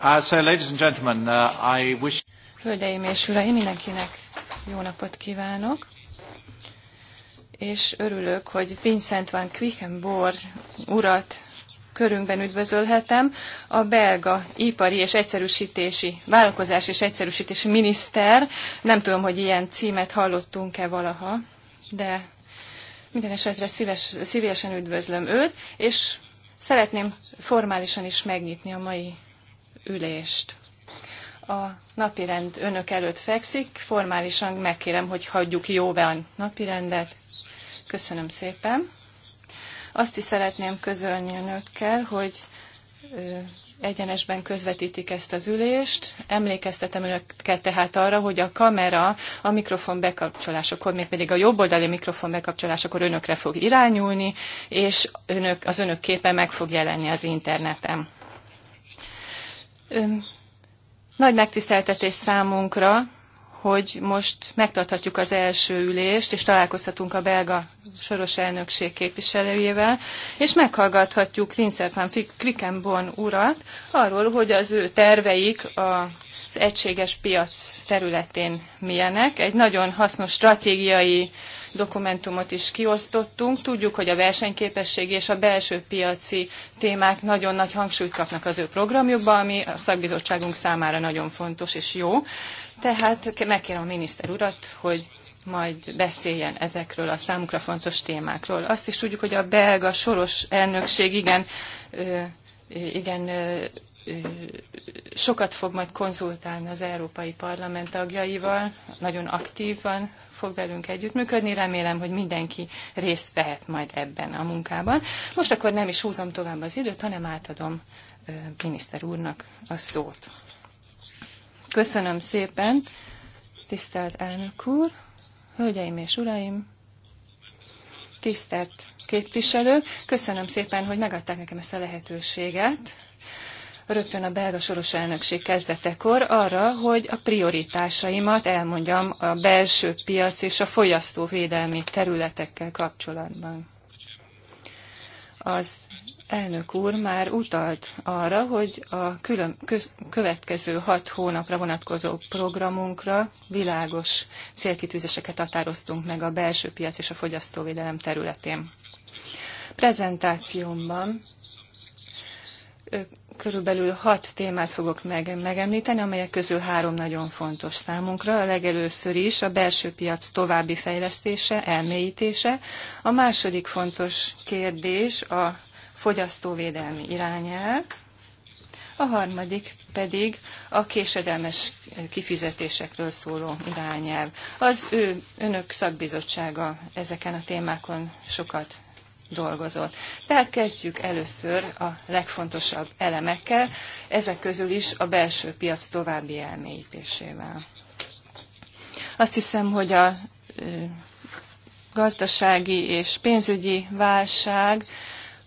Uh, uh, Hölgyeim és uraim, mindenkinek jó napot kívánok! És örülök, hogy Vincent van Quickenbor urat körünkben üdvözölhetem, a belga ipari és egyszerűsítési, vállalkozás és egyszerűsítési miniszter. Nem tudom, hogy ilyen címet hallottunk-e valaha, de minden esetre szíves, szívesen üdvözlöm őt, és Szeretném formálisan is megnyitni a mai ülést. A napirend önök előtt fekszik, formálisan megkérem, hogy hagyjuk jóvá a napirendet. Köszönöm szépen. Azt is szeretném közölni önökkel, hogy egyenesben közvetítik ezt az ülést. Emlékeztetem önöket tehát arra, hogy a kamera a mikrofon bekapcsolásakor, még pedig a jobb oldali mikrofon bekapcsolásakor önökre fog irányulni, és önök, az önök képe meg fog jelenni az interneten. Nagy megtiszteltetés számunkra, hogy most megtarthatjuk az első ülést, és találkozhatunk a belga soros elnökség képviselőjével, és meghallgathatjuk Vincent van Krikenborn urat arról, hogy az ő terveik a az egységes piac területén milyenek. Egy nagyon hasznos stratégiai dokumentumot is kiosztottunk. Tudjuk, hogy a versenyképesség és a belső piaci témák nagyon nagy hangsúlyt kapnak az ő programjukban, ami a szakbizottságunk számára nagyon fontos és jó. Tehát megkérem a miniszter urat, hogy majd beszéljen ezekről a számukra fontos témákról. Azt is tudjuk, hogy a belga soros elnökség igen, igen sokat fog majd konzultálni az Európai Parlament tagjaival, nagyon aktívan fog velünk együttműködni, remélem, hogy mindenki részt vehet majd ebben a munkában. Most akkor nem is húzom tovább az időt, hanem átadom miniszter úrnak a szót. Köszönöm szépen, tisztelt elnök úr, hölgyeim és uraim, tisztelt képviselők, köszönöm szépen, hogy megadták nekem ezt a lehetőséget rögtön a belga soros elnökség kezdetekor arra, hogy a prioritásaimat elmondjam a belső piac és a fogyasztóvédelmi területekkel kapcsolatban. Az elnök úr már utalt arra, hogy a külön, következő hat hónapra vonatkozó programunkra világos célkitűzéseket határoztunk meg a belső piac és a fogyasztóvédelem területén. Prezentációmban körülbelül hat témát fogok meg, megemlíteni, amelyek közül három nagyon fontos számunkra. A legelőször is a belső piac további fejlesztése, elmélyítése. A második fontos kérdés a fogyasztóvédelmi irányelv, a harmadik pedig a késedelmes kifizetésekről szóló irányelv. Az ő, önök szakbizottsága ezeken a témákon sokat dolgozott. Tehát kezdjük először a legfontosabb elemekkel, ezek közül is a belső piac további elmélyítésével. Azt hiszem, hogy a gazdasági és pénzügyi válság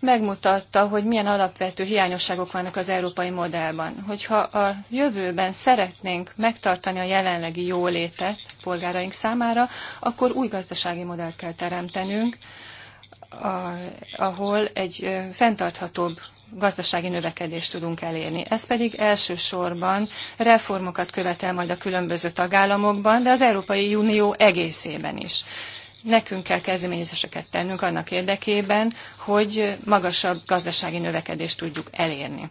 megmutatta, hogy milyen alapvető hiányosságok vannak az európai modellben. Hogyha a jövőben szeretnénk megtartani a jelenlegi jólétet polgáraink számára, akkor új gazdasági modellt kell teremtenünk, ahol egy fenntarthatóbb gazdasági növekedést tudunk elérni. Ez pedig elsősorban reformokat követel majd a különböző tagállamokban, de az Európai Unió egészében is nekünk kell kezdeményezéseket tennünk annak érdekében, hogy magasabb gazdasági növekedést tudjuk elérni.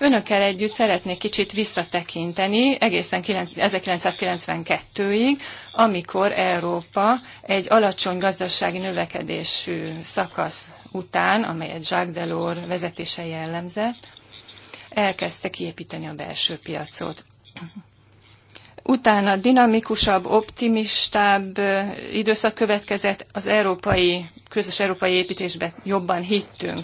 Önökkel együtt szeretnék kicsit visszatekinteni egészen 1992-ig, amikor Európa egy alacsony gazdasági növekedésű szakasz után, amelyet Jacques Delors vezetése jellemzett, elkezdte kiépíteni a belső piacot. Utána dinamikusabb, optimistább időszak következett, az európai, közös európai építésben jobban hittünk.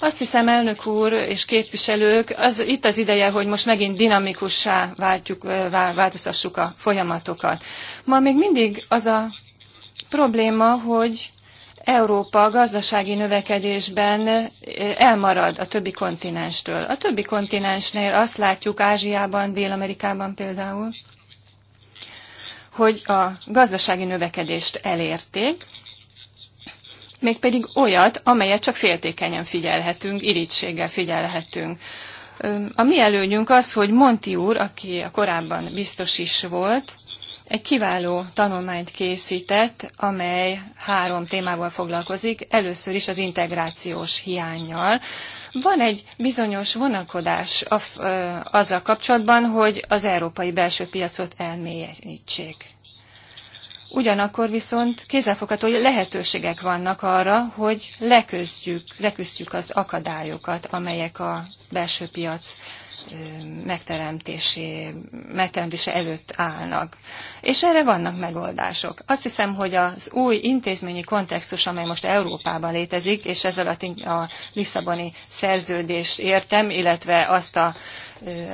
Azt hiszem, elnök úr és képviselők, az, itt az ideje, hogy most megint dinamikussá váltjuk, változtassuk a folyamatokat. Ma még mindig az a probléma, hogy Európa gazdasági növekedésben elmarad a többi kontinenstől. A többi kontinensnél azt látjuk Ázsiában, Dél-Amerikában például, hogy a gazdasági növekedést elérték, mégpedig olyat, amelyet csak féltékenyen figyelhetünk, irítséggel figyelhetünk. A mi előnyünk az, hogy Monti úr, aki a korábban biztos is volt, egy kiváló tanulmányt készített, amely három témával foglalkozik. Először is az integrációs hiányjal. Van egy bizonyos vonakodás azzal kapcsolatban, hogy az európai belső piacot elmélyítsék. Ugyanakkor viszont kézzelfogható lehetőségek vannak arra, hogy leküzdjük, leküzdjük az akadályokat, amelyek a belső piac megteremtési, megteremtése előtt állnak. És erre vannak megoldások. Azt hiszem, hogy az új intézményi kontextus, amely most Európában létezik, és ez alatt a Lisszaboni szerződés értem, illetve azt a,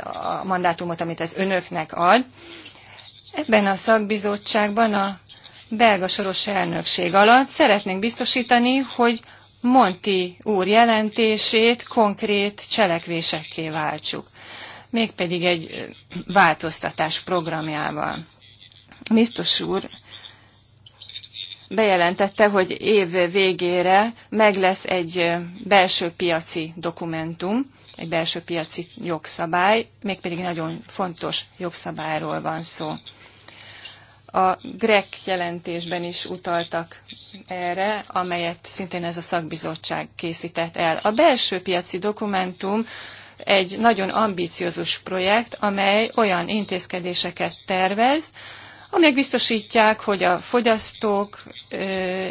a mandátumot, amit ez önöknek ad, ebben a szakbizottságban a belga soros elnökség alatt szeretnénk biztosítani, hogy Monti úr jelentését konkrét cselekvésekké váltsuk mégpedig egy változtatás programjával. Biztos úr bejelentette, hogy év végére meg lesz egy belső piaci dokumentum, egy belső piaci jogszabály, mégpedig nagyon fontos jogszabályról van szó. A GREK jelentésben is utaltak erre, amelyet szintén ez a szakbizottság készített el. A belső piaci dokumentum egy nagyon ambíciózus projekt, amely olyan intézkedéseket tervez, amelyek biztosítják, hogy a fogyasztók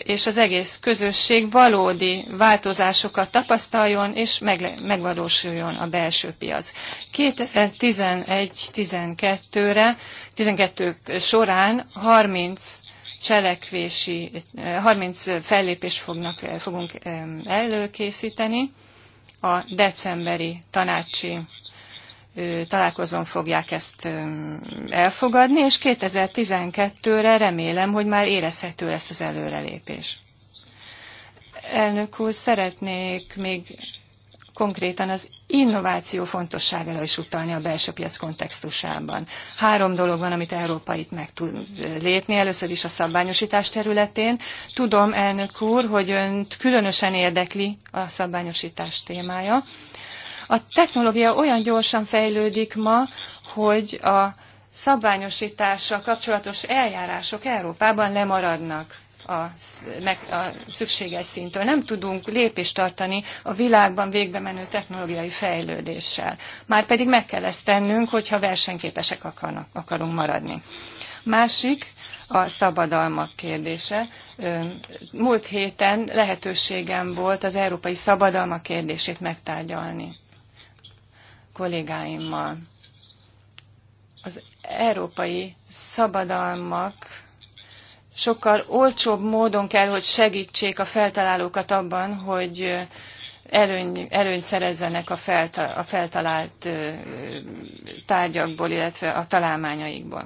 és az egész közösség valódi változásokat tapasztaljon és megvalósuljon a belső piac. 2011-12-re, 12 során 30 cselekvési, 30 fellépést fognak, fogunk előkészíteni, a decemberi tanácsi találkozón fogják ezt elfogadni, és 2012-re remélem, hogy már érezhető lesz az előrelépés. Elnök úr, szeretnék még konkrétan az innováció fontosságára is utalni a belső piac kontextusában. Három dolog van, amit Európa itt meg tud lépni. Először is a szabványosítás területén. Tudom, elnök úr, hogy önt különösen érdekli a szabványosítás témája. A technológia olyan gyorsan fejlődik ma, hogy a szabványosítással kapcsolatos eljárások Európában lemaradnak a, meg, a szükséges szintől. Nem tudunk lépést tartani a világban végbe menő technológiai fejlődéssel. pedig meg kell ezt tennünk, hogyha versenyképesek akarnak, akarunk maradni. Másik, a szabadalmak kérdése. Múlt héten lehetőségem volt az európai szabadalmak kérdését megtárgyalni kollégáimmal. Az európai szabadalmak sokkal olcsóbb módon kell, hogy segítsék a feltalálókat abban, hogy előny, előny szerezzenek a, felta, a feltalált tárgyakból, illetve a találmányaikból.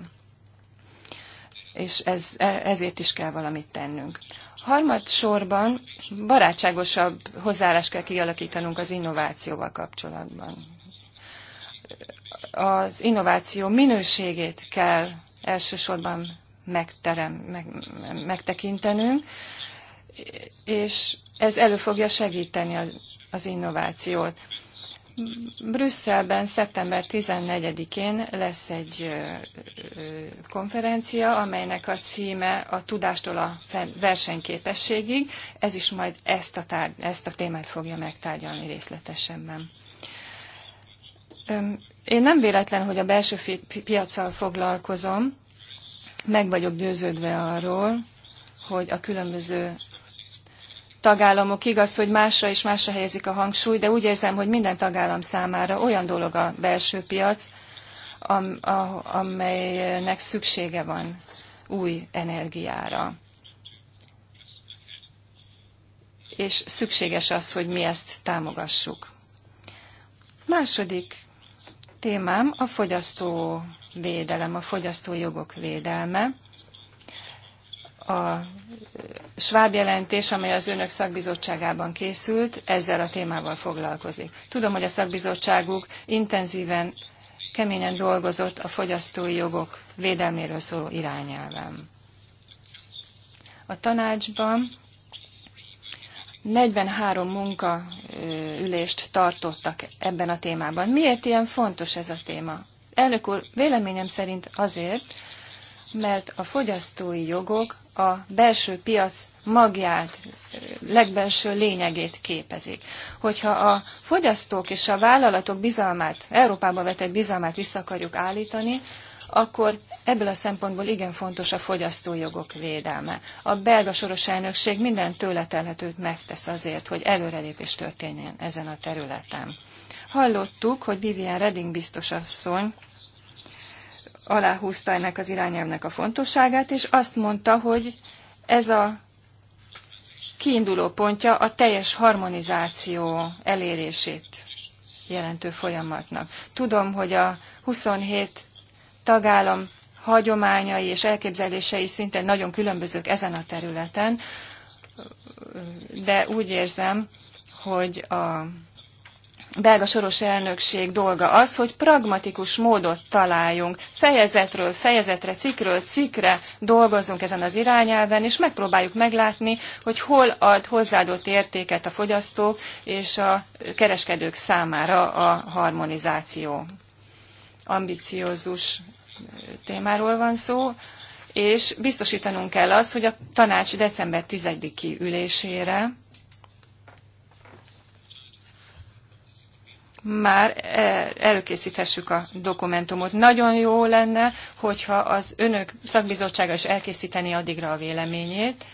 És ez, e, ezért is kell valamit tennünk. Harmadsorban barátságosabb hozzáállást kell kialakítanunk az innovációval kapcsolatban. Az innováció minőségét kell elsősorban megterem, meg, megtekintenünk, és ez elő fogja segíteni az, az innovációt. Brüsszelben szeptember 14-én lesz egy konferencia, amelynek a címe a tudástól a versenyképességig. Ez is majd ezt a, tár- ezt a témát fogja megtárgyalni részletesebben. Én nem véletlen, hogy a belső piacsal foglalkozom, meg vagyok győződve arról, hogy a különböző tagállamok igaz, hogy másra és másra helyezik a hangsúly, de úgy érzem, hogy minden tagállam számára olyan dolog a belső piac, am, a, amelynek szüksége van új energiára. És szükséges az, hogy mi ezt támogassuk. Második témám a fogyasztó védelem, a fogyasztói jogok védelme. A Schwab jelentés, amely az önök szakbizottságában készült, ezzel a témával foglalkozik. Tudom, hogy a szakbizottságuk intenzíven, keményen dolgozott a fogyasztói jogok védelméről szóló irányelven. A tanácsban 43 munkaülést tartottak ebben a témában. Miért ilyen fontos ez a téma? Elnök úr, véleményem szerint azért, mert a fogyasztói jogok a belső piac magját, legbelső lényegét képezik. Hogyha a fogyasztók és a vállalatok bizalmát, Európába vetett bizalmát vissza akarjuk állítani, akkor ebből a szempontból igen fontos a fogyasztói jogok védelme. A belga soros elnökség minden tőletelhetőt megtesz azért, hogy előrelépés történjen ezen a területen. Hallottuk, hogy Vivian Redding biztos asszony aláhúzta ennek az irányelvnek a fontosságát, és azt mondta, hogy ez a kiinduló pontja a teljes harmonizáció elérését jelentő folyamatnak. Tudom, hogy a 27 tagállam hagyományai és elképzelései szintén nagyon különbözők ezen a területen, de úgy érzem, hogy a belga soros elnökség dolga az, hogy pragmatikus módot találjunk. Fejezetről fejezetre, cikről cikre dolgozzunk ezen az irányelven, és megpróbáljuk meglátni, hogy hol ad hozzáadott értéket a fogyasztók és a kereskedők számára a harmonizáció. Ambiciózus témáról van szó, és biztosítanunk kell azt, hogy a tanács december 10-i ülésére már e, előkészíthessük a dokumentumot. Nagyon jó lenne, hogyha az önök szakbizottsága is elkészíteni addigra a véleményét,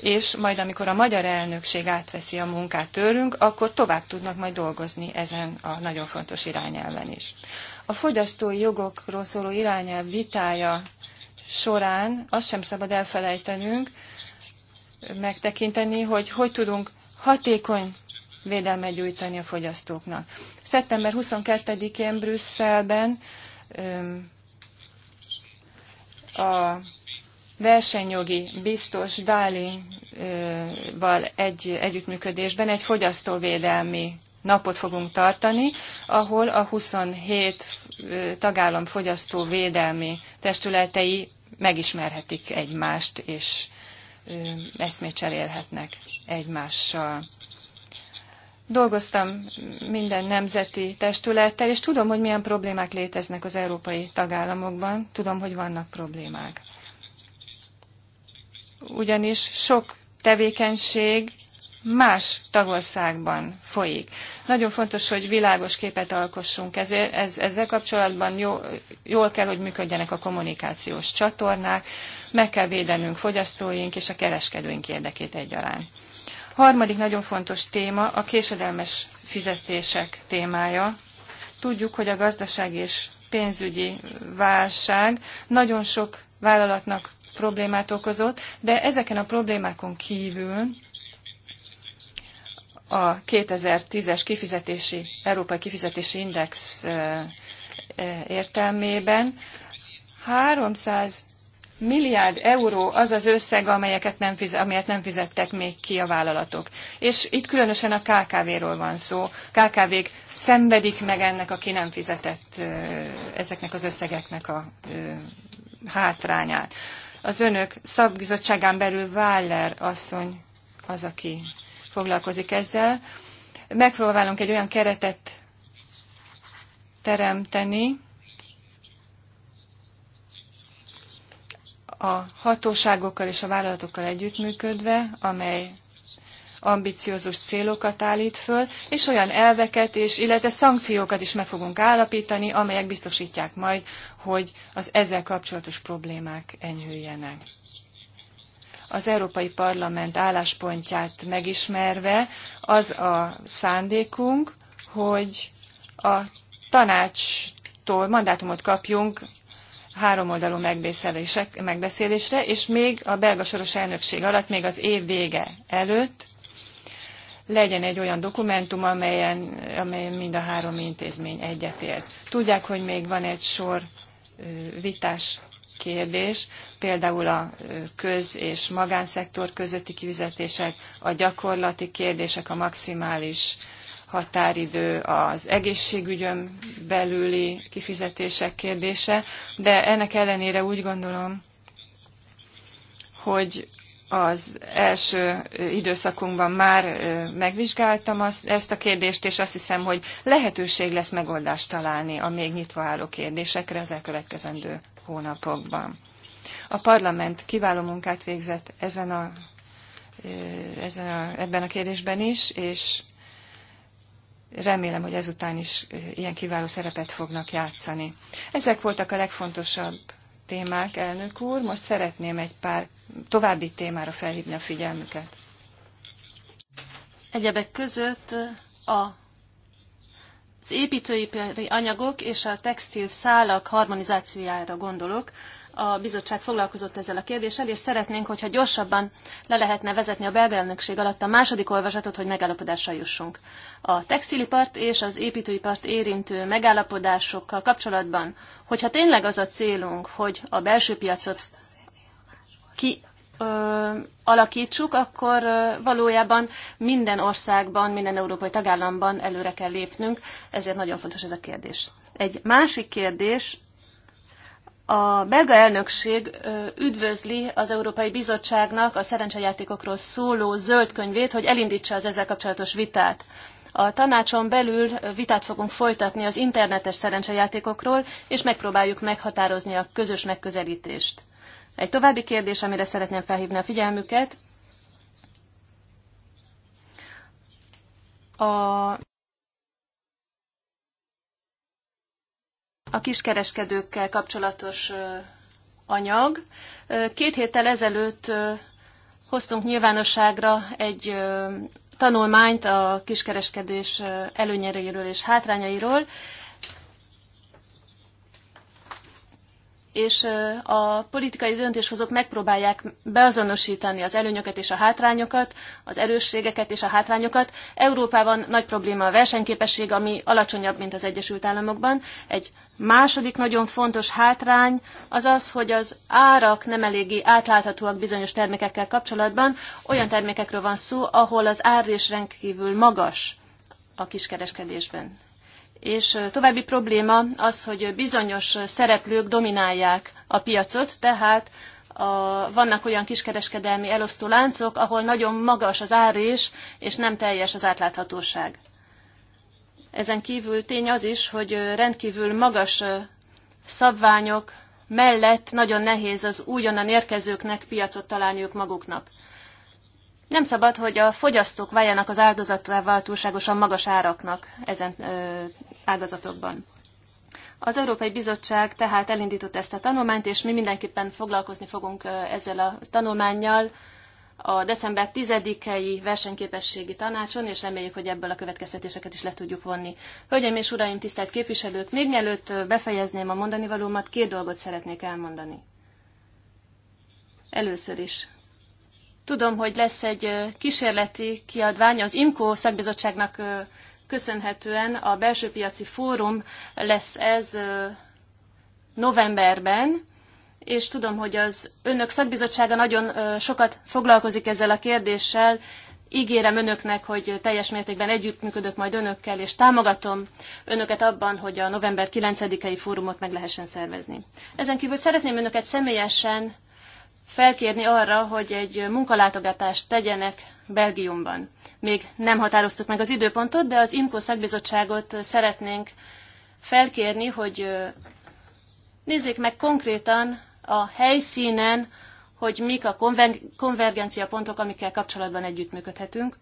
és majd amikor a magyar elnökség átveszi a munkát tőlünk, akkor tovább tudnak majd dolgozni ezen a nagyon fontos irányelven is. A fogyasztói jogokról szóló irányelv vitája során azt sem szabad elfelejtenünk, megtekinteni, hogy hogy tudunk hatékony védelmet gyújtani a fogyasztóknak. Szeptember 22-én Brüsszelben a versenyjogi biztos Dálinval egy együttműködésben egy fogyasztóvédelmi napot fogunk tartani, ahol a 27 tagállam fogyasztóvédelmi testületei megismerhetik egymást, és eszmét cserélhetnek egymással. Dolgoztam minden nemzeti testülettel, és tudom, hogy milyen problémák léteznek az európai tagállamokban, tudom, hogy vannak problémák. Ugyanis sok tevékenység más tagországban folyik. Nagyon fontos, hogy világos képet alkossunk ezért, ez, ezzel kapcsolatban jó, jól kell, hogy működjenek a kommunikációs csatornák, meg kell védenünk fogyasztóink és a kereskedőink érdekét egyaránt. Harmadik nagyon fontos téma a késedelmes fizetések témája. Tudjuk, hogy a gazdaság és pénzügyi válság nagyon sok vállalatnak problémát okozott, de ezeken a problémákon kívül a 2010-es kifizetési, Európai Kifizetési Index értelmében 300 milliárd euró az az összeg, amelyeket nem fizet, amelyet nem fizettek még ki a vállalatok. És itt különösen a KKV-ról van szó. KKV-k szenvedik meg ennek a ki nem fizetett ezeknek az összegeknek a hátrányát. Az önök szabbizottságán belül váller asszony az, aki foglalkozik ezzel. Megpróbálunk egy olyan keretet teremteni, a hatóságokkal és a vállalatokkal együttműködve, amely ambiciózus célokat állít föl, és olyan elveket és illetve szankciókat is meg fogunk állapítani, amelyek biztosítják majd, hogy az ezzel kapcsolatos problémák enyhüljenek. Az Európai Parlament álláspontját megismerve az a szándékunk, hogy a tanácstól mandátumot kapjunk háromoldalú megbeszélésre, és még a belga soros elnökség alatt, még az év vége előtt legyen egy olyan dokumentum, amelyen, amelyen mind a három intézmény egyetért. Tudják, hogy még van egy sor vitás kérdés, például a köz- és magánszektor közötti kivizetések, a gyakorlati kérdések, a maximális határidő, az egészségügyön belüli kifizetések kérdése, de ennek ellenére úgy gondolom, hogy az első időszakunkban már megvizsgáltam azt, ezt a kérdést, és azt hiszem, hogy lehetőség lesz megoldást találni a még nyitva álló kérdésekre az elkövetkezendő hónapokban. A parlament kiváló munkát végzett ezen a, ezen a, ebben a kérdésben is, és remélem, hogy ezután is ilyen kiváló szerepet fognak játszani. Ezek voltak a legfontosabb témák, elnök úr. Most szeretném egy pár további témára felhívni a figyelmüket. Egyebek között a az építőipari anyagok és a textil szálak harmonizációjára gondolok, a bizottság foglalkozott ezzel a kérdéssel, és szeretnénk, hogyha gyorsabban le lehetne vezetni a belga elnökség alatt a második olvasatot, hogy megállapodásra jussunk. A textilipart és az építőipart érintő megállapodásokkal kapcsolatban, hogyha tényleg az a célunk, hogy a belső piacot ki ö, alakítsuk, akkor ö, valójában minden országban, minden európai tagállamban előre kell lépnünk, ezért nagyon fontos ez a kérdés. Egy másik kérdés a belga elnökség üdvözli az Európai Bizottságnak a szerencsejátékokról szóló zöld könyvét, hogy elindítsa az ezzel kapcsolatos vitát. A tanácson belül vitát fogunk folytatni az internetes szerencsejátékokról, és megpróbáljuk meghatározni a közös megközelítést. Egy további kérdés, amire szeretném felhívni a figyelmüket. A a kiskereskedőkkel kapcsolatos anyag. Két héttel ezelőtt hoztunk nyilvánosságra egy tanulmányt a kiskereskedés előnyeiről és hátrányairól. és a politikai döntéshozók megpróbálják beazonosítani az előnyöket és a hátrányokat, az erősségeket és a hátrányokat. Európában nagy probléma a versenyképesség, ami alacsonyabb, mint az Egyesült Államokban. Egy második nagyon fontos hátrány az az, hogy az árak nem eléggé átláthatóak bizonyos termékekkel kapcsolatban. Olyan termékekről van szó, ahol az ár és rendkívül magas a kiskereskedésben és további probléma az, hogy bizonyos szereplők dominálják a piacot, tehát a, vannak olyan kiskereskedelmi elosztó láncok, ahol nagyon magas az árés, és nem teljes az átláthatóság. Ezen kívül tény az is, hogy rendkívül magas szabványok mellett nagyon nehéz az újonnan érkezőknek piacot találniuk maguknak. Nem szabad, hogy a fogyasztók váljanak az áldozatával túlságosan magas áraknak ezen ö, ágazatokban. Az Európai Bizottság tehát elindított ezt a tanulmányt, és mi mindenképpen foglalkozni fogunk ezzel a tanulmányjal a december 10-i versenyképességi tanácson, és reméljük, hogy ebből a következtetéseket is le tudjuk vonni. Hölgyeim és uraim, tisztelt képviselők, még mielőtt befejezném a mondani valómat, két dolgot szeretnék elmondani. Először is. Tudom, hogy lesz egy kísérleti kiadvány, az IMCO szakbizottságnak köszönhetően a belső piaci fórum lesz ez novemberben, és tudom, hogy az önök szakbizottsága nagyon sokat foglalkozik ezzel a kérdéssel. Ígérem önöknek, hogy teljes mértékben együttműködök majd önökkel, és támogatom önöket abban, hogy a november 9-i fórumot meg lehessen szervezni. Ezen kívül szeretném önöket személyesen felkérni arra, hogy egy munkalátogatást tegyenek Belgiumban még nem határoztuk meg az időpontot, de az IMCO szakbizottságot szeretnénk felkérni, hogy nézzék meg konkrétan a helyszínen, hogy mik a konvergencia pontok, amikkel kapcsolatban együttműködhetünk.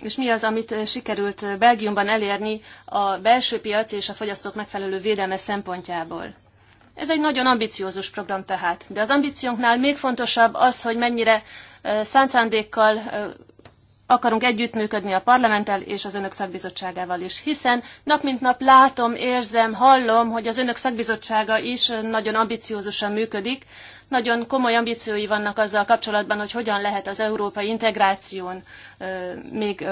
És mi az, amit sikerült Belgiumban elérni a belső piac és a fogyasztók megfelelő védelme szempontjából. Ez egy nagyon ambiciózus program tehát, de az ambíciónknál még fontosabb az, hogy mennyire szánt szándékkal akarunk együttműködni a parlamenttel és az önök szakbizottságával is, hiszen nap mint nap látom, érzem, hallom, hogy az önök szakbizottsága is nagyon ambiciózusan működik, nagyon komoly ambíciói vannak azzal kapcsolatban, hogy hogyan lehet az európai integráción még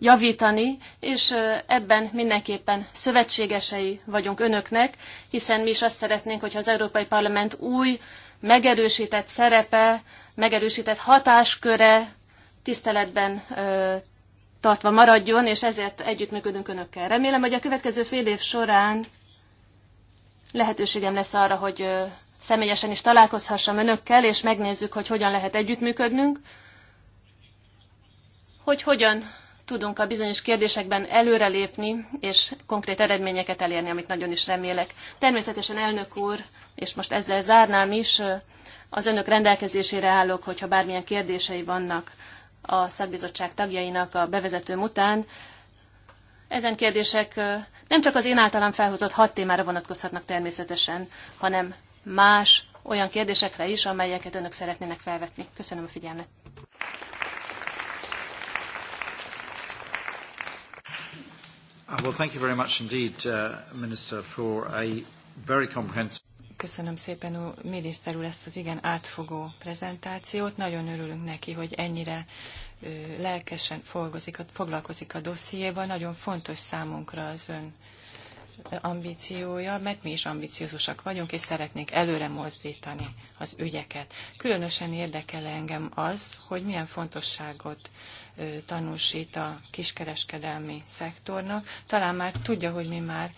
javítani, és ebben mindenképpen szövetségesei vagyunk önöknek, hiszen mi is azt szeretnénk, hogyha az Európai Parlament új, megerősített szerepe megerősített hatásköre tiszteletben tartva maradjon, és ezért együttműködünk Önökkel. Remélem, hogy a következő fél év során lehetőségem lesz arra, hogy személyesen is találkozhassam Önökkel, és megnézzük, hogy hogyan lehet együttműködnünk, hogy hogyan tudunk a bizonyos kérdésekben előrelépni, és konkrét eredményeket elérni, amit nagyon is remélek. Természetesen elnök úr, és most ezzel zárnám is, az önök rendelkezésére állok, hogyha bármilyen kérdései vannak a szakbizottság tagjainak a bevezetőm után. Ezen kérdések nem csak az én általam felhozott hat témára vonatkozhatnak természetesen, hanem más olyan kérdésekre is, amelyeket önök szeretnének felvetni. Köszönöm a figyelmet. Ah, well, thank you very much indeed, uh, Minister, for a very comprehensive. Köszönöm szépen, miniszter úr, ezt az igen átfogó prezentációt. Nagyon örülünk neki, hogy ennyire lelkesen foglalkozik a dossziéval. Nagyon fontos számunkra az ön ambíciója, mert mi is ambiciózusak vagyunk, és szeretnénk előre mozdítani az ügyeket. Különösen érdekel engem az, hogy milyen fontosságot tanúsít a kiskereskedelmi szektornak. Talán már tudja, hogy mi már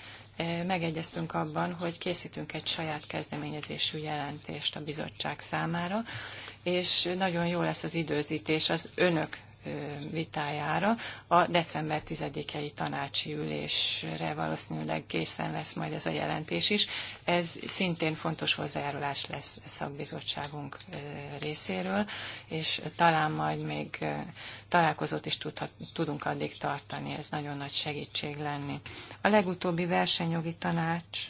megegyeztünk abban, hogy készítünk egy saját kezdeményezésű jelentést a bizottság számára, és nagyon jó lesz az időzítés az önök vitájára. A december 10-i tanácsi ülésre valószínűleg készen lesz majd ez a jelentés is. Ez szintén fontos hozzájárulás lesz a szakbizottságunk részéről, és talán majd még találkozót is tudhat, tudunk addig tartani. Ez nagyon nagy segítség lenni. A legutóbbi versenyjogi tanács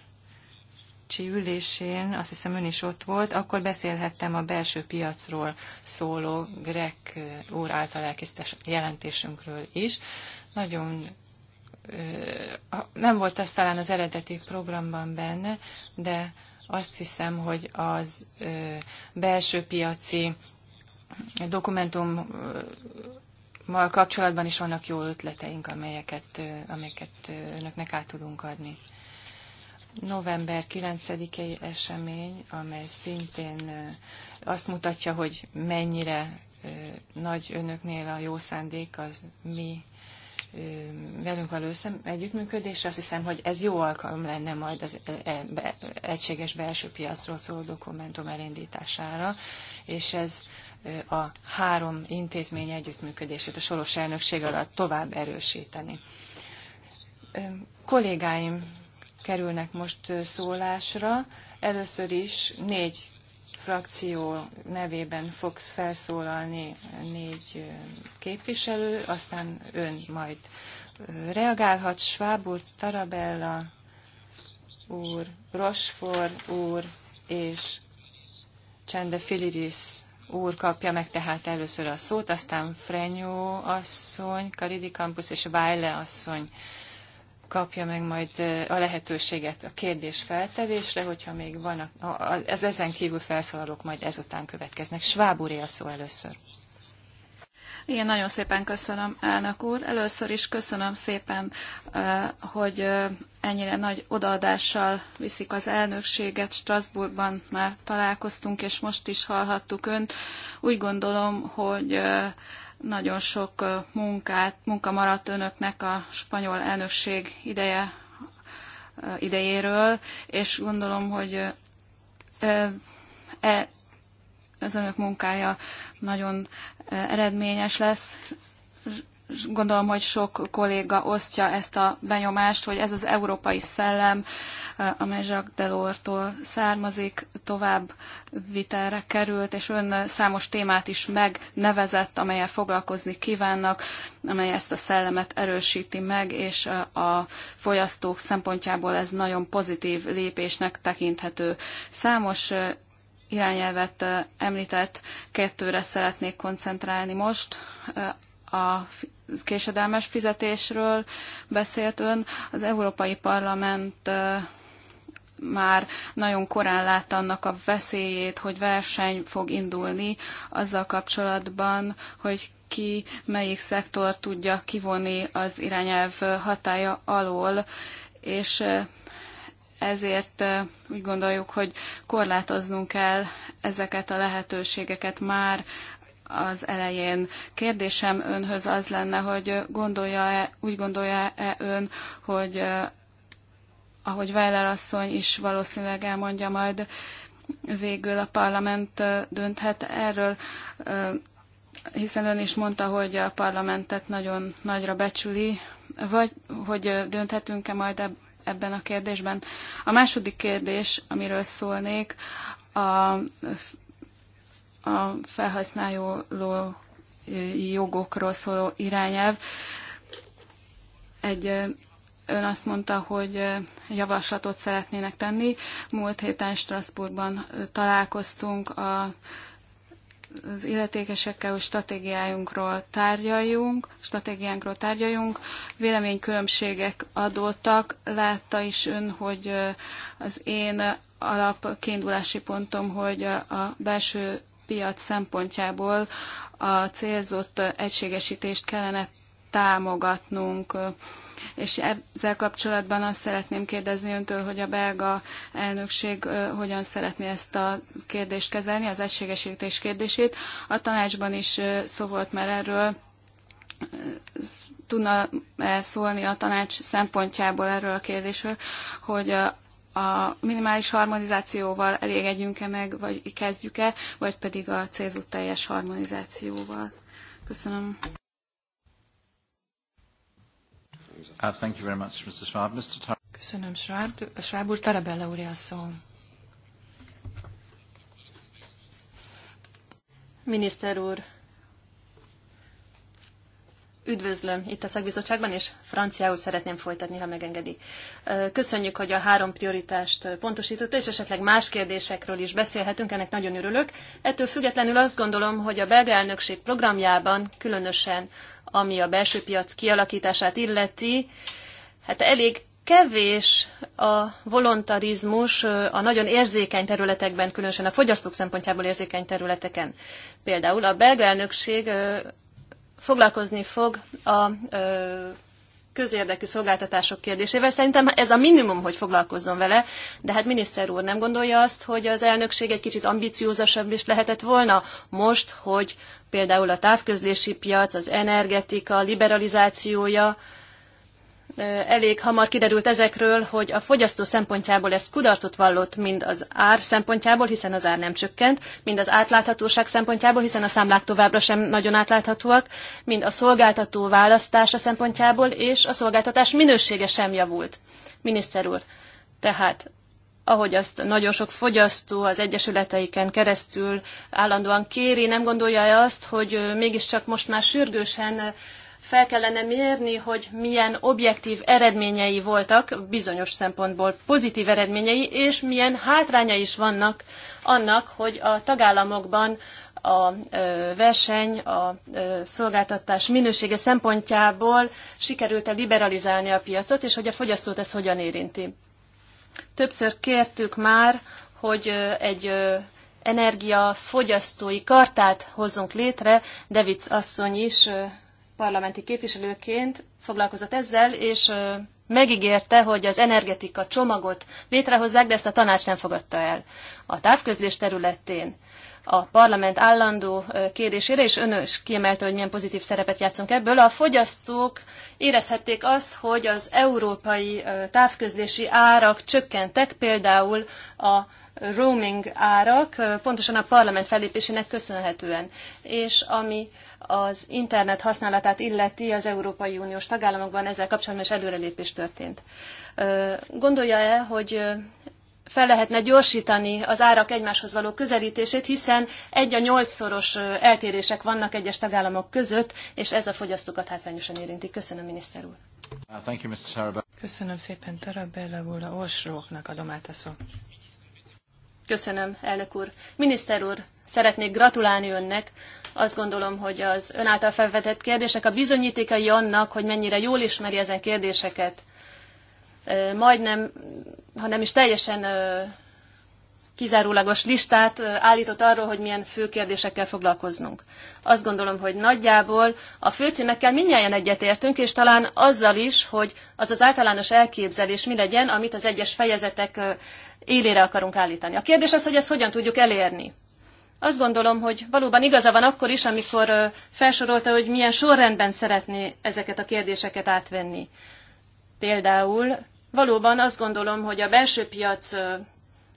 Bizottsági ülésén, azt hiszem ön is ott volt, akkor beszélhettem a belső piacról szóló Greg úr által elkészített jelentésünkről is. Nagyon nem volt ez talán az eredeti programban benne, de azt hiszem, hogy az belső piaci dokumentummal kapcsolatban is vannak jó ötleteink, amelyeket, amelyeket önöknek át tudunk adni november 9-i esemény, amely szintén azt mutatja, hogy mennyire nagy önöknél a jó szándék az mi velünk való együttműködés. Azt hiszem, hogy ez jó alkalom lenne majd az e, egységes belső piacról szóló dokumentum elindítására, és ez a három intézmény együttműködését a soros elnökség alatt tovább erősíteni. Kollégáim kerülnek most szólásra. Először is négy frakció nevében fogsz felszólalni négy képviselő, aztán ön majd reagálhat. Schwab úr, Tarabella úr, Rochefort úr és Csende Filiris úr kapja meg tehát először a szót, aztán Frenyó asszony, Karidi Campus és Vájle asszony kapja meg majd a lehetőséget a kérdés feltevésre, hogyha még van, a, a, ez ezen kívül felszólalók majd ezután következnek. Schwab úr, a szó először. Igen, nagyon szépen köszönöm, elnök úr. Először is köszönöm szépen, hogy ennyire nagy odaadással viszik az elnökséget. Strasbourgban már találkoztunk, és most is hallhattuk önt. Úgy gondolom, hogy nagyon sok munkát, munka maradt önöknek a spanyol elnökség ideje, idejéről, és gondolom, hogy ez az önök munkája nagyon eredményes lesz gondolom, hogy sok kolléga osztja ezt a benyomást, hogy ez az európai szellem, eh, amely Jacques Delortól származik, tovább vitelre került, és ön számos témát is megnevezett, amelyel foglalkozni kívánnak, amely ezt a szellemet erősíti meg, és eh, a fogyasztók szempontjából ez nagyon pozitív lépésnek tekinthető. Számos eh, irányelvet említett, kettőre szeretnék koncentrálni most. A késedelmes fizetésről beszélt ön. Az Európai Parlament már nagyon korán látta annak a veszélyét, hogy verseny fog indulni azzal kapcsolatban, hogy ki melyik szektor tudja kivonni az irányelv hatája alól, és ezért úgy gondoljuk, hogy korlátoznunk kell ezeket a lehetőségeket már az elején. Kérdésem önhöz az lenne, hogy gondolja-e, úgy gondolja-e ön, hogy eh, ahogy Weiler asszony is valószínűleg elmondja majd, végül a parlament eh, dönthet erről, eh, hiszen ön is mondta, hogy a parlamentet nagyon nagyra becsüli, vagy hogy dönthetünk-e majd ebben a kérdésben. A második kérdés, amiről szólnék, a a felhasználó jogokról szóló irányelv. Egy, ön azt mondta, hogy javaslatot szeretnének tenni. Múlt héten Strasbourgban találkoztunk a az illetékesekkel, hogy stratégiájunkról tárgyaljunk, stratégiánkról tárgyaljunk. Véleménykülönbségek adottak. Látta is ön, hogy az én alap kiindulási pontom, hogy a belső piac szempontjából a célzott egységesítést kellene támogatnunk. És ezzel kapcsolatban azt szeretném kérdezni öntől, hogy a belga elnökség hogyan szeretné ezt a kérdést kezelni, az egységesítés kérdését. A tanácsban is szó volt már erről, tudna -e szólni a tanács szempontjából erről a kérdésről, hogy a minimális harmonizációval elégedjünk-e meg, vagy kezdjük-e, vagy pedig a célzott teljes harmonizációval. Köszönöm. Uh, thank you very much, Mr. Schwab. Mr. Tar- Köszönöm, Schwab. Schwab úr, Tarabella úr, a szó. Miniszter úr, üdvözlöm itt a szakbizottságban, és franciául szeretném folytatni, ha megengedi. Köszönjük, hogy a három prioritást pontosította, és esetleg más kérdésekről is beszélhetünk, ennek nagyon örülök. Ettől függetlenül azt gondolom, hogy a belga elnökség programjában, különösen ami a belső piac kialakítását illeti, hát elég kevés a voluntarizmus a nagyon érzékeny területekben, különösen a fogyasztók szempontjából érzékeny területeken. Például a belga elnökség foglalkozni fog a közérdekű szolgáltatások kérdésével. Szerintem ez a minimum, hogy foglalkozzon vele, de hát miniszter úr nem gondolja azt, hogy az elnökség egy kicsit ambiciózasabb is lehetett volna most, hogy például a távközlési piac, az energetika liberalizációja, elég hamar kiderült ezekről, hogy a fogyasztó szempontjából ez kudarcot vallott mind az ár szempontjából, hiszen az ár nem csökkent, mind az átláthatóság szempontjából, hiszen a számlák továbbra sem nagyon átláthatóak, mind a szolgáltató választása szempontjából, és a szolgáltatás minősége sem javult. Miniszter úr, tehát ahogy azt nagyon sok fogyasztó az egyesületeiken keresztül állandóan kéri, nem gondolja-e azt, hogy mégiscsak most már sürgősen fel kellene mérni, hogy milyen objektív eredményei voltak, bizonyos szempontból pozitív eredményei, és milyen hátránya is vannak annak, hogy a tagállamokban a verseny, a szolgáltatás minősége szempontjából sikerült-e liberalizálni a piacot, és hogy a fogyasztót ez hogyan érinti. Többször kértük már, hogy egy energiafogyasztói kartát hozzunk létre, Devic asszony is parlamenti képviselőként foglalkozott ezzel, és megígérte, hogy az energetika csomagot létrehozzák, de ezt a tanács nem fogadta el. A távközlés területén a parlament állandó kérésére, és önös kiemelte, hogy milyen pozitív szerepet játszunk ebből, a fogyasztók érezhették azt, hogy az európai távközlési árak csökkentek, például a roaming árak, pontosan a parlament fellépésének köszönhetően. És ami az internet használatát illeti az Európai Uniós tagállamokban, ezzel kapcsolatban is előrelépés történt. Gondolja-e, hogy fel lehetne gyorsítani az árak egymáshoz való közelítését, hiszen egy a nyolcszoros eltérések vannak egyes tagállamok között, és ez a fogyasztókat hátrányosan érinti. Köszönöm, miniszter úr. Uh, thank you, Mr. Köszönöm szépen Tarabella úr, a Orsróknak adom át a szó. Köszönöm, elnök úr. Miniszter úr, szeretnék gratulálni önnek azt gondolom, hogy az ön által felvetett kérdések a bizonyítékai annak, hogy mennyire jól ismeri ezen kérdéseket. Majdnem, ha nem is teljesen kizárólagos listát állított arról, hogy milyen fő kérdésekkel foglalkoznunk. Azt gondolom, hogy nagyjából a főcímekkel mindnyáján egyetértünk, és talán azzal is, hogy az az általános elképzelés mi legyen, amit az egyes fejezetek élére akarunk állítani. A kérdés az, hogy ezt hogyan tudjuk elérni. Azt gondolom, hogy valóban igaza van akkor is, amikor felsorolta, hogy milyen sorrendben szeretné ezeket a kérdéseket átvenni. Például valóban azt gondolom, hogy a belső piac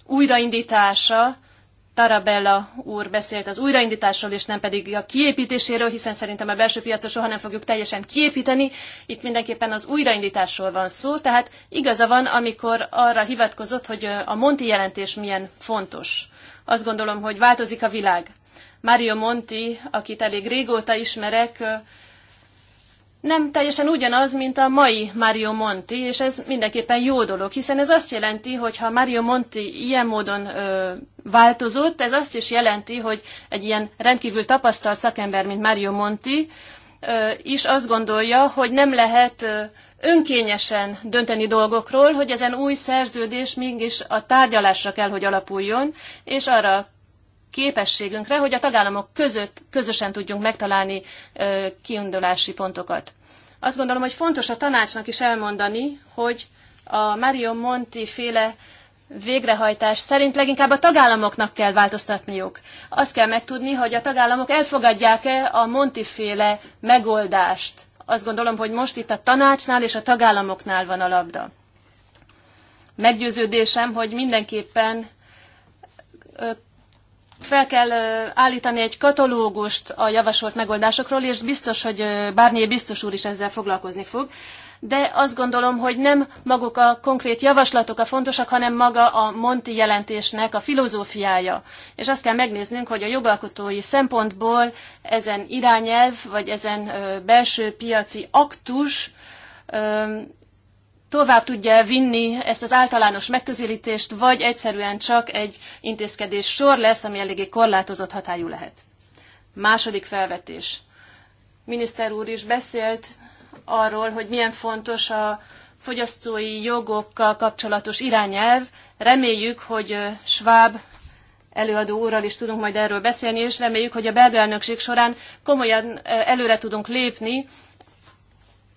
újraindítása Tarabella úr beszélt az újraindításról, és nem pedig a kiépítéséről, hiszen szerintem a belső piacot soha nem fogjuk teljesen kiépíteni. Itt mindenképpen az újraindításról van szó, tehát igaza van, amikor arra hivatkozott, hogy a Monti jelentés milyen fontos. Azt gondolom, hogy változik a világ. Mario Monti, akit elég régóta ismerek, nem teljesen ugyanaz, mint a mai Mario Monti, és ez mindenképpen jó dolog, hiszen ez azt jelenti, hogy ha Mario Monti ilyen módon ö, változott, ez azt is jelenti, hogy egy ilyen rendkívül tapasztalt szakember, mint Mario Monti, ö, is azt gondolja, hogy nem lehet ö, önkényesen dönteni dolgokról, hogy ezen új szerződés mégis a tárgyalásra kell, hogy alapuljon, és arra képességünkre, hogy a tagállamok között közösen tudjunk megtalálni kiindulási pontokat. Azt gondolom, hogy fontos a tanácsnak is elmondani, hogy a Mario Monti féle végrehajtás szerint leginkább a tagállamoknak kell változtatniuk. Azt kell megtudni, hogy a tagállamok elfogadják-e a Monti féle megoldást. Azt gondolom, hogy most itt a tanácsnál és a tagállamoknál van a labda. Meggyőződésem, hogy mindenképpen fel kell állítani egy katalógust a javasolt megoldásokról, és biztos, hogy bármilyen biztos úr is ezzel foglalkozni fog. De azt gondolom, hogy nem maguk a konkrét javaslatok a fontosak, hanem maga a Monti jelentésnek a filozófiája. És azt kell megnéznünk, hogy a jogalkotói szempontból ezen irányelv, vagy ezen belső piaci aktus tovább tudja vinni ezt az általános megközelítést, vagy egyszerűen csak egy intézkedés sor lesz, ami eléggé korlátozott hatályú lehet. Második felvetés. Miniszter úr is beszélt arról, hogy milyen fontos a fogyasztói jogokkal kapcsolatos irányelv. Reméljük, hogy Schwab előadó úrral is tudunk majd erről beszélni, és reméljük, hogy a belga elnökség során komolyan előre tudunk lépni,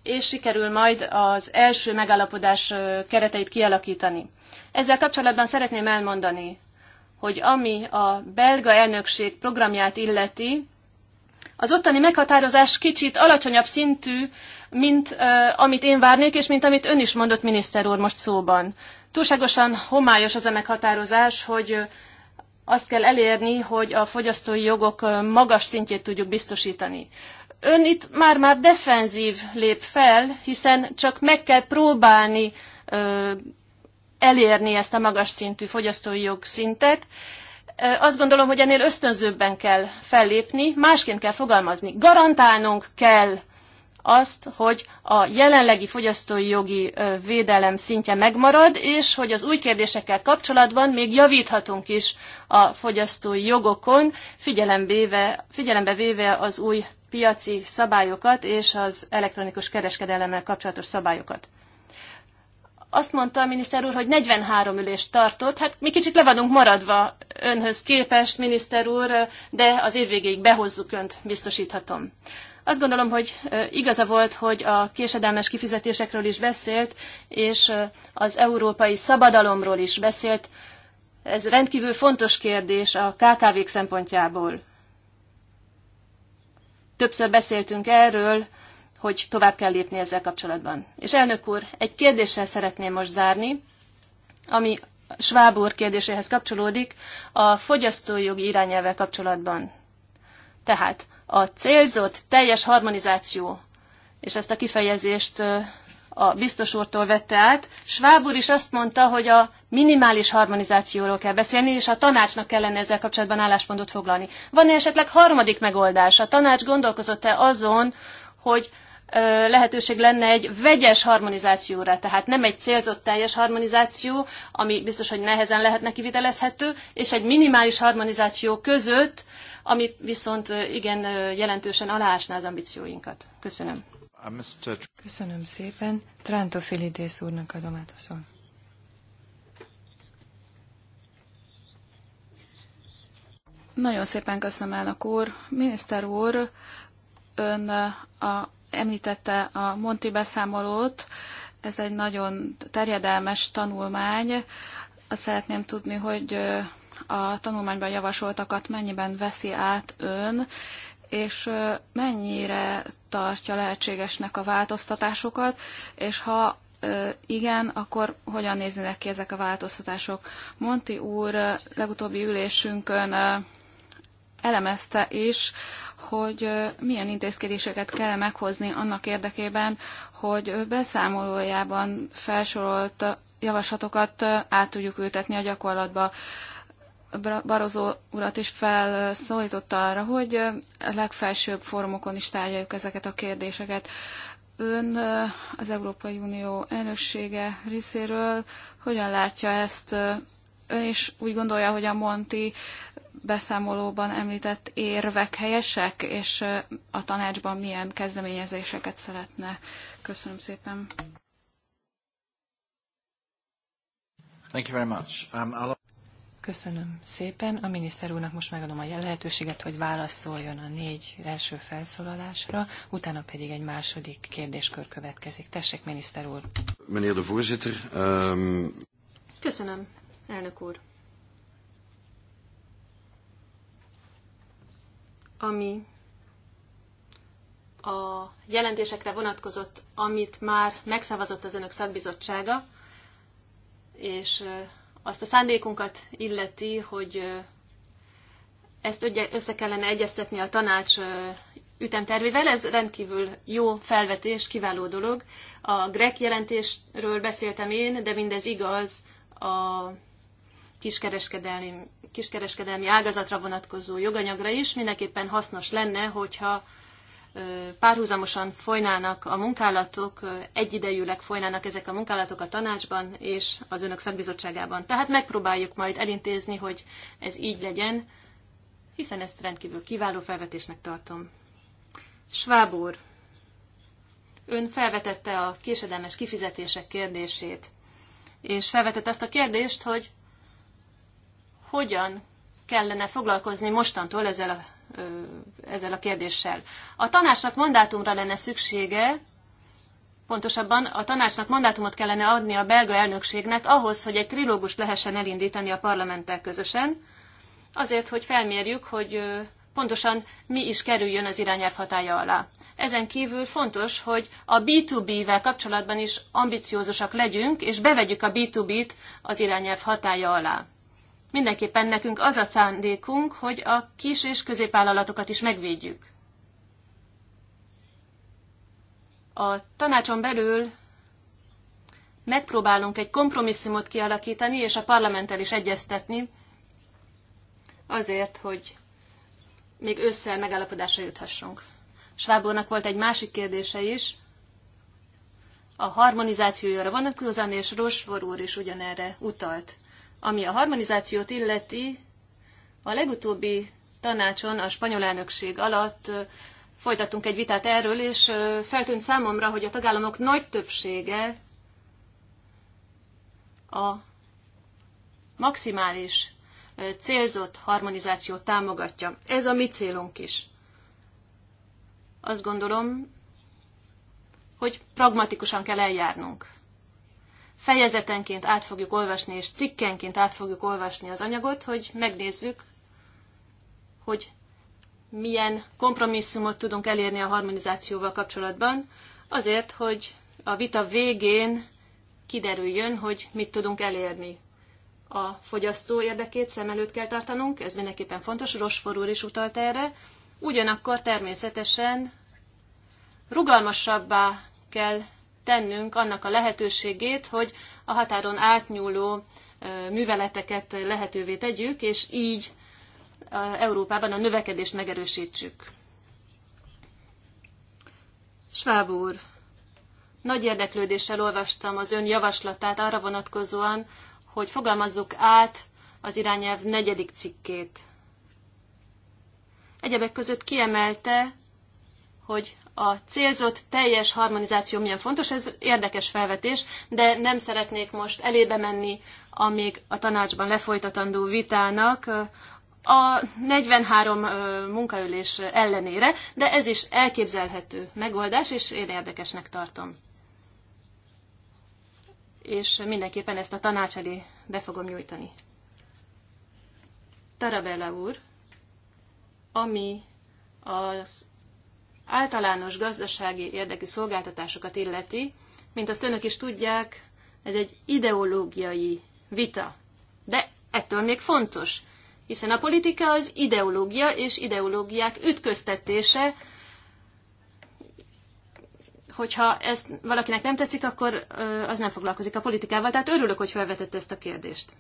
és sikerül majd az első megállapodás kereteit kialakítani. Ezzel kapcsolatban szeretném elmondani, hogy ami a belga elnökség programját illeti, az ottani meghatározás kicsit alacsonyabb szintű, mint uh, amit én várnék, és mint amit ön is mondott, miniszter úr, most szóban. Túlságosan homályos az a meghatározás, hogy azt kell elérni, hogy a fogyasztói jogok magas szintjét tudjuk biztosítani ön itt már-már defenzív lép fel, hiszen csak meg kell próbálni ö, elérni ezt a magas szintű fogyasztói jogszintet. Azt gondolom, hogy ennél ösztönzőbben kell fellépni, másként kell fogalmazni. Garantálnunk kell azt, hogy a jelenlegi fogyasztói jogi védelem szintje megmarad, és hogy az új kérdésekkel kapcsolatban még javíthatunk is a fogyasztói jogokon, figyelembe véve, figyelembe véve az új piaci szabályokat és az elektronikus kereskedelemmel kapcsolatos szabályokat. Azt mondta a miniszter úr, hogy 43 ülést tartott, hát mi kicsit le vagyunk maradva önhöz képest, miniszter úr, de az év végéig behozzuk önt, biztosíthatom. Azt gondolom, hogy igaza volt, hogy a késedelmes kifizetésekről is beszélt, és az európai szabadalomról is beszélt. Ez rendkívül fontos kérdés a KKV-k szempontjából. Többször beszéltünk erről, hogy tovább kell lépni ezzel kapcsolatban. És elnök úr, egy kérdéssel szeretném most zárni, ami Schwab úr kérdéséhez kapcsolódik, a fogyasztójogi irányelvvel kapcsolatban. Tehát a célzott teljes harmonizáció, és ezt a kifejezést a biztos úrtól vette át. Schwab úr is azt mondta, hogy a minimális harmonizációról kell beszélni, és a tanácsnak kellene ezzel kapcsolatban álláspontot foglalni. Van-e esetleg harmadik megoldás? A tanács gondolkozott-e azon, hogy lehetőség lenne egy vegyes harmonizációra, tehát nem egy célzott teljes harmonizáció, ami biztos, hogy nehezen lehetne kivitelezhető, és egy minimális harmonizáció között, ami viszont igen jelentősen aláásná az ambícióinkat. Köszönöm. Uh, köszönöm szépen. Tránto Filidész úrnak adom át a szót. Nagyon szépen köszönöm, elnök úr. Miniszter úr, ön uh, a, említette a Monti beszámolót. Ez egy nagyon terjedelmes tanulmány. Azt szeretném tudni, hogy uh, a tanulmányban javasoltakat mennyiben veszi át ön, és mennyire tartja lehetségesnek a változtatásokat, és ha igen, akkor hogyan néznének ki ezek a változtatások? Monti úr legutóbbi ülésünkön elemezte is, hogy milyen intézkedéseket kell meghozni annak érdekében, hogy beszámolójában felsorolt javaslatokat át tudjuk ültetni a gyakorlatba. Barozó urat is felszólította arra, hogy a legfelsőbb fórumokon is tárgyaljuk ezeket a kérdéseket. Ön az Európai Unió elnöksége részéről hogyan látja ezt? Ön is úgy gondolja, hogy a Monti beszámolóban említett érvek helyesek, és a tanácsban milyen kezdeményezéseket szeretne? Köszönöm szépen. Thank you very much. Um, I'll Köszönöm szépen. A miniszter úrnak most megadom a lehetőséget, hogy válaszoljon a négy első felszólalásra, utána pedig egy második kérdéskör következik. Tessék, miniszter úr. Meneer de voorzitter. Um... Köszönöm, elnök úr. Ami a jelentésekre vonatkozott, amit már megszavazott az önök szakbizottsága, és azt a szándékunkat illeti, hogy ezt össze kellene egyeztetni a tanács ütemtervével. Ez rendkívül jó felvetés, kiváló dolog. A grek jelentésről beszéltem én, de mindez igaz a kiskereskedelmi, kiskereskedelmi ágazatra vonatkozó joganyagra is. Mindenképpen hasznos lenne, hogyha párhuzamosan folynának a munkálatok, egyidejűleg folynának ezek a munkálatok a tanácsban és az önök szakbizottságában. Tehát megpróbáljuk majd elintézni, hogy ez így legyen, hiszen ezt rendkívül kiváló felvetésnek tartom. Schwab úr, ön felvetette a késedelmes kifizetések kérdését, és felvetette azt a kérdést, hogy hogyan kellene foglalkozni mostantól ezzel a ezzel a kérdéssel. A tanácsnak mandátumra lenne szüksége, pontosabban a tanácsnak mandátumot kellene adni a belga elnökségnek ahhoz, hogy egy trilógust lehessen elindítani a parlamenttel közösen, azért, hogy felmérjük, hogy pontosan mi is kerüljön az irányelv hatája alá. Ezen kívül fontos, hogy a B2B-vel kapcsolatban is ambiciózusak legyünk, és bevegyük a B2B-t az irányelv hatája alá. Mindenképpen nekünk az a szándékunk, hogy a kis és középvállalatokat is megvédjük. A tanácson belül megpróbálunk egy kompromisszumot kialakítani, és a parlamenttel is egyeztetni, azért, hogy még ősszel megállapodásra juthassunk. Svábornak volt egy másik kérdése is, a harmonizációjára vonatkozóan, és Rosvor úr is ugyanerre utalt. Ami a harmonizációt illeti, a legutóbbi tanácson a spanyol elnökség alatt folytattunk egy vitát erről, és feltűnt számomra, hogy a tagállamok nagy többsége a maximális célzott harmonizációt támogatja. Ez a mi célunk is. Azt gondolom, hogy pragmatikusan kell eljárnunk fejezetenként át fogjuk olvasni, és cikkenként át fogjuk olvasni az anyagot, hogy megnézzük, hogy milyen kompromisszumot tudunk elérni a harmonizációval kapcsolatban, azért, hogy a vita végén kiderüljön, hogy mit tudunk elérni. A fogyasztó érdekét szem előtt kell tartanunk, ez mindenképpen fontos, Rosfor úr is utalt erre, ugyanakkor természetesen rugalmasabbá kell tennünk annak a lehetőségét, hogy a határon átnyúló műveleteket lehetővé tegyük, és így Európában a növekedést megerősítsük. Schwab úr, nagy érdeklődéssel olvastam az ön javaslatát arra vonatkozóan, hogy fogalmazzuk át az irányelv negyedik cikkét. Egyebek között kiemelte, hogy a célzott teljes harmonizáció milyen fontos, ez érdekes felvetés, de nem szeretnék most elébe menni a még a tanácsban lefolytatandó vitának a 43 munkaülés ellenére, de ez is elképzelhető megoldás, és én érdekesnek tartom. És mindenképpen ezt a tanács elé be fogom nyújtani. Tarabella úr, ami az általános gazdasági érdekű szolgáltatásokat illeti, mint azt önök is tudják, ez egy ideológiai vita. De ettől még fontos, hiszen a politika az ideológia és ideológiák ütköztetése, hogyha ezt valakinek nem tetszik, akkor az nem foglalkozik a politikával. Tehát örülök, hogy felvetett ezt a kérdést.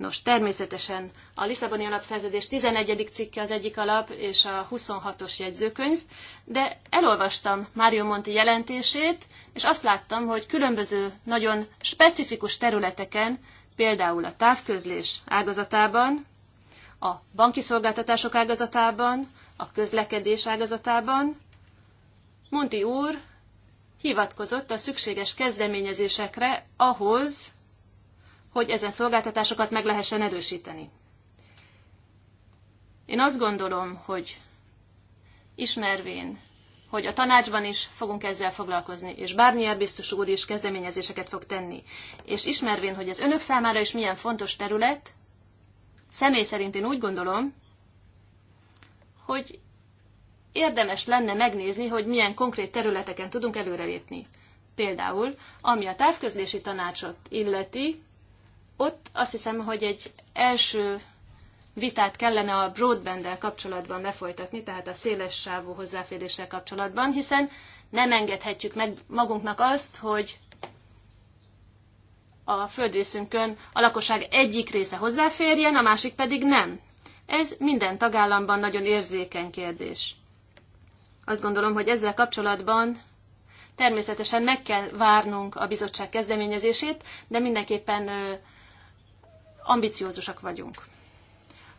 Nos, természetesen a Lisszaboni Alapszerződés 11. cikke az egyik alap, és a 26-os jegyzőkönyv, de elolvastam Mário Monti jelentését, és azt láttam, hogy különböző nagyon specifikus területeken, például a távközlés ágazatában, a banki szolgáltatások ágazatában, a közlekedés ágazatában, Monti úr hivatkozott a szükséges kezdeményezésekre ahhoz, hogy ezen szolgáltatásokat meg lehessen erősíteni. Én azt gondolom, hogy ismervén, hogy a tanácsban is fogunk ezzel foglalkozni, és Barnier biztos úr is kezdeményezéseket fog tenni, és ismervén, hogy ez önök számára is milyen fontos terület, személy szerint én úgy gondolom, hogy érdemes lenne megnézni, hogy milyen konkrét területeken tudunk előrelépni. Például, ami a távközlési tanácsot illeti, ott azt hiszem, hogy egy első vitát kellene a broadband kapcsolatban lefolytatni, tehát a széles sávú hozzáféréssel kapcsolatban, hiszen nem engedhetjük meg magunknak azt, hogy a földrészünkön a lakosság egyik része hozzáférjen, a másik pedig nem. Ez minden tagállamban nagyon érzékeny kérdés. Azt gondolom, hogy ezzel kapcsolatban természetesen meg kell várnunk a bizottság kezdeményezését, de mindenképpen ambiciózusak vagyunk.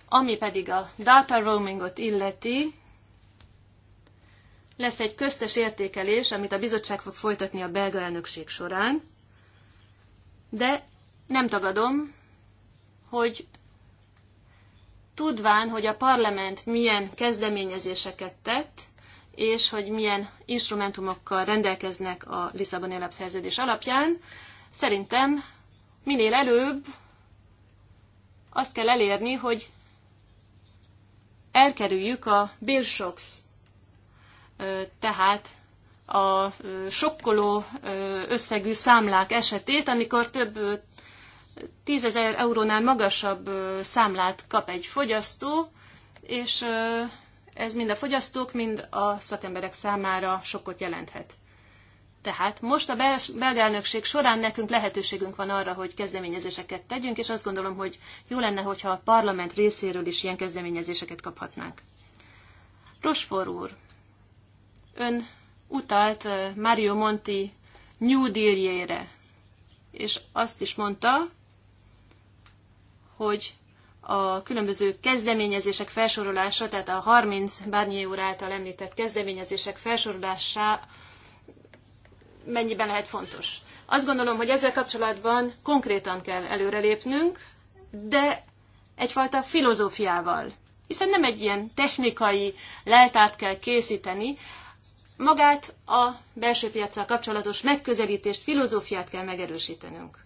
Ami pedig a data roamingot illeti, lesz egy köztes értékelés, amit a bizottság fog folytatni a belga elnökség során, de nem tagadom, hogy tudván, hogy a parlament milyen kezdeményezéseket tett, és hogy milyen instrumentumokkal rendelkeznek a Lisszaboni alapszerződés alapján, szerintem minél előbb azt kell elérni, hogy elkerüljük a bill tehát a sokkoló összegű számlák esetét, amikor több tízezer eurónál magasabb számlát kap egy fogyasztó, és ez mind a fogyasztók, mind a szakemberek számára sokkot jelenthet. Tehát most a belga elnökség során nekünk lehetőségünk van arra, hogy kezdeményezéseket tegyünk, és azt gondolom, hogy jó lenne, hogyha a parlament részéről is ilyen kezdeményezéseket kaphatnánk. Rosfor úr, ön utalt Mario Monti New Deal-jére, és azt is mondta, hogy a különböző kezdeményezések felsorolása, tehát a 30 bárnyi úr által említett kezdeményezések felsorolása mennyiben lehet fontos. Azt gondolom, hogy ezzel kapcsolatban konkrétan kell előrelépnünk, de egyfajta filozófiával. Hiszen nem egy ilyen technikai leltárt kell készíteni, magát a belső piacsal kapcsolatos megközelítést, filozófiát kell megerősítenünk.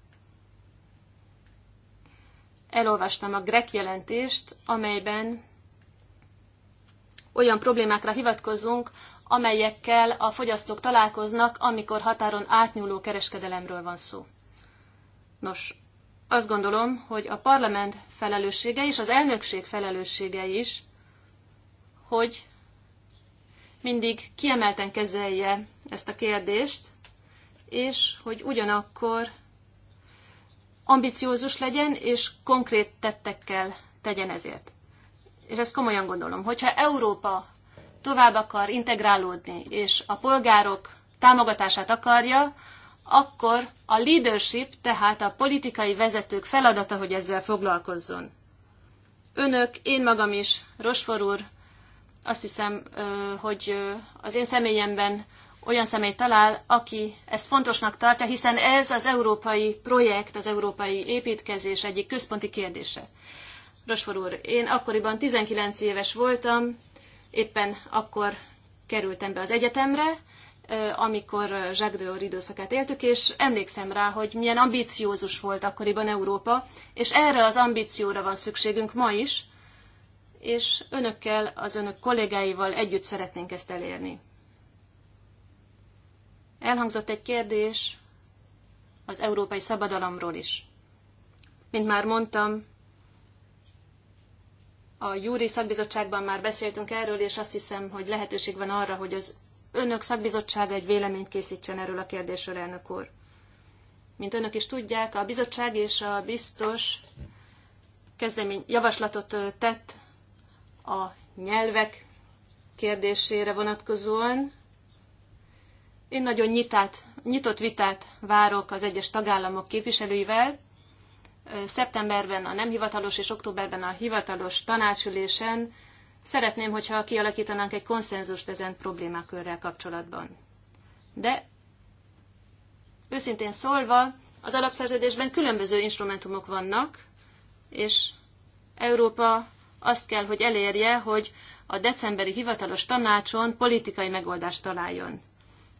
Elolvastam a Grek jelentést, amelyben olyan problémákra hivatkozunk, amelyekkel a fogyasztók találkoznak, amikor határon átnyúló kereskedelemről van szó. Nos, azt gondolom, hogy a parlament felelőssége és az elnökség felelőssége is, hogy mindig kiemelten kezelje ezt a kérdést, és hogy ugyanakkor ambiciózus legyen, és konkrét tettekkel tegyen ezért. És ezt komolyan gondolom, hogyha Európa tovább akar integrálódni, és a polgárok támogatását akarja, akkor a leadership, tehát a politikai vezetők feladata, hogy ezzel foglalkozzon. Önök, én magam is, Rosfor úr, azt hiszem, hogy az én személyemben olyan személy talál, aki ezt fontosnak tartja, hiszen ez az európai projekt, az európai építkezés egyik központi kérdése. Rosfor úr, én akkoriban 19 éves voltam, Éppen akkor kerültem be az egyetemre, amikor Jacques Dehors időszakát éltük, és emlékszem rá, hogy milyen ambiciózus volt akkoriban Európa, és erre az ambícióra van szükségünk ma is, és önökkel, az önök kollégáival együtt szeretnénk ezt elérni. Elhangzott egy kérdés az európai szabadalomról is. Mint már mondtam, a Júri szakbizottságban már beszéltünk erről, és azt hiszem, hogy lehetőség van arra, hogy az önök szakbizottsága egy véleményt készítsen erről a kérdésről, elnök úr. Mint önök is tudják, a bizottság és a biztos kezdemény javaslatot tett a nyelvek kérdésére vonatkozóan. Én nagyon nyitát, nyitott vitát várok az egyes tagállamok képviselőivel, szeptemberben a nem hivatalos és októberben a hivatalos tanácsülésen szeretném, hogyha kialakítanánk egy konszenzust ezen problémakörrel kapcsolatban. De őszintén szólva, az alapszerződésben különböző instrumentumok vannak, és Európa azt kell, hogy elérje, hogy a decemberi hivatalos tanácson politikai megoldást találjon.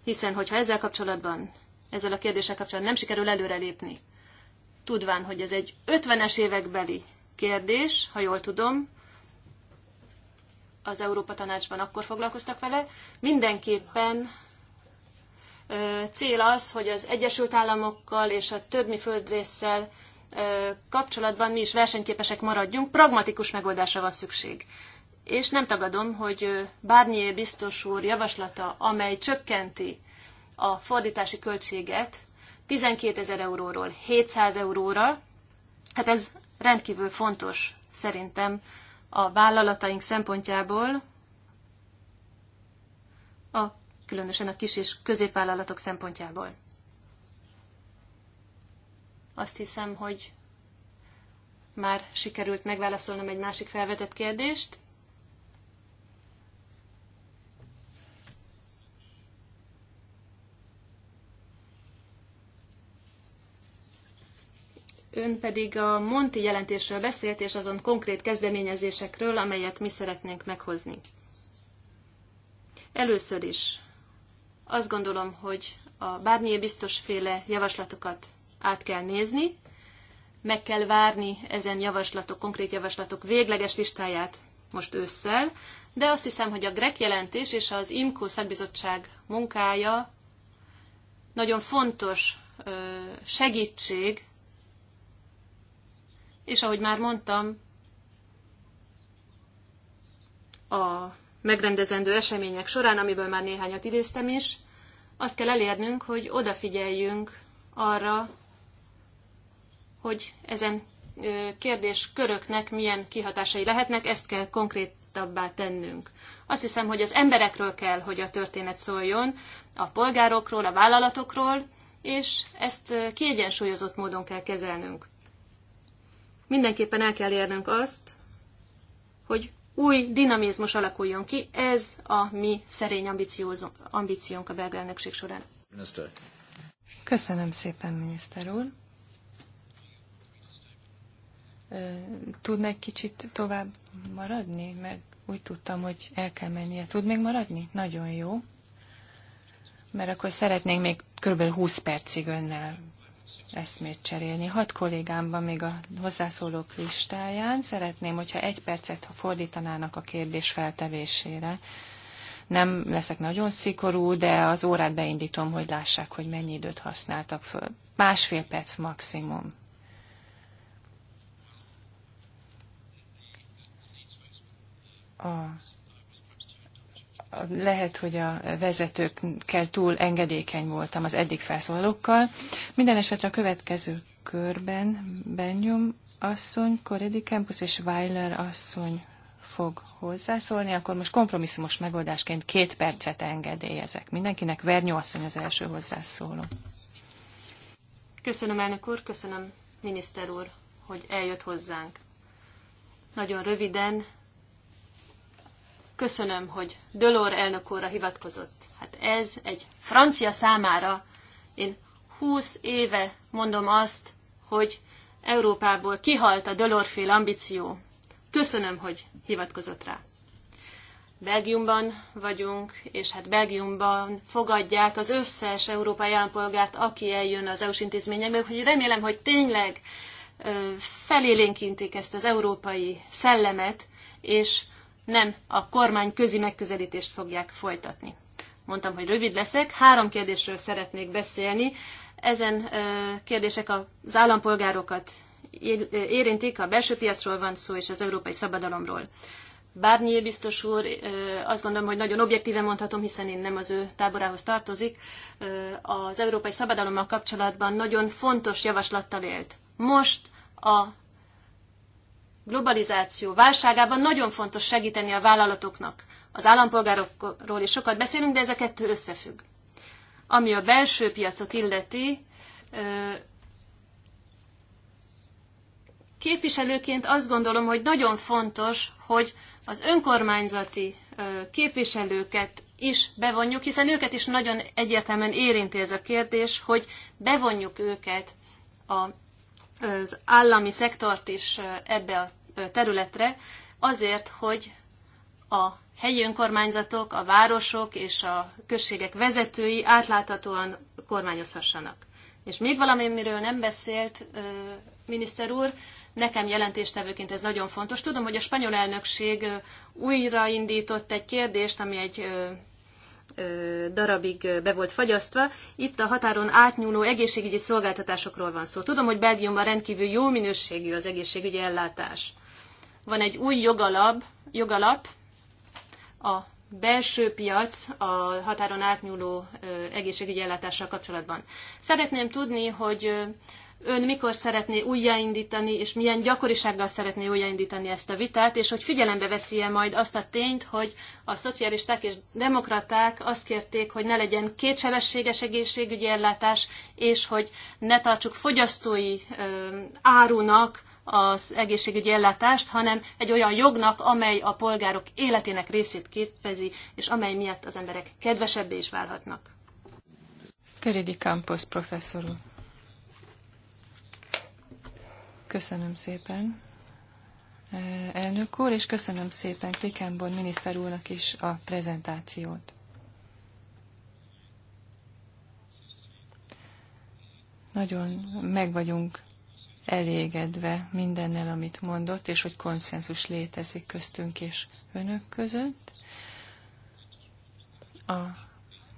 Hiszen, hogyha ezzel kapcsolatban, ezzel a kérdéssel kapcsolatban nem sikerül előrelépni, tudván, hogy ez egy 50-es évekbeli kérdés, ha jól tudom, az Európa Tanácsban akkor foglalkoztak vele, mindenképpen cél az, hogy az Egyesült Államokkal és a többi földrészsel kapcsolatban mi is versenyképesek maradjunk, pragmatikus megoldásra van szükség. És nem tagadom, hogy Barnier biztos úr javaslata, amely csökkenti a fordítási költséget 12 ezer euróról 700 euróra. Hát ez rendkívül fontos szerintem a vállalataink szempontjából, a, különösen a kis és középvállalatok szempontjából. Azt hiszem, hogy már sikerült megválaszolnom egy másik felvetett kérdést. Ön pedig a Monti jelentésről beszélt, és azon konkrét kezdeményezésekről, amelyet mi szeretnénk meghozni. Először is azt gondolom, hogy a bármilyen biztosféle javaslatokat át kell nézni, meg kell várni ezen javaslatok, konkrét javaslatok végleges listáját most ősszel, de azt hiszem, hogy a GREK jelentés és az IMCO szakbizottság munkája nagyon fontos segítség és ahogy már mondtam, a megrendezendő események során, amiből már néhányat idéztem is, azt kell elérnünk, hogy odafigyeljünk arra, hogy ezen kérdésköröknek milyen kihatásai lehetnek, ezt kell konkrétabbá tennünk. Azt hiszem, hogy az emberekről kell, hogy a történet szóljon, a polgárokról, a vállalatokról, és ezt kiegyensúlyozott módon kell kezelnünk. Mindenképpen el kell érnünk azt, hogy új dinamizmus alakuljon ki, ez a mi szerény ambíciónk a belga elnökség során. Köszönöm szépen, miniszter úr. Tudna egy kicsit tovább maradni? Mert úgy tudtam, hogy el kell mennie. Tud még maradni? Nagyon jó. Mert akkor szeretnénk még kb. 20 percig önnel eszmét cserélni. Hat kollégám van még a hozzászólók listáján. Szeretném, hogyha egy percet fordítanának a kérdés feltevésére. Nem leszek nagyon szikorú, de az órát beindítom, hogy lássák, hogy mennyi időt használtak föl. Másfél perc maximum. A lehet, hogy a vezetőkkel túl engedékeny voltam az eddig felszólókkal. Minden esetre a következő körben Benyom asszony, Koredi Campus és Weiler asszony fog hozzászólni, akkor most kompromisszumos megoldásként két percet engedélyezek mindenkinek. Vernyó asszony az első hozzászóló. Köszönöm, elnök úr, köszönöm, miniszter úr, hogy eljött hozzánk. Nagyon röviden Köszönöm, hogy Dölor elnök úrra hivatkozott. Hát ez egy francia számára. Én 20 éve mondom azt, hogy Európából kihalt a Dölorfél ambíció. Köszönöm, hogy hivatkozott rá. Belgiumban vagyunk, és hát Belgiumban fogadják az összes európai állampolgárt, aki eljön az EU-s intézményekbe, hogy remélem, hogy tényleg felélénkintik ezt az európai szellemet, és nem a kormány közi megközelítést fogják folytatni. Mondtam, hogy rövid leszek. Három kérdésről szeretnék beszélni. Ezen kérdések az állampolgárokat érintik, a belső piacról van szó, és az európai szabadalomról. Bárnyi biztos úr, azt gondolom, hogy nagyon objektíven mondhatom, hiszen én nem az ő táborához tartozik, az európai szabadalommal kapcsolatban nagyon fontos javaslattal élt. Most a globalizáció válságában nagyon fontos segíteni a vállalatoknak. Az állampolgárokról is sokat beszélünk, de ez a kettő összefügg. Ami a belső piacot illeti, képviselőként azt gondolom, hogy nagyon fontos, hogy az önkormányzati képviselőket is bevonjuk, hiszen őket is nagyon egyértelműen érinti ez a kérdés, hogy bevonjuk őket a az állami szektort is ebbe a területre, azért, hogy a helyi önkormányzatok, a városok és a községek vezetői átláthatóan kormányozhassanak. És még miről nem beszélt miniszter úr, nekem jelentéstevőként ez nagyon fontos. Tudom, hogy a spanyol elnökség újraindított egy kérdést, ami egy darabig be volt fagyasztva. Itt a határon átnyúló egészségügyi szolgáltatásokról van szó. Tudom, hogy Belgiumban rendkívül jó minőségű az egészségügyi ellátás. Van egy új jogalap, jogalap a belső piac a határon átnyúló egészségügyi ellátással kapcsolatban. Szeretném tudni, hogy ön mikor szeretné újjáindítani, és milyen gyakorisággal szeretné újjáindítani ezt a vitát, és hogy figyelembe veszi-e majd azt a tényt, hogy a szocialisták és demokraták azt kérték, hogy ne legyen kétsebességes egészségügyi ellátás, és hogy ne tartsuk fogyasztói árunak az egészségügyi ellátást, hanem egy olyan jognak, amely a polgárok életének részét képezi, és amely miatt az emberek kedvesebbé is válhatnak. Keredi Campos professzor úr. Köszönöm szépen, e, elnök úr, és köszönöm szépen Klikenborn miniszter úrnak is a prezentációt. Nagyon meg vagyunk elégedve mindennel, amit mondott, és hogy konszenzus létezik köztünk és önök között. A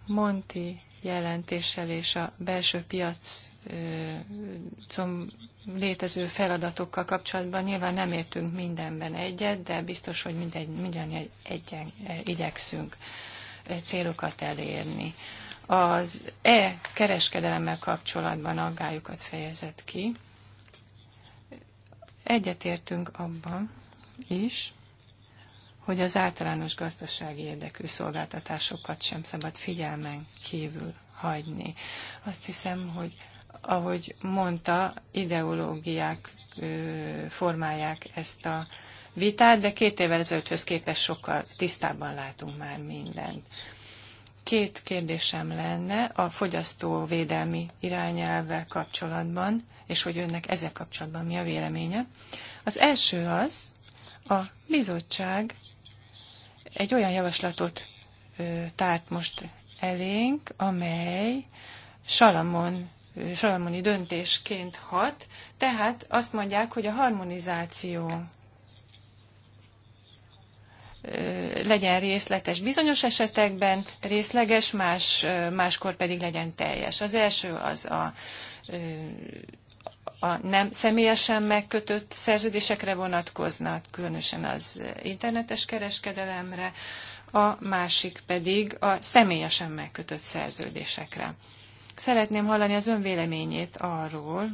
Monti jelentéssel és a belső piacon létező feladatokkal kapcsolatban nyilván nem értünk mindenben egyet, de biztos, hogy mindegy, mindjárt egyen, e, igyekszünk e, célokat elérni. Az e-kereskedelemmel kapcsolatban aggályokat fejezett ki. Egyetértünk abban is, hogy az általános gazdasági érdekű szolgáltatásokat sem szabad figyelmen kívül hagyni. Azt hiszem, hogy ahogy mondta, ideológiák formálják ezt a vitát, de két évvel ezelőtthöz képest sokkal tisztábban látunk már mindent. Két kérdésem lenne a fogyasztóvédelmi irányelvvel kapcsolatban, és hogy önnek ezzel kapcsolatban mi a véleménye. Az első az, a bizottság egy olyan javaslatot tárt most elénk, amely Salamon, Salamoni döntésként hat, tehát azt mondják, hogy a harmonizáció legyen részletes bizonyos esetekben, részleges, más, máskor pedig legyen teljes. Az első az a a nem személyesen megkötött szerződésekre vonatkoznak, különösen az internetes kereskedelemre, a másik pedig a személyesen megkötött szerződésekre. Szeretném hallani az ön véleményét arról,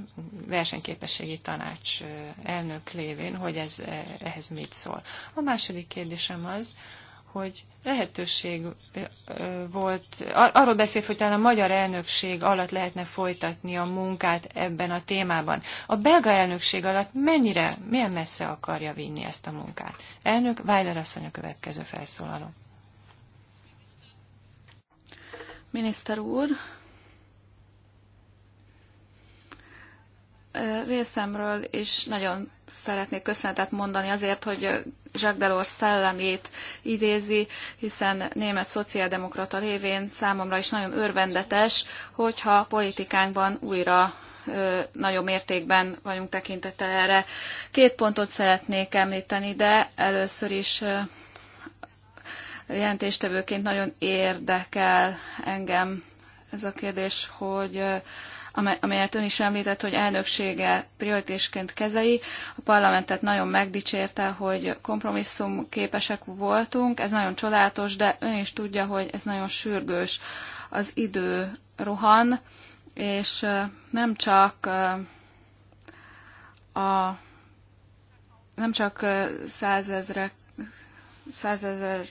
versenyképességi tanács elnök lévén, hogy ez ehhez mit szól. A második kérdésem az, hogy lehetőség volt, arról beszélt, hogy talán a magyar elnökség alatt lehetne folytatni a munkát ebben a témában. A belga elnökség alatt mennyire, milyen messze akarja vinni ezt a munkát? Elnök, Weiler asszony a következő felszólaló. Miniszter úr, részemről is nagyon szeretnék köszönetet mondani azért, hogy Jacques Delors szellemét idézi, hiszen német szociáldemokrata lévén számomra is nagyon örvendetes, hogyha politikánkban újra nagyobb mértékben vagyunk tekintettel erre. Két pontot szeretnék említeni, de először is jelentéstevőként nagyon érdekel engem ez a kérdés, hogy ö, amelyet ön is említett, hogy elnöksége prioritésként kezeli. A parlamentet nagyon megdicsérte, hogy kompromisszum képesek voltunk. Ez nagyon csodálatos, de ön is tudja, hogy ez nagyon sürgős. Az idő rohan, és nem csak a nem csak százezrek, százezer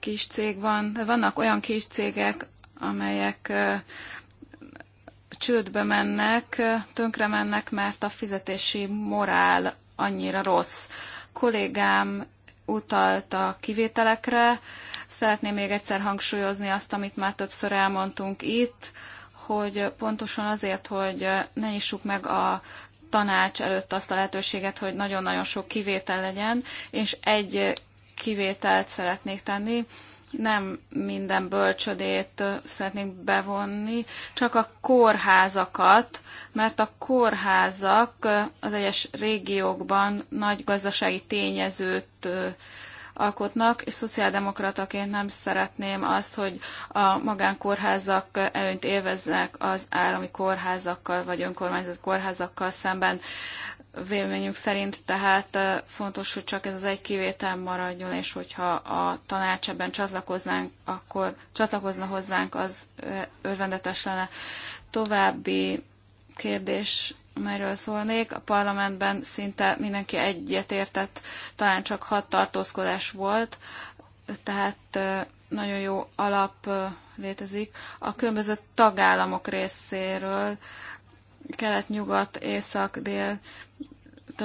kis cég van, de vannak olyan kis cégek, amelyek csődbe mennek, tönkre mennek, mert a fizetési morál annyira rossz. Kollégám utalt a kivételekre. Szeretném még egyszer hangsúlyozni azt, amit már többször elmondtunk itt, hogy pontosan azért, hogy ne nyissuk meg a tanács előtt azt a lehetőséget, hogy nagyon-nagyon sok kivétel legyen, és egy kivételt szeretnék tenni, nem minden bölcsödét szeretnék bevonni, csak a kórházakat, mert a kórházak az egyes régiókban nagy gazdasági tényezőt alkotnak, és szociáldemokrataként nem szeretném azt, hogy a magánkórházak előnyt élveznek az állami kórházakkal vagy önkormányzat kórházakkal szemben. Véleményünk szerint tehát fontos, hogy csak ez az egy kivétel maradjon, és hogyha a tanács ebben csatlakoznánk, akkor csatlakozna hozzánk, az örvendetes lenne. További kérdés, melyről szólnék. A parlamentben szinte mindenki egyetértett, talán csak hat tartózkodás volt, tehát nagyon jó alap létezik. A különböző tagállamok részéről kelet, nyugat, észak, dél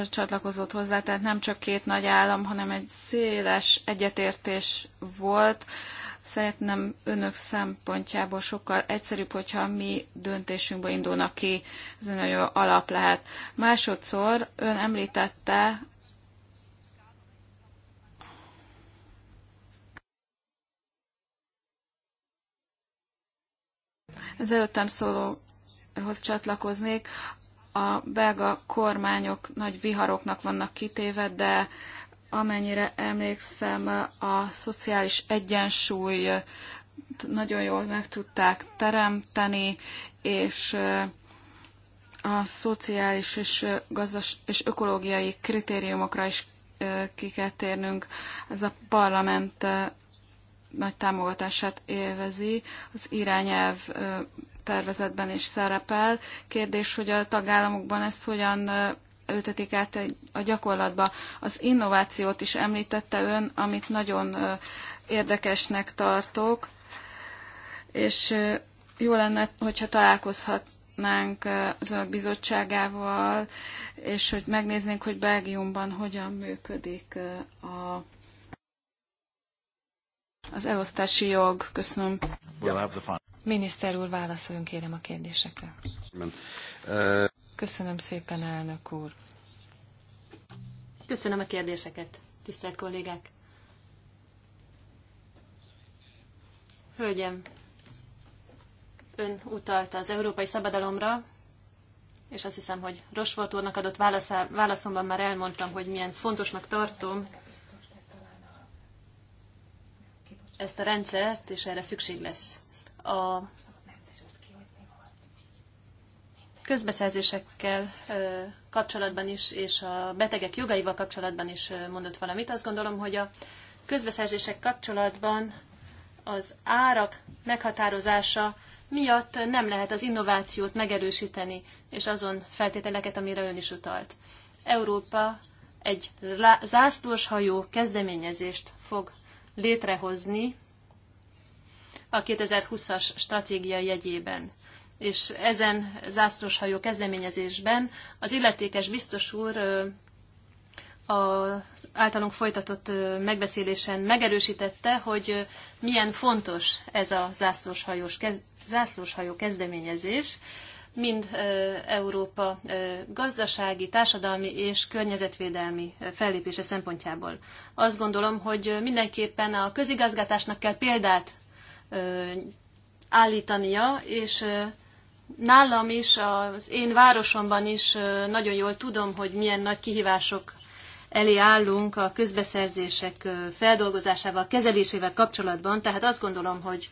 csatlakozott hozzá, tehát nem csak két nagy állam, hanem egy széles egyetértés volt. Szeretném önök szempontjából sokkal egyszerűbb, hogyha mi döntésünkbe indulnak ki, ez egy nagyon alap lehet. Másodszor ön említette az előttem szólóhoz csatlakoznék, a belga kormányok nagy viharoknak vannak kitéve, de amennyire emlékszem, a szociális egyensúly nagyon jól meg tudták teremteni, és a szociális és, gazdas- és ökológiai kritériumokra is ki kell térnünk. Ez a parlament nagy támogatását élvezi. Az irányelv tervezetben is szerepel. Kérdés, hogy a tagállamokban ezt hogyan ültetik át a gyakorlatba. Az innovációt is említette ön, amit nagyon érdekesnek tartok, és jó lenne, hogyha találkozhatnánk az önök bizottságával, és hogy megnéznénk, hogy Belgiumban hogyan működik a az elosztási jog. Köszönöm. We'll have the fun. Miniszter úr, válaszoljon kérem a kérdésekre. Köszönöm szépen, elnök úr. Köszönöm a kérdéseket, tisztelt kollégák. Hölgyem, ön utalta az európai szabadalomra, és azt hiszem, hogy Rosvolt úrnak adott válaszá, válaszomban már elmondtam, hogy milyen fontosnak tartom ezt a rendszert, és erre szükség lesz a közbeszerzésekkel kapcsolatban is, és a betegek jogaival kapcsolatban is mondott valamit. Azt gondolom, hogy a közbeszerzések kapcsolatban az árak meghatározása miatt nem lehet az innovációt megerősíteni, és azon feltételeket, amire ön is utalt. Európa egy zászlóshajó kezdeményezést fog létrehozni a 2020-as stratégia jegyében. És ezen zászlóshajó kezdeményezésben az illetékes biztos úr az általunk folytatott megbeszélésen megerősítette, hogy milyen fontos ez a zászlóshajós, kez, zászlóshajó kezdeményezés, mind Európa gazdasági, társadalmi és környezetvédelmi fellépése szempontjából. Azt gondolom, hogy mindenképpen a közigazgatásnak kell példát állítania, és nálam is, az én városomban is nagyon jól tudom, hogy milyen nagy kihívások elé állunk a közbeszerzések feldolgozásával, kezelésével kapcsolatban, tehát azt gondolom, hogy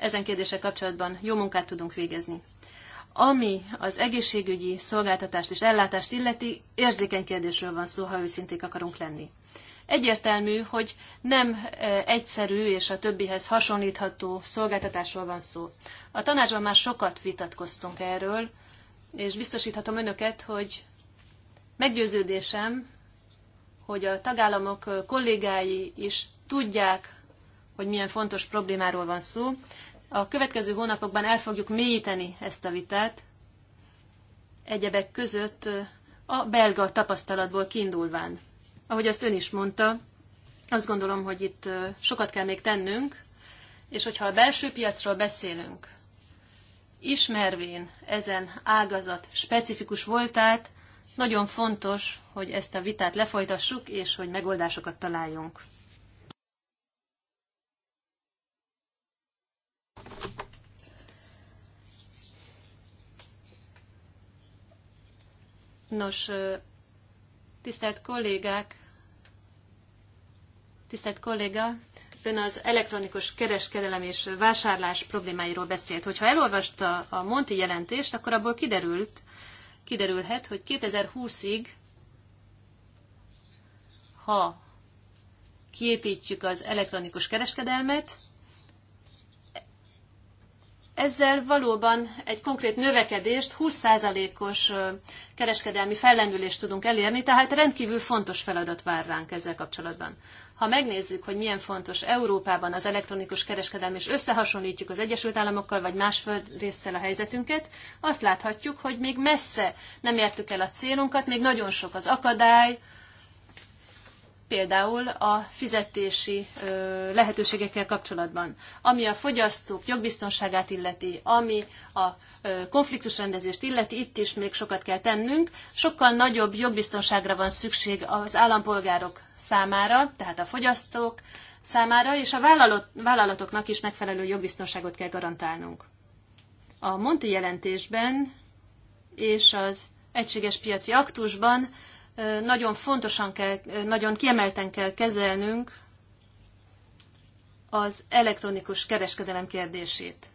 ezen kérdések kapcsolatban jó munkát tudunk végezni. Ami az egészségügyi szolgáltatást és ellátást illeti, érzékeny kérdésről van szó, ha őszinték akarunk lenni. Egyértelmű, hogy nem e, egyszerű és a többihez hasonlítható szolgáltatásról van szó. A tanácsban már sokat vitatkoztunk erről, és biztosíthatom önöket, hogy meggyőződésem, hogy a tagállamok e, kollégái is tudják, hogy milyen fontos problémáról van szó, a következő hónapokban el fogjuk mélyíteni ezt a vitát, egyebek között a belga tapasztalatból kiindulván. Ahogy azt ön is mondta, azt gondolom, hogy itt sokat kell még tennünk, és hogyha a belső piacról beszélünk, ismervén ezen ágazat specifikus voltát, nagyon fontos, hogy ezt a vitát lefolytassuk, és hogy megoldásokat találjunk. Nos, tisztelt kollégák, tisztelt kolléga, ön az elektronikus kereskedelem és vásárlás problémáiról beszélt. Hogyha elolvasta a Monti jelentést, akkor abból kiderült, kiderülhet, hogy 2020-ig, ha kiépítjük az elektronikus kereskedelmet, ezzel valóban egy konkrét növekedést, 20%-os kereskedelmi fellendülést tudunk elérni, tehát rendkívül fontos feladat vár ránk ezzel kapcsolatban. Ha megnézzük, hogy milyen fontos Európában az elektronikus kereskedelem, és összehasonlítjuk az Egyesült Államokkal vagy más földrészsel a helyzetünket, azt láthatjuk, hogy még messze nem értük el a célunkat, még nagyon sok az akadály, például a fizetési lehetőségekkel kapcsolatban, ami a fogyasztók jogbiztonságát illeti, ami a konfliktusrendezést illeti, itt is még sokat kell tennünk. Sokkal nagyobb jogbiztonságra van szükség az állampolgárok számára, tehát a fogyasztók számára, és a vállalatoknak is megfelelő jogbiztonságot kell garantálnunk. A Monti jelentésben és az egységes piaci aktusban nagyon fontosan kell, nagyon kiemelten kell kezelnünk az elektronikus kereskedelem kérdését.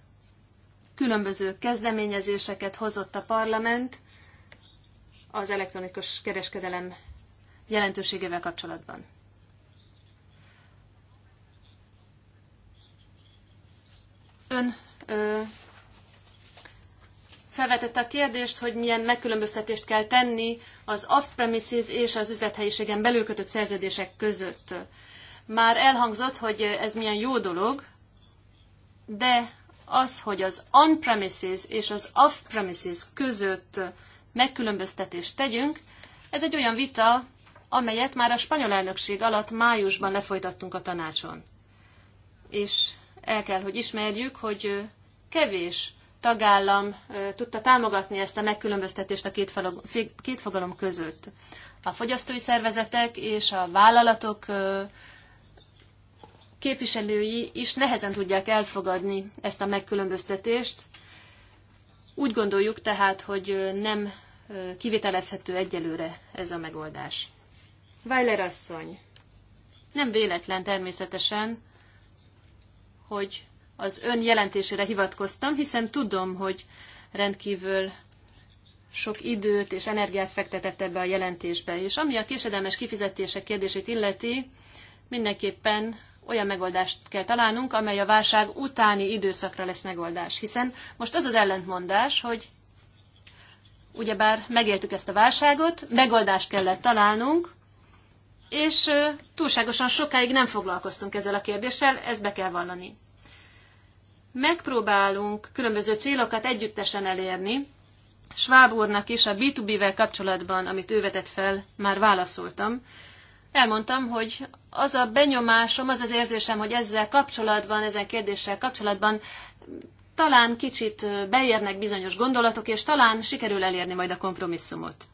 Különböző kezdeményezéseket hozott a parlament az elektronikus kereskedelem jelentőségével kapcsolatban. Ön ö, felvetette a kérdést, hogy milyen megkülönböztetést kell tenni az off-premises és az üzlethelyiségen belül kötött szerződések között. Már elhangzott, hogy ez milyen jó dolog, de az, hogy az on-premises és az off-premises között megkülönböztetést tegyünk, ez egy olyan vita, amelyet már a spanyol elnökség alatt májusban lefolytattunk a tanácson. És el kell, hogy ismerjük, hogy kevés tagállam tudta támogatni ezt a megkülönböztetést a két, falog, két fogalom között. A fogyasztói szervezetek és a vállalatok képviselői is nehezen tudják elfogadni ezt a megkülönböztetést. Úgy gondoljuk tehát, hogy nem kivitelezhető egyelőre ez a megoldás. Weiler asszony, nem véletlen természetesen, hogy az ön jelentésére hivatkoztam, hiszen tudom, hogy rendkívül sok időt és energiát fektetett ebbe a jelentésbe. És ami a késedelmes kifizetések kérdését illeti, mindenképpen olyan megoldást kell találnunk, amely a válság utáni időszakra lesz megoldás. Hiszen most az az ellentmondás, hogy ugyebár megéltük ezt a válságot, megoldást kellett találnunk, és túlságosan sokáig nem foglalkoztunk ezzel a kérdéssel, ezt be kell vallani megpróbálunk különböző célokat együttesen elérni. Schwab úrnak is a B2B-vel kapcsolatban, amit ő vetett fel, már válaszoltam. Elmondtam, hogy az a benyomásom, az az érzésem, hogy ezzel kapcsolatban, ezen kérdéssel kapcsolatban talán kicsit beérnek bizonyos gondolatok, és talán sikerül elérni majd a kompromisszumot.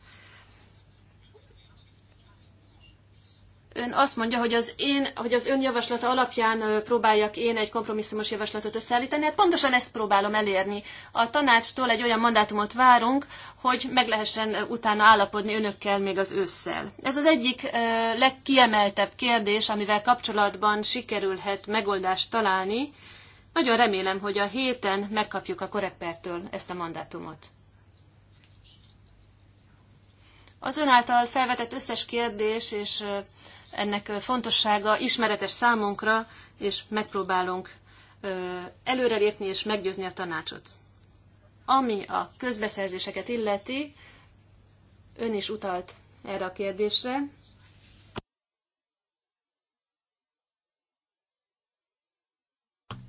Ön azt mondja, hogy az, én, hogy az ön javaslata alapján próbáljak én egy kompromisszumos javaslatot összeállítani. Hát pontosan ezt próbálom elérni. A tanácstól egy olyan mandátumot várunk, hogy meg lehessen utána állapodni önökkel még az ősszel. Ez az egyik legkiemeltebb kérdés, amivel kapcsolatban sikerülhet megoldást találni. Nagyon remélem, hogy a héten megkapjuk a koreppertől ezt a mandátumot. Az ön által felvetett összes kérdés és ennek fontossága ismeretes számunkra, és megpróbálunk előrelépni és meggyőzni a tanácsot. Ami a közbeszerzéseket illeti, ön is utalt erre a kérdésre.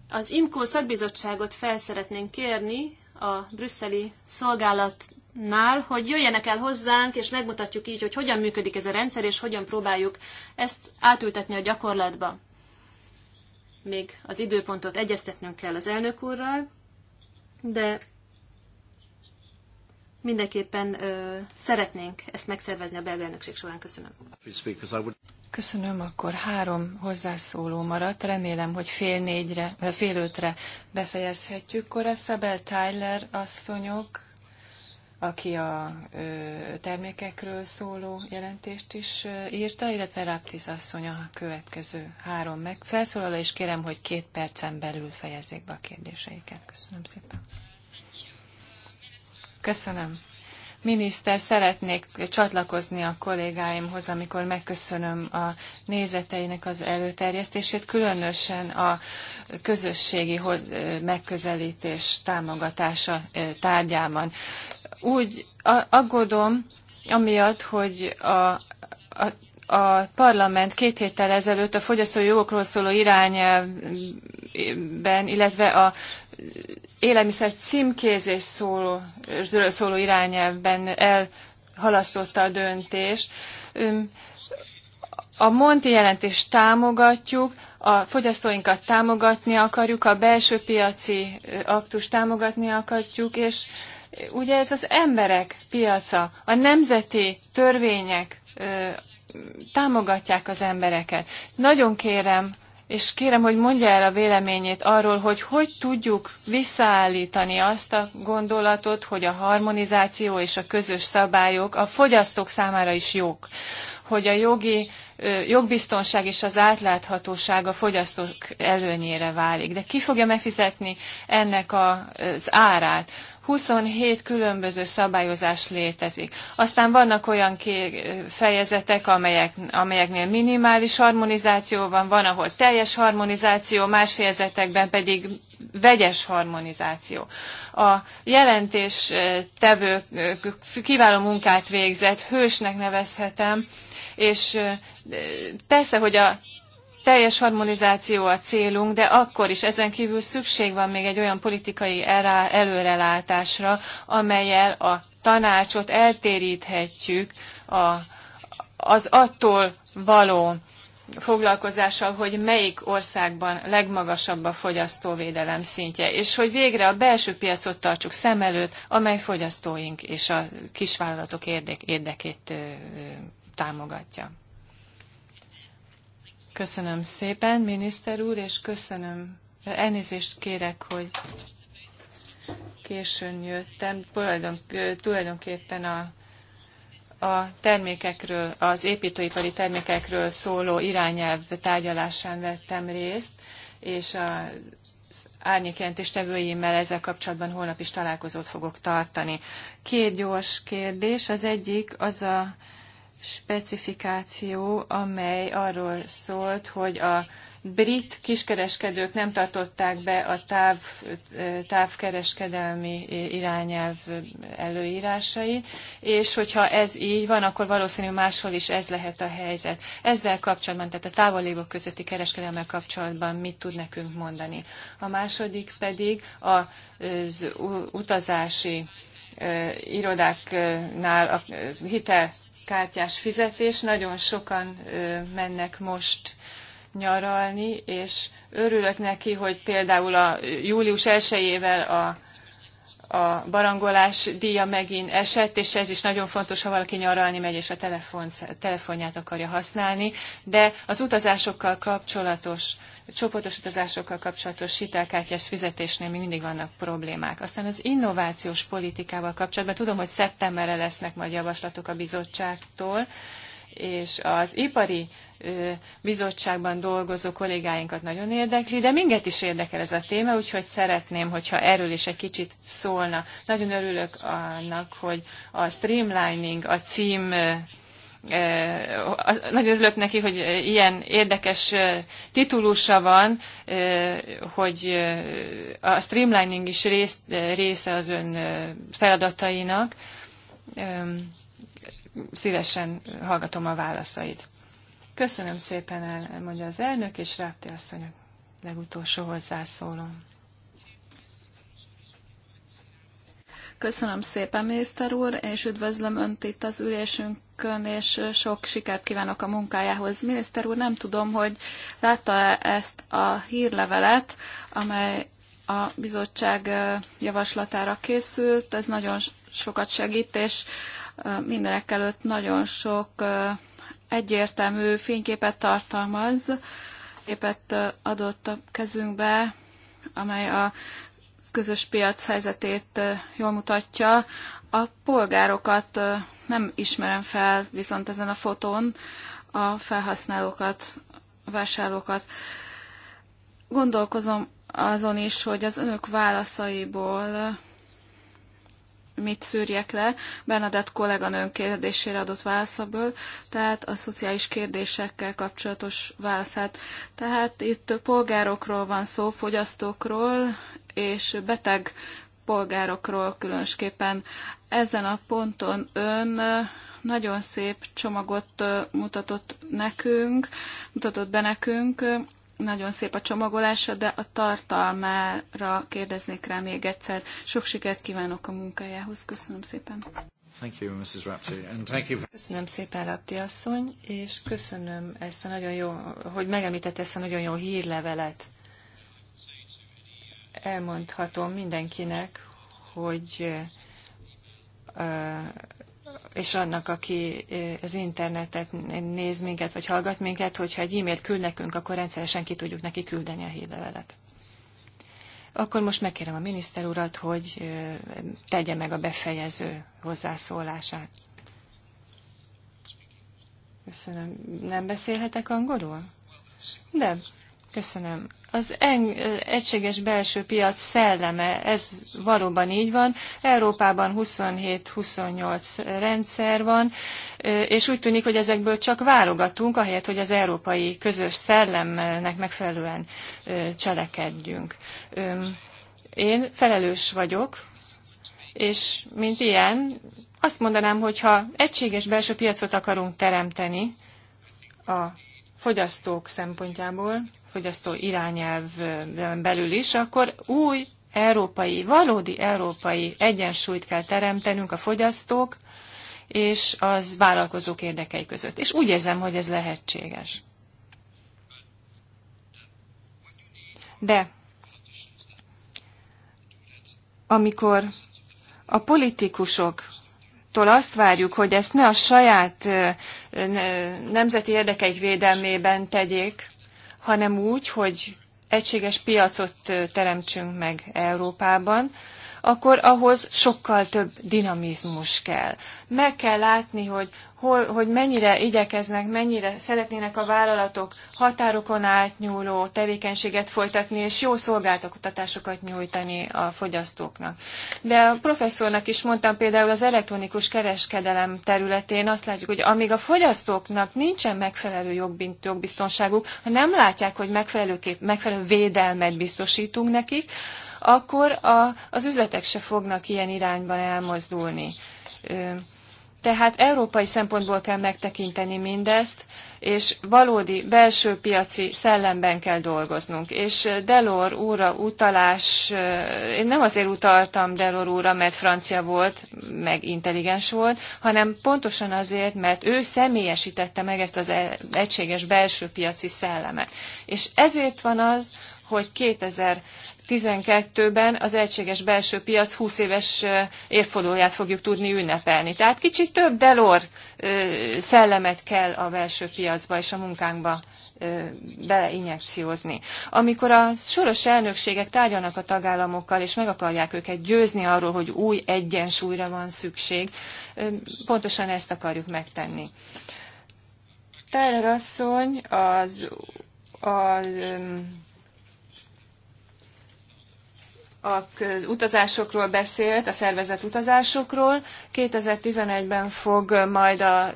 Az IMCO szakbizottságot fel szeretnénk kérni, a brüsszeli szolgálatnál, hogy jöjjenek el hozzánk, és megmutatjuk így, hogy hogyan működik ez a rendszer, és hogyan próbáljuk ezt átültetni a gyakorlatba. Még az időpontot egyeztetnünk kell az elnök úrral, de mindenképpen ö, szeretnénk ezt megszervezni a belga elnökség során. Köszönöm. Köszönöm, akkor három hozzászóló maradt. Remélem, hogy fél négyre, eh, fél ötre befejezhetjük. Kora Szabel Tyler asszonyok, aki a termékekről szóló jelentést is írta, illetve Raptis asszony a következő három meg. Felszólal, és kérem, hogy két percen belül fejezzék be a kérdéseiket. Köszönöm szépen. Köszönöm miniszter, szeretnék csatlakozni a kollégáimhoz, amikor megköszönöm a nézeteinek az előterjesztését, különösen a közösségi megközelítés támogatása tárgyában. Úgy aggódom, amiatt, hogy a, a a parlament két héttel ezelőtt a fogyasztói jogokról szóló irányelvben, illetve a élelmiszer címkézés szóló, szóló irányelvben elhalasztotta a döntés. A Monti jelentést támogatjuk, a fogyasztóinkat támogatni akarjuk, a belső piaci aktust támogatni akarjuk, és ugye ez az emberek piaca, a nemzeti törvények támogatják az embereket. Nagyon kérem és kérem, hogy mondja el a véleményét arról, hogy hogy tudjuk visszaállítani azt a gondolatot, hogy a harmonizáció és a közös szabályok a fogyasztók számára is jók, hogy a jogi jogbiztonság és az átláthatóság a fogyasztók előnyére válik. De ki fogja megfizetni ennek az árát? 27 különböző szabályozás létezik. Aztán vannak olyan fejezetek, amelyek, amelyeknél minimális harmonizáció van, van, ahol teljes harmonizáció, más fejezetekben pedig vegyes harmonizáció. A jelentés tevő kiváló munkát végzett, hősnek nevezhetem, és persze, hogy a teljes harmonizáció a célunk, de akkor is ezen kívül szükség van még egy olyan politikai előrelátásra, amelyel a tanácsot eltéríthetjük a, az attól való foglalkozással, hogy melyik országban legmagasabb a fogyasztóvédelem szintje, és hogy végre a belső piacot tartsuk szem előtt, amely fogyasztóink és a kisvállalatok érdekét támogatja. Köszönöm szépen, miniszter úr, és köszönöm. Elnézést kérek, hogy későn jöttem. tulajdonképpen a, a termékekről, az építőipari termékekről szóló irányelv tárgyalásán vettem részt, és a árnyékjelentéstevőimmel ezzel kapcsolatban holnap is találkozót fogok tartani. Két gyors kérdés. Az egyik az a specifikáció, amely arról szólt, hogy a brit kiskereskedők nem tartották be a táv, távkereskedelmi irányelv előírásait, és hogyha ez így van, akkor valószínű máshol is ez lehet a helyzet. Ezzel kapcsolatban, tehát a távolévok közötti kereskedelmel kapcsolatban mit tud nekünk mondani? A második pedig az utazási irodáknál a hitel kártyás fizetés. Nagyon sokan mennek most nyaralni, és örülök neki, hogy például a július 1-ével a a barangolás díja megint esett, és ez is nagyon fontos, ha valaki nyaralni megy, és a telefon, telefonját akarja használni, de az utazásokkal kapcsolatos csoportos utazásokkal kapcsolatos hitelkártyás fizetésnél még mindig vannak problémák. Aztán az innovációs politikával kapcsolatban tudom, hogy szeptemberre lesznek majd javaslatok a bizottságtól, és az ipari bizottságban dolgozó kollégáinkat nagyon érdekli, de minket is érdekel ez a téma, úgyhogy szeretném, hogyha erről is egy kicsit szólna. Nagyon örülök annak, hogy a streamlining a cím nagyon örülök neki, hogy ilyen érdekes titulusa van, hogy a streamlining is része az ön feladatainak. Szívesen hallgatom a válaszait. Köszönöm szépen, mondja az elnök, és Rápti asszony legutolsó hozzászólom. Köszönöm szépen, miniszter úr, és üdvözlöm Önt itt az ülésünkön, és sok sikert kívánok a munkájához. Miniszter úr, nem tudom, hogy látta -e ezt a hírlevelet, amely a bizottság javaslatára készült. Ez nagyon sokat segít, és mindenek előtt nagyon sok egyértelmű fényképet tartalmaz, képet adott a kezünkbe, amely a közös piac helyzetét jól mutatja. A polgárokat nem ismerem fel viszont ezen a fotón, a felhasználókat, a vásárlókat. Gondolkozom azon is, hogy az önök válaszaiból mit szűrjek le. Bernadett kolléganőn kérdésére adott válaszaból, tehát a szociális kérdésekkel kapcsolatos válaszát. Tehát itt polgárokról van szó, fogyasztókról és beteg polgárokról különösképpen. Ezen a ponton ön nagyon szép csomagot mutatott nekünk, mutatott be nekünk, nagyon szép a csomagolása, de a tartalmára kérdeznék rá még egyszer. Sok sikert kívánok a munkájához. Köszönöm szépen. Thank you, Mrs. Rapti, and thank you. Köszönöm szépen, Rapti asszony, és köszönöm ezt a nagyon jó, hogy megemlítette ezt a nagyon jó hírlevelet. Elmondhatom mindenkinek, hogy és annak, aki az internetet néz minket, vagy hallgat minket, hogyha egy e-mailt küld nekünk, akkor rendszeresen ki tudjuk neki küldeni a hírlevelet. Akkor most megkérem a miniszter urat, hogy tegye meg a befejező hozzászólását. Köszönöm. Nem beszélhetek angolul? De, köszönöm az egységes belső piac szelleme, ez valóban így van. Európában 27-28 rendszer van, és úgy tűnik, hogy ezekből csak válogatunk, ahelyett, hogy az európai közös szellemnek megfelelően cselekedjünk. Én felelős vagyok, és mint ilyen, azt mondanám, hogy ha egységes belső piacot akarunk teremteni a fogyasztók szempontjából, fogyasztó irányelv belül is, akkor új európai, valódi európai egyensúlyt kell teremtenünk a fogyasztók és az vállalkozók érdekei között. És úgy érzem, hogy ez lehetséges. De amikor a politikusok kormányoktól azt várjuk, hogy ezt ne a saját nemzeti érdekeik védelmében tegyék, hanem úgy, hogy egységes piacot teremtsünk meg Európában, akkor ahhoz sokkal több dinamizmus kell. Meg kell látni, hogy, hol, hogy mennyire igyekeznek, mennyire szeretnének a vállalatok határokon átnyúló tevékenységet folytatni, és jó szolgáltatásokat nyújtani a fogyasztóknak. De a professzornak is mondtam például az elektronikus kereskedelem területén azt látjuk, hogy amíg a fogyasztóknak nincsen megfelelő jogbiztonságuk, ha nem látják, hogy megfelelő, kép, megfelelő védelmet biztosítunk nekik, akkor a, az üzletek se fognak ilyen irányban elmozdulni. Tehát európai szempontból kell megtekinteni mindezt, és valódi belső piaci szellemben kell dolgoznunk. És Delor úra utalás, én nem azért utaltam Delor úra, mert francia volt, meg intelligens volt, hanem pontosan azért, mert ő személyesítette meg ezt az e, egységes belső piaci szellemet. És ezért van az, hogy 2000 2012-ben az egységes belső piac 20 éves évfordulóját fogjuk tudni ünnepelni. Tehát kicsit több delor szellemet kell a belső piacba és a munkánkba beleinjekciózni. Amikor a soros elnökségek tárgyalnak a tagállamokkal, és meg akarják őket győzni arról, hogy új egyensúlyra van szükség, pontosan ezt akarjuk megtenni. Tyler asszony az, az, az a utazásokról beszélt, a szervezett utazásokról. 2011-ben fog majd a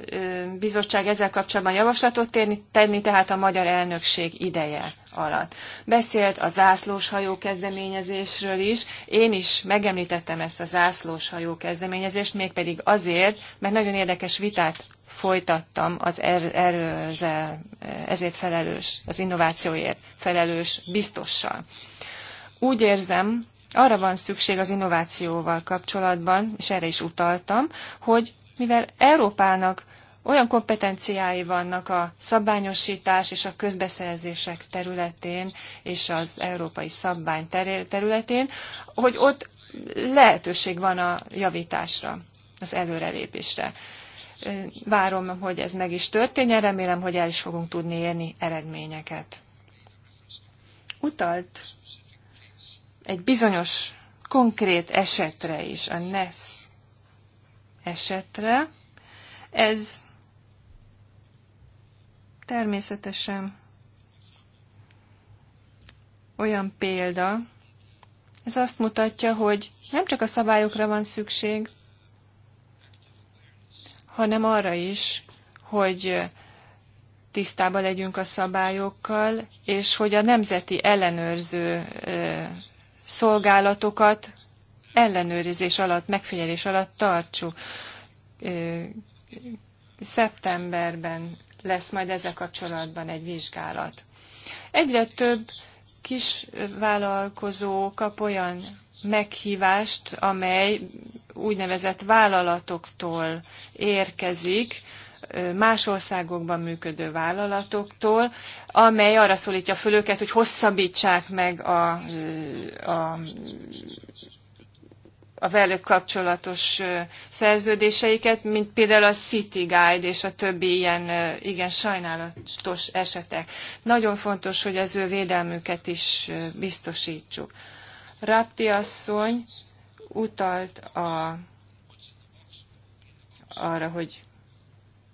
bizottság ezzel kapcsolatban javaslatot térni, tenni, tehát a magyar elnökség ideje alatt. Beszélt a zászlós hajó kezdeményezésről is. Én is megemlítettem ezt a zászlós hajó kezdeményezést, mégpedig azért, mert nagyon érdekes vitát folytattam az er, er, ezért felelős, az innovációért felelős biztossal. Úgy érzem, arra van szükség az innovációval kapcsolatban, és erre is utaltam, hogy mivel Európának olyan kompetenciái vannak a szabványosítás és a közbeszerzések területén, és az európai szabvány területén, hogy ott lehetőség van a javításra, az előrelépésre. Várom, hogy ez meg is történjen, remélem, hogy el is fogunk tudni érni eredményeket. Utalt egy bizonyos konkrét esetre is, a NESZ esetre, ez természetesen olyan példa, ez azt mutatja, hogy nem csak a szabályokra van szükség, hanem arra is, hogy tisztában legyünk a szabályokkal, és hogy a nemzeti ellenőrző szolgálatokat ellenőrizés alatt, megfigyelés alatt tartsuk. Szeptemberben lesz majd ezzel kapcsolatban egy vizsgálat. Egyre több kis vállalkozó kap olyan meghívást, amely úgynevezett vállalatoktól érkezik, más országokban működő vállalatoktól, amely arra szólítja föl őket, hogy hosszabbítsák meg a, a a velük kapcsolatos szerződéseiket, mint például a City Guide és a többi ilyen igen sajnálatos esetek. Nagyon fontos, hogy az ő védelmüket is biztosítsuk. Rapti asszony utalt a, arra, hogy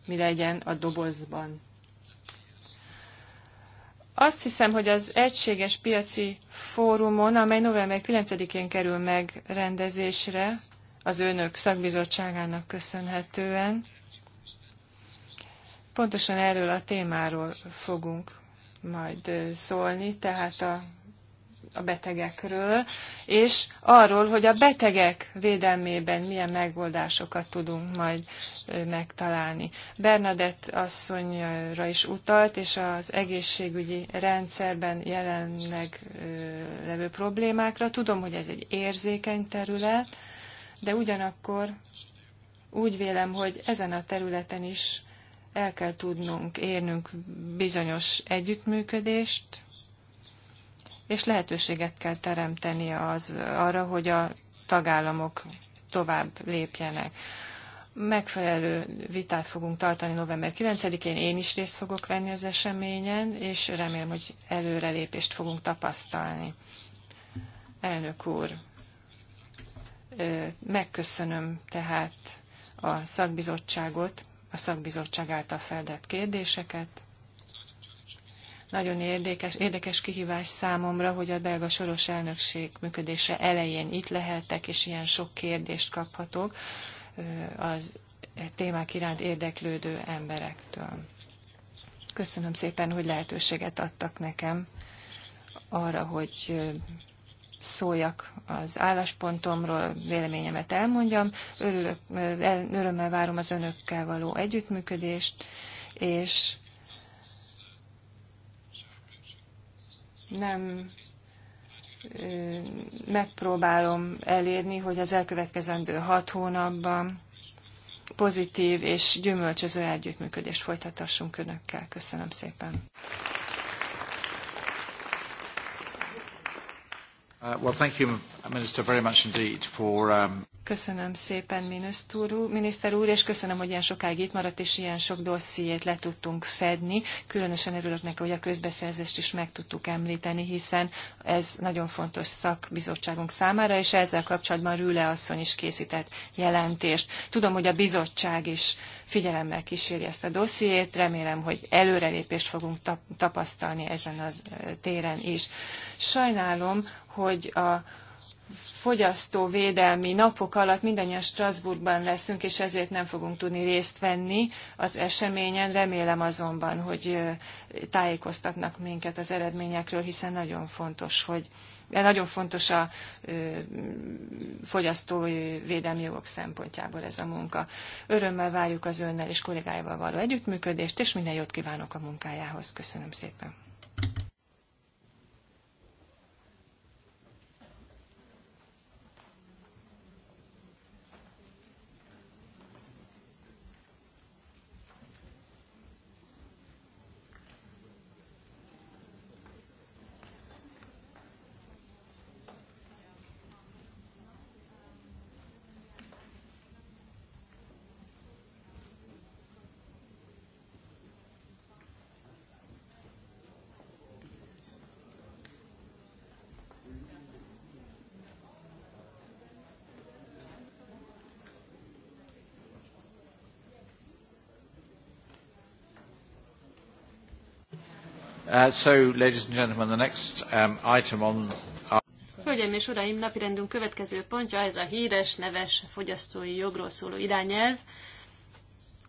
mi legyen a dobozban. Azt hiszem, hogy az Egységes Piaci Fórumon, amely november 9-én kerül meg rendezésre, az önök szakbizottságának köszönhetően, pontosan erről a témáról fogunk majd szólni, tehát a a betegekről, és arról, hogy a betegek védelmében milyen megoldásokat tudunk majd megtalálni. Bernadett asszonyra is utalt, és az egészségügyi rendszerben jelenleg levő problémákra. Tudom, hogy ez egy érzékeny terület, de ugyanakkor úgy vélem, hogy ezen a területen is el kell tudnunk érnünk bizonyos együttműködést, és lehetőséget kell teremteni az, arra, hogy a tagállamok tovább lépjenek. Megfelelő vitát fogunk tartani november 9-én, én is részt fogok venni az eseményen, és remélem, hogy előrelépést fogunk tapasztalni. Elnök úr, megköszönöm tehát a szakbizottságot, a szakbizottság által feldett kérdéseket, nagyon érdekes, érdekes kihívás számomra, hogy a belga soros elnökség működése elején itt lehettek, és ilyen sok kérdést kaphatok az témák iránt érdeklődő emberektől. Köszönöm szépen, hogy lehetőséget adtak nekem arra, hogy szóljak az álláspontomról, véleményemet elmondjam. Örülök, örömmel várom az önökkel való együttműködést, és nem megpróbálom elérni, hogy az elkövetkezendő hat hónapban pozitív és gyümölcsöző együttműködést folytathassunk Önökkel. Köszönöm szépen. Uh, well, thank you, Minister, very much indeed for... Um... Köszönöm szépen, úr, miniszter úr, és köszönöm, hogy ilyen sokáig itt maradt, és ilyen sok dossziét le tudtunk fedni. Különösen örülök neki, hogy a közbeszerzést is meg tudtuk említeni, hiszen ez nagyon fontos szakbizottságunk számára, és ezzel kapcsolatban Rüle asszony is készített jelentést. Tudom, hogy a bizottság is figyelemmel kíséri ezt a dossziét, remélem, hogy előrelépést fogunk tapasztalni ezen a téren is. Sajnálom, hogy a fogyasztóvédelmi napok alatt mindannyian Strasbourgban leszünk, és ezért nem fogunk tudni részt venni az eseményen. Remélem azonban, hogy tájékoztatnak minket az eredményekről, hiszen nagyon fontos, hogy de nagyon fontos a fogyasztói védelmi jogok szempontjából ez a munka. Örömmel várjuk az önnel és kollégáival való együttműködést, és minden jót kívánok a munkájához. Köszönöm szépen. Uh, so, ladies and gentlemen, the next um, item on Hölgyeim és uraim, napirendünk következő pontja, ez a híres, neves fogyasztói jogról szóló irányelv.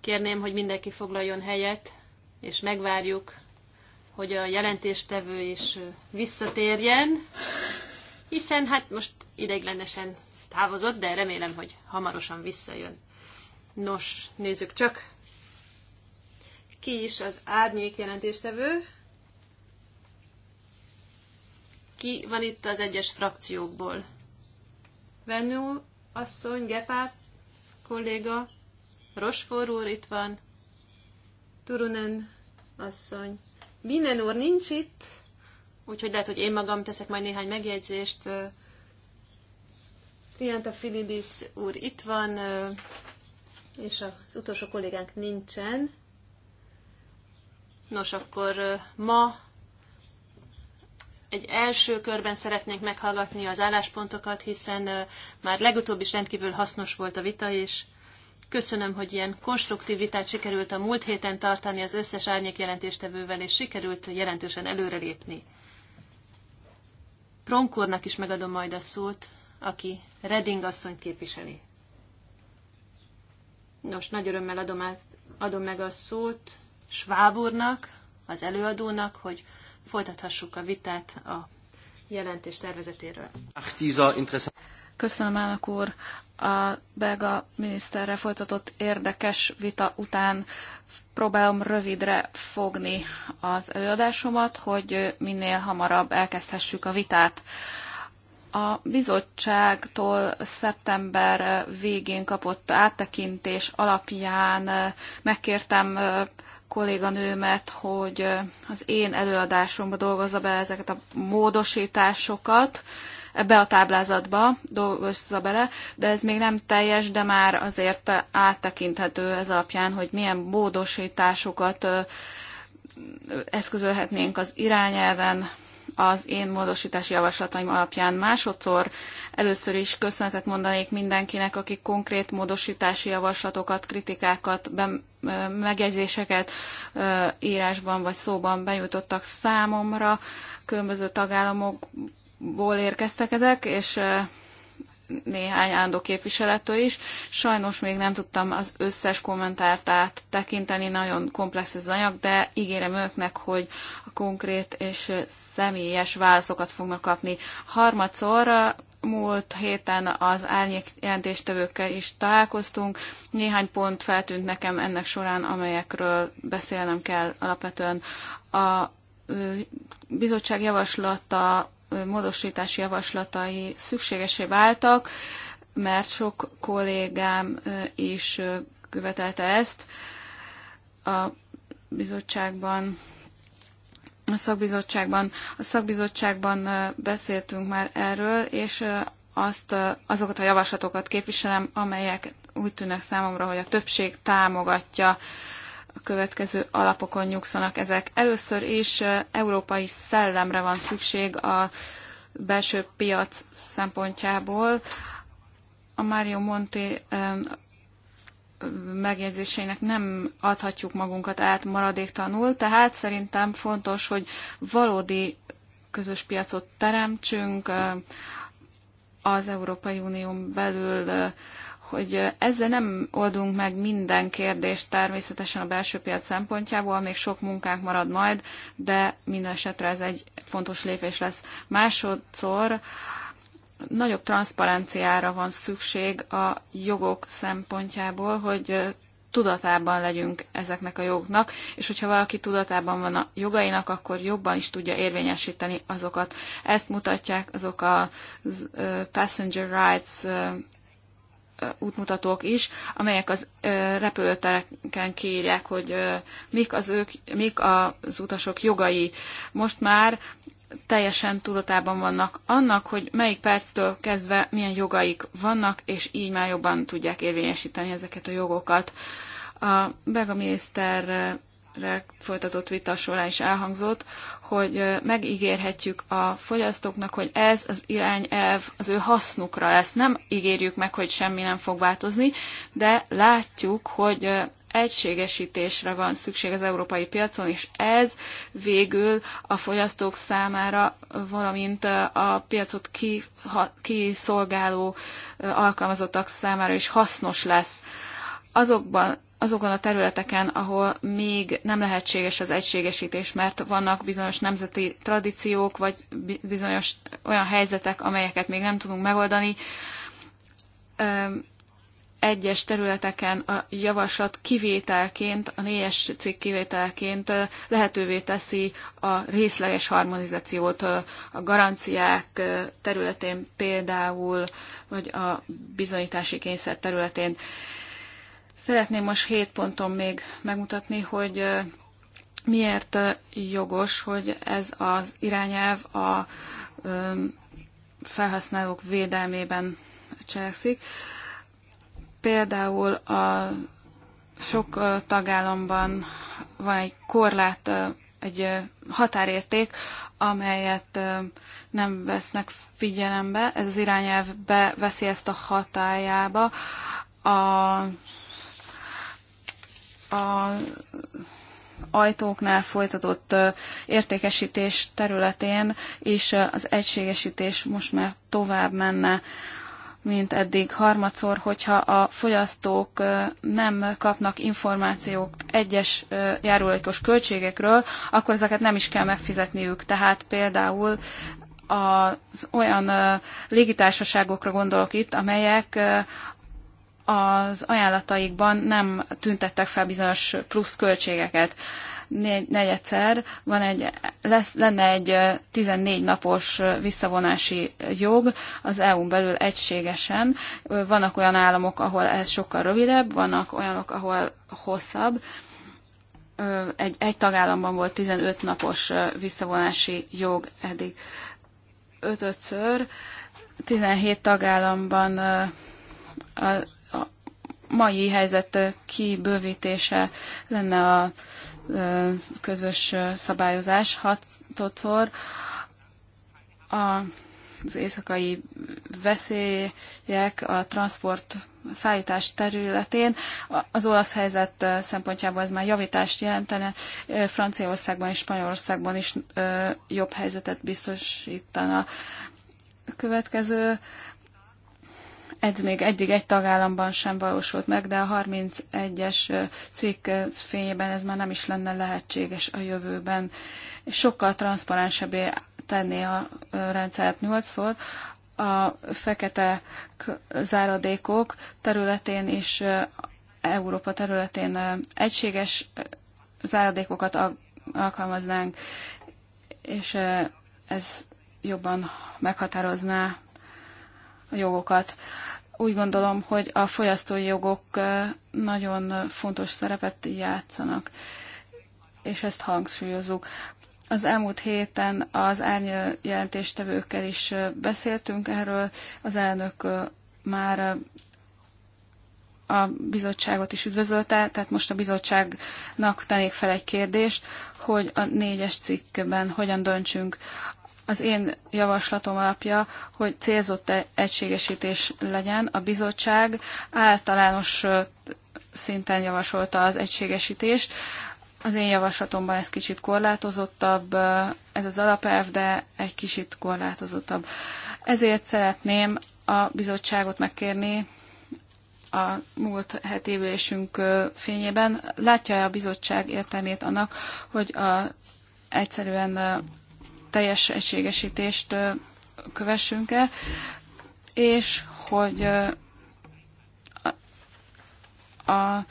Kérném, hogy mindenki foglaljon helyet, és megvárjuk, hogy a jelentéstevő is visszatérjen, hiszen hát most ideiglenesen távozott, de remélem, hogy hamarosan visszajön. Nos, nézzük csak, ki is az árnyék jelentéstevő ki van itt az egyes frakciókból. Venő, asszony, Gepárt, kolléga, Rosfor úr itt van, Turunen asszony. Binen úr nincs itt, úgyhogy lehet, hogy én magam teszek majd néhány megjegyzést. Trianta Filidis úr itt van, és az utolsó kollégánk nincsen. Nos, akkor ma egy első körben szeretnénk meghallgatni az álláspontokat, hiszen már legutóbb is rendkívül hasznos volt a vita, és köszönöm, hogy ilyen konstruktív vitát sikerült a múlt héten tartani az összes árnyék jelentéstevővel, és sikerült jelentősen előrelépni. Pronkornak is megadom majd a szót, aki Redding asszonyt képviseli. Nos, nagy örömmel adom, át, adom meg a szót Schwab úrnak, az előadónak, hogy folytathassuk a vitát a jelentés tervezetéről. Köszönöm, elnök úr. A belga miniszterre folytatott érdekes vita után próbálom rövidre fogni az előadásomat, hogy minél hamarabb elkezdhessük a vitát. A bizottságtól szeptember végén kapott áttekintés alapján megkértem kolléganőmet, hogy az én előadásomba dolgozza be ezeket a módosításokat, ebbe a táblázatba dolgozza bele, de ez még nem teljes, de már azért áttekinthető ez alapján, hogy milyen módosításokat eszközölhetnénk az irányelven, az én módosítási javaslataim alapján. Másodszor először is köszönetet mondanék mindenkinek, aki konkrét módosítási javaslatokat, kritikákat, megjegyzéseket írásban vagy szóban benyújtottak számomra. Különböző tagállamokból érkeztek ezek, és néhány ándó képviselettől is. Sajnos még nem tudtam az összes kommentárt áttekinteni, nagyon komplex ez az anyag, de ígérem önöknek, hogy a konkrét és személyes válaszokat fognak kapni. Harmadszor múlt héten az árnyék jelentéstevőkkel is találkoztunk. Néhány pont feltűnt nekem ennek során, amelyekről beszélnem kell alapvetően. A bizottság javaslata módosítási javaslatai szükségesé váltak, mert sok kollégám is követelte ezt a bizottságban, a szakbizottságban. A szakbizottságban beszéltünk már erről, és azt, azokat a javaslatokat képviselem, amelyek úgy tűnnek számomra, hogy a többség támogatja következő alapokon nyugszanak ezek. Először is európai szellemre van szükség a belső piac szempontjából. A Mario Monti megjegyzésének nem adhatjuk magunkat át maradéktanul, tehát szerintem fontos, hogy valódi közös piacot teremtsünk az Európai Unión belül hogy ezzel nem oldunk meg minden kérdést természetesen a belső piac szempontjából, még sok munkánk marad majd, de minden esetre ez egy fontos lépés lesz. Másodszor nagyobb transzparenciára van szükség a jogok szempontjából, hogy tudatában legyünk ezeknek a jogoknak, és hogyha valaki tudatában van a jogainak, akkor jobban is tudja érvényesíteni azokat. Ezt mutatják azok a passenger rights útmutatók is, amelyek az repülőtereken kérják, hogy mik az, ők, mik az utasok jogai. Most már teljesen tudatában vannak annak, hogy melyik perctől kezdve milyen jogaik vannak, és így már jobban tudják érvényesíteni ezeket a jogokat. A belga miniszter folytatott vita során is elhangzott, hogy megígérhetjük a fogyasztóknak, hogy ez az irányelv az ő hasznukra lesz. Nem ígérjük meg, hogy semmi nem fog változni, de látjuk, hogy egységesítésre van szükség az európai piacon, és ez végül a fogyasztók számára, valamint a piacot kiszolgáló alkalmazottak számára is hasznos lesz. Azokban azokon a területeken, ahol még nem lehetséges az egységesítés, mert vannak bizonyos nemzeti tradíciók, vagy bizonyos olyan helyzetek, amelyeket még nem tudunk megoldani. Egyes területeken a javaslat kivételként, a négyes cikk kivételként lehetővé teszi a részleges harmonizációt a garanciák területén például, vagy a bizonyítási kényszer területén. Szeretném most hét ponton még megmutatni, hogy miért jogos, hogy ez az irányelv a felhasználók védelmében cselekszik. Például a sok tagállamban van egy korlát, egy határérték, amelyet nem vesznek figyelembe. Ez az irányelv beveszi ezt a hatájába. A a ajtóknál folytatott értékesítés területén is az egységesítés most már tovább menne, mint eddig harmadszor, hogyha a fogyasztók nem kapnak információt egyes járulékos költségekről, akkor ezeket nem is kell megfizetniük. Tehát például az olyan légitársaságokra gondolok itt, amelyek az ajánlataikban nem tüntettek fel bizonyos plusz költségeket. Négy, negyedszer van egy, lesz, lenne egy 14 napos visszavonási jog az EU-n belül egységesen. Vannak olyan államok, ahol ez sokkal rövidebb, vannak olyanok, ahol hosszabb. Egy, egy tagállamban volt 15 napos visszavonási jog eddig. Ötötször 17 tagállamban a mai helyzet kibővítése lenne a közös szabályozás hatodszor. Az éjszakai veszélyek a transport szállítás területén. Az olasz helyzet szempontjából ez már javítást jelentene. Franciaországban és Spanyolországban is jobb helyzetet biztosítana. A következő ez még eddig egy tagállamban sem valósult meg, de a 31-es cikk fényében ez már nem is lenne lehetséges a jövőben. Sokkal transzparensebbé tenni a rendszert nyolcszor, a fekete záradékok területén és Európa területén egységes záradékokat alkalmaznánk, és ez jobban meghatározná jogokat. Úgy gondolom, hogy a fogyasztói jogok nagyon fontos szerepet játszanak, és ezt hangsúlyozzuk. Az elmúlt héten az árny jelentéstevőkkel is beszéltünk erről. Az elnök már a bizottságot is üdvözölte, tehát most a bizottságnak tennék fel egy kérdést, hogy a négyes cikkben hogyan döntsünk az én javaslatom alapja, hogy célzott egységesítés legyen. A bizottság általános szinten javasolta az egységesítést. Az én javaslatomban ez kicsit korlátozottabb, ez az alapelv, de egy kicsit korlátozottabb. Ezért szeretném a bizottságot megkérni a múlt heti ülésünk fényében. Látja-e a bizottság értelmét annak, hogy a, egyszerűen teljes egységesítést kövessünk el, és hogy a, a,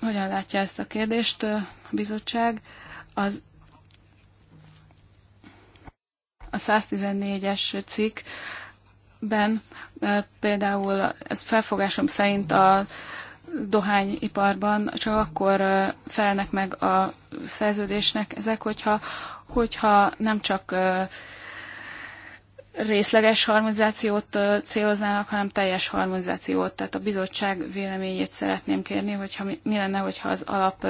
hogyan látja ezt a kérdést a bizottság, az a 114-es cikkben például ez felfogásom szerint a dohányiparban csak akkor felnek meg a szerződésnek ezek, hogyha, hogyha nem csak részleges harmonizációt céloznának, hanem teljes harmonizációt. Tehát a bizottság véleményét szeretném kérni, hogyha mi, mi lenne, hogyha az alap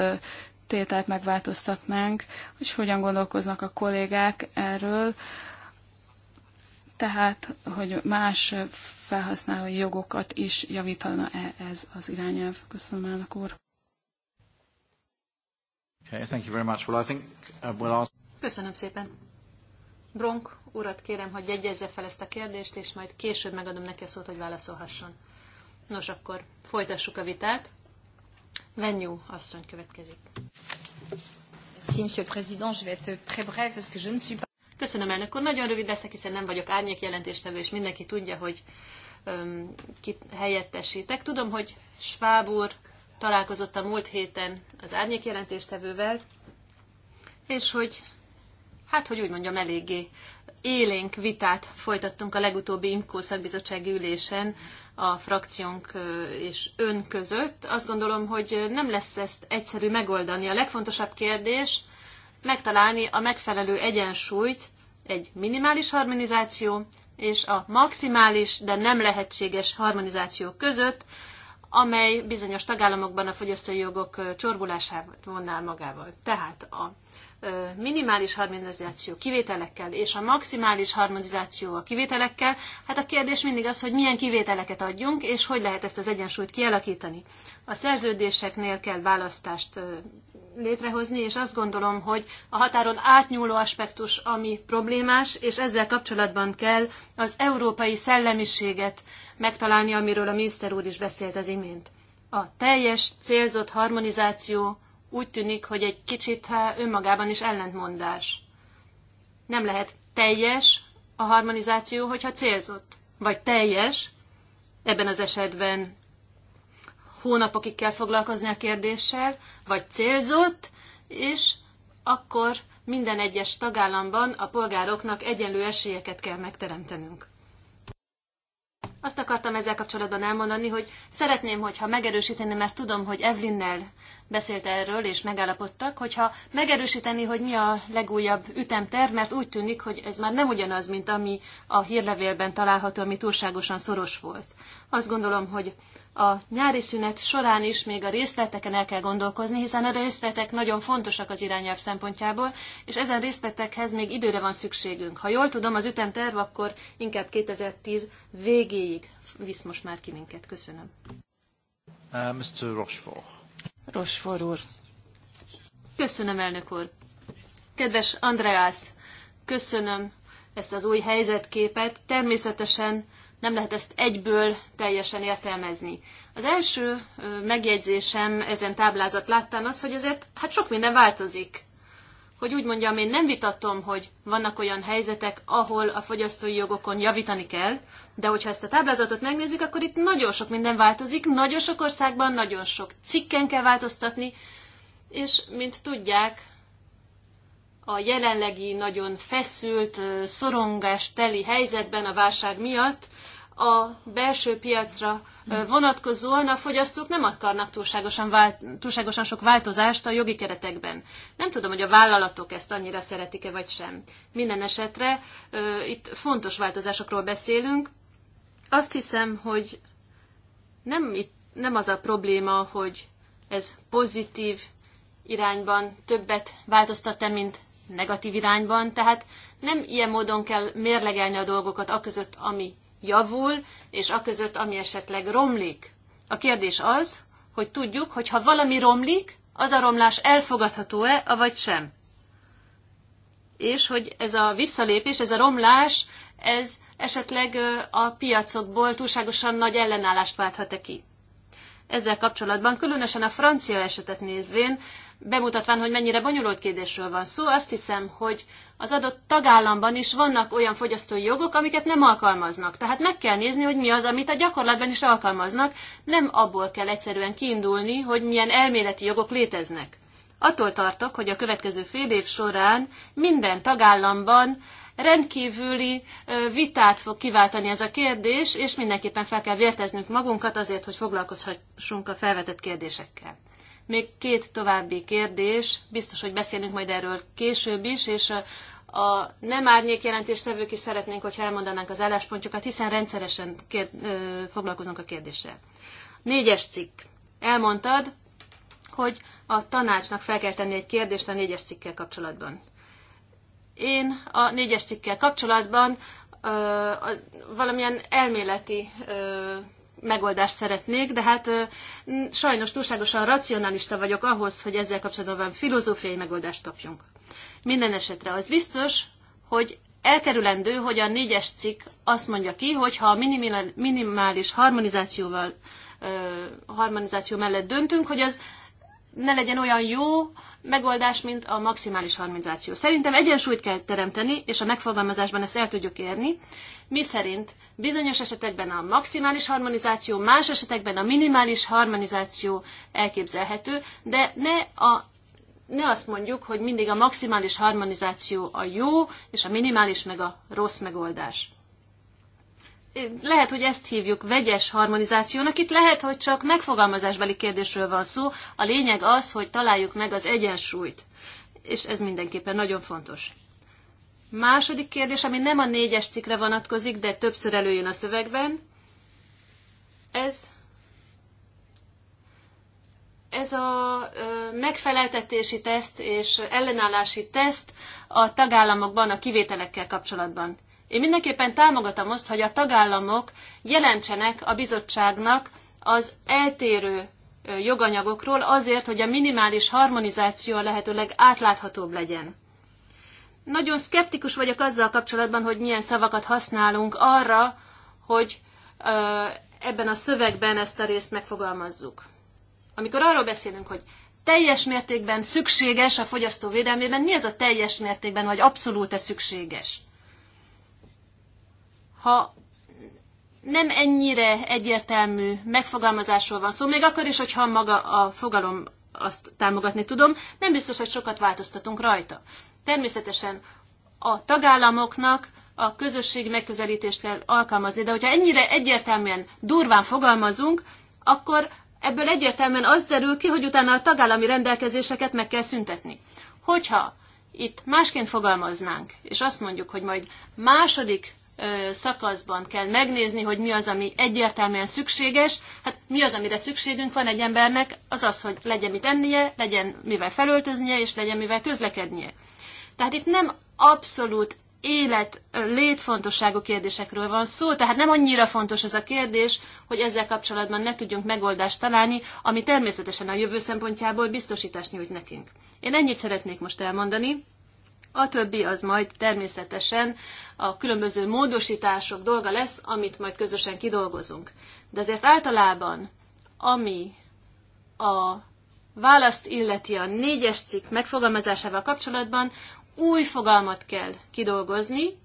tételt megváltoztatnánk, és hogyan gondolkoznak a kollégák erről, tehát hogy más felhasználói jogokat is javítana-e ez az irányelv. Köszönöm, elnök úr. Okay, thank you very much. Well, I think, uh, we'll ask... Köszönöm szépen. Bronk urat kérem, hogy jegyezze fel ezt a kérdést, és majd később megadom neki a szót, hogy válaszolhasson. Nos, akkor folytassuk a vitát. Venyú asszony következik. Merci, Monsieur le Président. Je vais être très brève parce que je ne suis Köszönöm, elnök úr. Nagyon rövid leszek, hiszen nem vagyok árnyék jelentéstevő, és mindenki tudja, hogy um, kit helyettesítek. Tudom, hogy Schwab úr találkozott a múlt héten az árnyék jelentéstevővel, és hogy, hát hogy úgy mondjam, eléggé élénk vitát folytattunk a legutóbbi IMKO szakbizottsági ülésen a frakciónk és ön között. Azt gondolom, hogy nem lesz ezt egyszerű megoldani. A legfontosabb kérdés, megtalálni a megfelelő egyensúlyt, egy minimális harmonizáció és a maximális, de nem lehetséges harmonizáció között, amely bizonyos tagállamokban a fogyasztói jogok csorbulását vonná magával. Tehát a minimális harmonizáció kivételekkel és a maximális harmonizáció a kivételekkel, hát a kérdés mindig az, hogy milyen kivételeket adjunk, és hogy lehet ezt az egyensúlyt kialakítani. A szerződéseknél kell választást létrehozni, és azt gondolom, hogy a határon átnyúló aspektus, ami problémás, és ezzel kapcsolatban kell az európai szellemiséget megtalálni, amiről a miniszter úr is beszélt az imént. A teljes célzott harmonizáció úgy tűnik, hogy egy kicsit önmagában is ellentmondás. Nem lehet teljes a harmonizáció, hogyha célzott, vagy teljes, ebben az esetben hónapokig kell foglalkozni a kérdéssel, vagy célzott, és akkor minden egyes tagállamban a polgároknak egyenlő esélyeket kell megteremtenünk. Azt akartam ezzel kapcsolatban elmondani, hogy szeretném, hogyha megerősíteni, mert tudom, hogy Evlinnel beszélt erről, és megállapodtak, hogyha megerősíteni, hogy mi a legújabb ütemterv, mert úgy tűnik, hogy ez már nem ugyanaz, mint ami a hírlevélben található, ami túlságosan szoros volt. Azt gondolom, hogy a nyári szünet során is még a részleteken el kell gondolkozni, hiszen a részletek nagyon fontosak az irányelv szempontjából, és ezen részletekhez még időre van szükségünk. Ha jól tudom, az ütemterv akkor inkább 2010 végéig visz most már ki minket. Köszönöm. Uh, Mr. Rochefort. Rosfor úr. Köszönöm, elnök úr. Kedves Andreas, köszönöm ezt az új helyzetképet. Természetesen nem lehet ezt egyből teljesen értelmezni. Az első megjegyzésem ezen táblázat láttán az, hogy ezért hát sok minden változik hogy úgy mondjam, én nem vitatom, hogy vannak olyan helyzetek, ahol a fogyasztói jogokon javítani kell, de hogyha ezt a táblázatot megnézzük, akkor itt nagyon sok minden változik, nagyon sok országban nagyon sok cikken kell változtatni, és mint tudják, a jelenlegi nagyon feszült, szorongás teli helyzetben a válság miatt a belső piacra vonatkozóan a fogyasztók nem akarnak túlságosan, vált, túlságosan sok változást a jogi keretekben. Nem tudom, hogy a vállalatok ezt annyira szeretik-e vagy sem. Minden esetre itt fontos változásokról beszélünk. Azt hiszem, hogy nem, itt, nem az a probléma, hogy ez pozitív irányban többet változtat-e, mint negatív irányban, tehát nem ilyen módon kell mérlegelni a dolgokat, aközött, ami javul, és aközött, ami esetleg romlik. A kérdés az, hogy tudjuk, hogy ha valami romlik, az a romlás elfogadható-e, avagy sem. És hogy ez a visszalépés, ez a romlás, ez esetleg a piacokból túlságosan nagy ellenállást válthat -e ki ezzel kapcsolatban, különösen a francia esetet nézvén, bemutatván, hogy mennyire bonyolult kérdésről van szó, azt hiszem, hogy az adott tagállamban is vannak olyan fogyasztói jogok, amiket nem alkalmaznak. Tehát meg kell nézni, hogy mi az, amit a gyakorlatban is alkalmaznak, nem abból kell egyszerűen kiindulni, hogy milyen elméleti jogok léteznek. Attól tartok, hogy a következő fél év során minden tagállamban Rendkívüli vitát fog kiváltani ez a kérdés, és mindenképpen fel kell vérteznünk magunkat azért, hogy foglalkozhassunk a felvetett kérdésekkel. Még két további kérdés, biztos, hogy beszélünk majd erről később is, és a nem árnyék jelentéstevők is szeretnénk, hogyha elmondanánk az álláspontjukat, hiszen rendszeresen kér, ö, foglalkozunk a kérdéssel. Négyes cikk. Elmondtad, hogy a tanácsnak fel kell tenni egy kérdést a négyes cikkkel kapcsolatban. Én a négyes cikkel kapcsolatban az valamilyen elméleti megoldást szeretnék, de hát sajnos túlságosan racionalista vagyok ahhoz, hogy ezzel kapcsolatban van filozófiai megoldást kapjunk. Minden esetre az biztos, hogy elkerülendő, hogy a négyes cikk azt mondja ki, hogy ha a minimális harmonizációval harmonizáció mellett döntünk, hogy az ne legyen olyan jó megoldás, mint a maximális harmonizáció. Szerintem egyensúlyt kell teremteni, és a megfogalmazásban ezt el tudjuk érni, mi szerint bizonyos esetekben a maximális harmonizáció, más esetekben a minimális harmonizáció elképzelhető, de ne a ne azt mondjuk, hogy mindig a maximális harmonizáció a jó, és a minimális meg a rossz megoldás lehet, hogy ezt hívjuk vegyes harmonizációnak, itt lehet, hogy csak megfogalmazásbeli kérdésről van szó, a lényeg az, hogy találjuk meg az egyensúlyt. És ez mindenképpen nagyon fontos. Második kérdés, ami nem a négyes cikre vonatkozik, de többször előjön a szövegben, ez, ez a megfeleltetési teszt és ellenállási teszt a tagállamokban a kivételekkel kapcsolatban. Én mindenképpen támogatom azt, hogy a tagállamok jelentsenek a bizottságnak az eltérő joganyagokról azért, hogy a minimális harmonizáció a lehetőleg átláthatóbb legyen. Nagyon szkeptikus vagyok azzal kapcsolatban, hogy milyen szavakat használunk arra, hogy ebben a szövegben ezt a részt megfogalmazzuk. Amikor arról beszélünk, hogy teljes mértékben szükséges a fogyasztó védelmében, mi ez a teljes mértékben, vagy abszolút-e szükséges? ha nem ennyire egyértelmű megfogalmazásról van szó, szóval még akkor is, hogyha maga a fogalom azt támogatni tudom, nem biztos, hogy sokat változtatunk rajta. Természetesen a tagállamoknak a közösség megközelítést kell alkalmazni, de hogyha ennyire egyértelműen durván fogalmazunk, akkor ebből egyértelműen az derül ki, hogy utána a tagállami rendelkezéseket meg kell szüntetni. Hogyha itt másként fogalmaznánk, és azt mondjuk, hogy majd második szakaszban kell megnézni, hogy mi az, ami egyértelműen szükséges. Hát mi az, amire szükségünk van egy embernek, az az, hogy legyen mit ennie, legyen mivel felöltöznie, és legyen mivel közlekednie. Tehát itt nem abszolút élet létfontosságú kérdésekről van szó, tehát nem annyira fontos ez a kérdés, hogy ezzel kapcsolatban ne tudjunk megoldást találni, ami természetesen a jövő szempontjából biztosítást nyújt nekünk. Én ennyit szeretnék most elmondani, a többi az majd természetesen a különböző módosítások dolga lesz, amit majd közösen kidolgozunk. De azért általában, ami a választ illeti a négyes cikk megfogalmazásával kapcsolatban, új fogalmat kell kidolgozni,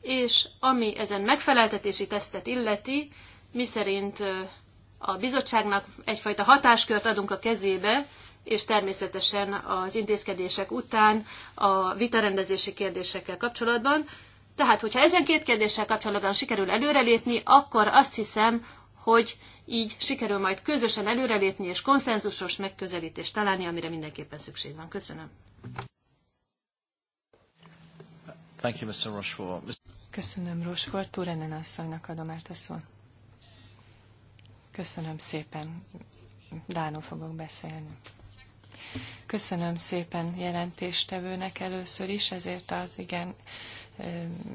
és ami ezen megfeleltetési tesztet illeti, miszerint a bizottságnak egyfajta hatáskört adunk a kezébe, és természetesen az intézkedések után a vitarendezési kérdésekkel kapcsolatban. Tehát, hogyha ezen két kérdéssel kapcsolatban sikerül előrelépni, akkor azt hiszem, hogy így sikerül majd közösen előrelépni és konszenzusos megközelítést találni, amire mindenképpen szükség van. Köszönöm. Thank you, Mr. Köszönöm, Rochefort. Túrenen asszonynak adom át a szót. Köszönöm szépen. Dánul fogok beszélni. Köszönöm szépen jelentéstevőnek először is, ezért az igen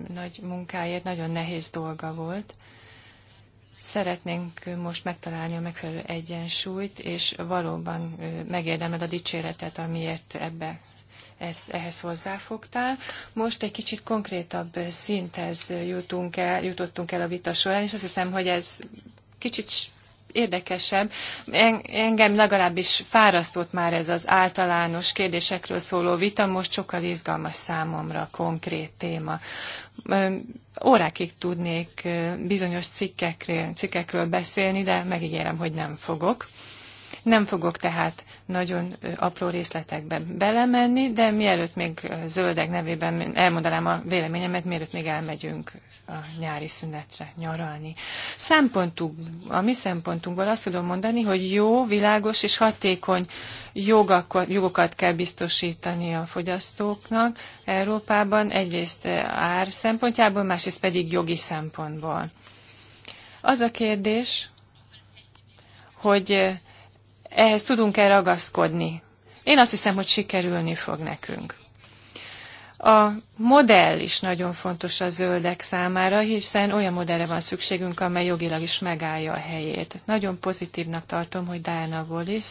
nagy munkáért nagyon nehéz dolga volt. Szeretnénk most megtalálni a megfelelő egyensúlyt, és valóban megérdemled a dicséretet, amiért ebbe ezt, ehhez hozzáfogtál. Most egy kicsit konkrétabb szinthez jutunk el, jutottunk el a vita során, és azt hiszem, hogy ez kicsit érdekesebb. Engem legalábbis fárasztott már ez az általános kérdésekről szóló vita, most sokkal izgalmas számomra konkrét téma. Órákig tudnék bizonyos cikkekről, cikkekről beszélni, de megígérem, hogy nem fogok. Nem fogok tehát nagyon apró részletekbe belemenni, de mielőtt még zöldek nevében elmondanám a véleményemet, mielőtt még elmegyünk a nyári szünetre nyaralni. Szempontunk, a mi szempontunkból azt tudom mondani, hogy jó, világos és hatékony jogakot, jogokat kell biztosítani a fogyasztóknak Európában, egyrészt ár szempontjából, másrészt pedig jogi szempontból. Az a kérdés, hogy ehhez tudunk-e ragaszkodni. Én azt hiszem, hogy sikerülni fog nekünk. A modell is nagyon fontos a zöldek számára, hiszen olyan modellre van szükségünk, amely jogilag is megállja a helyét. Nagyon pozitívnak tartom, hogy Diana Wallis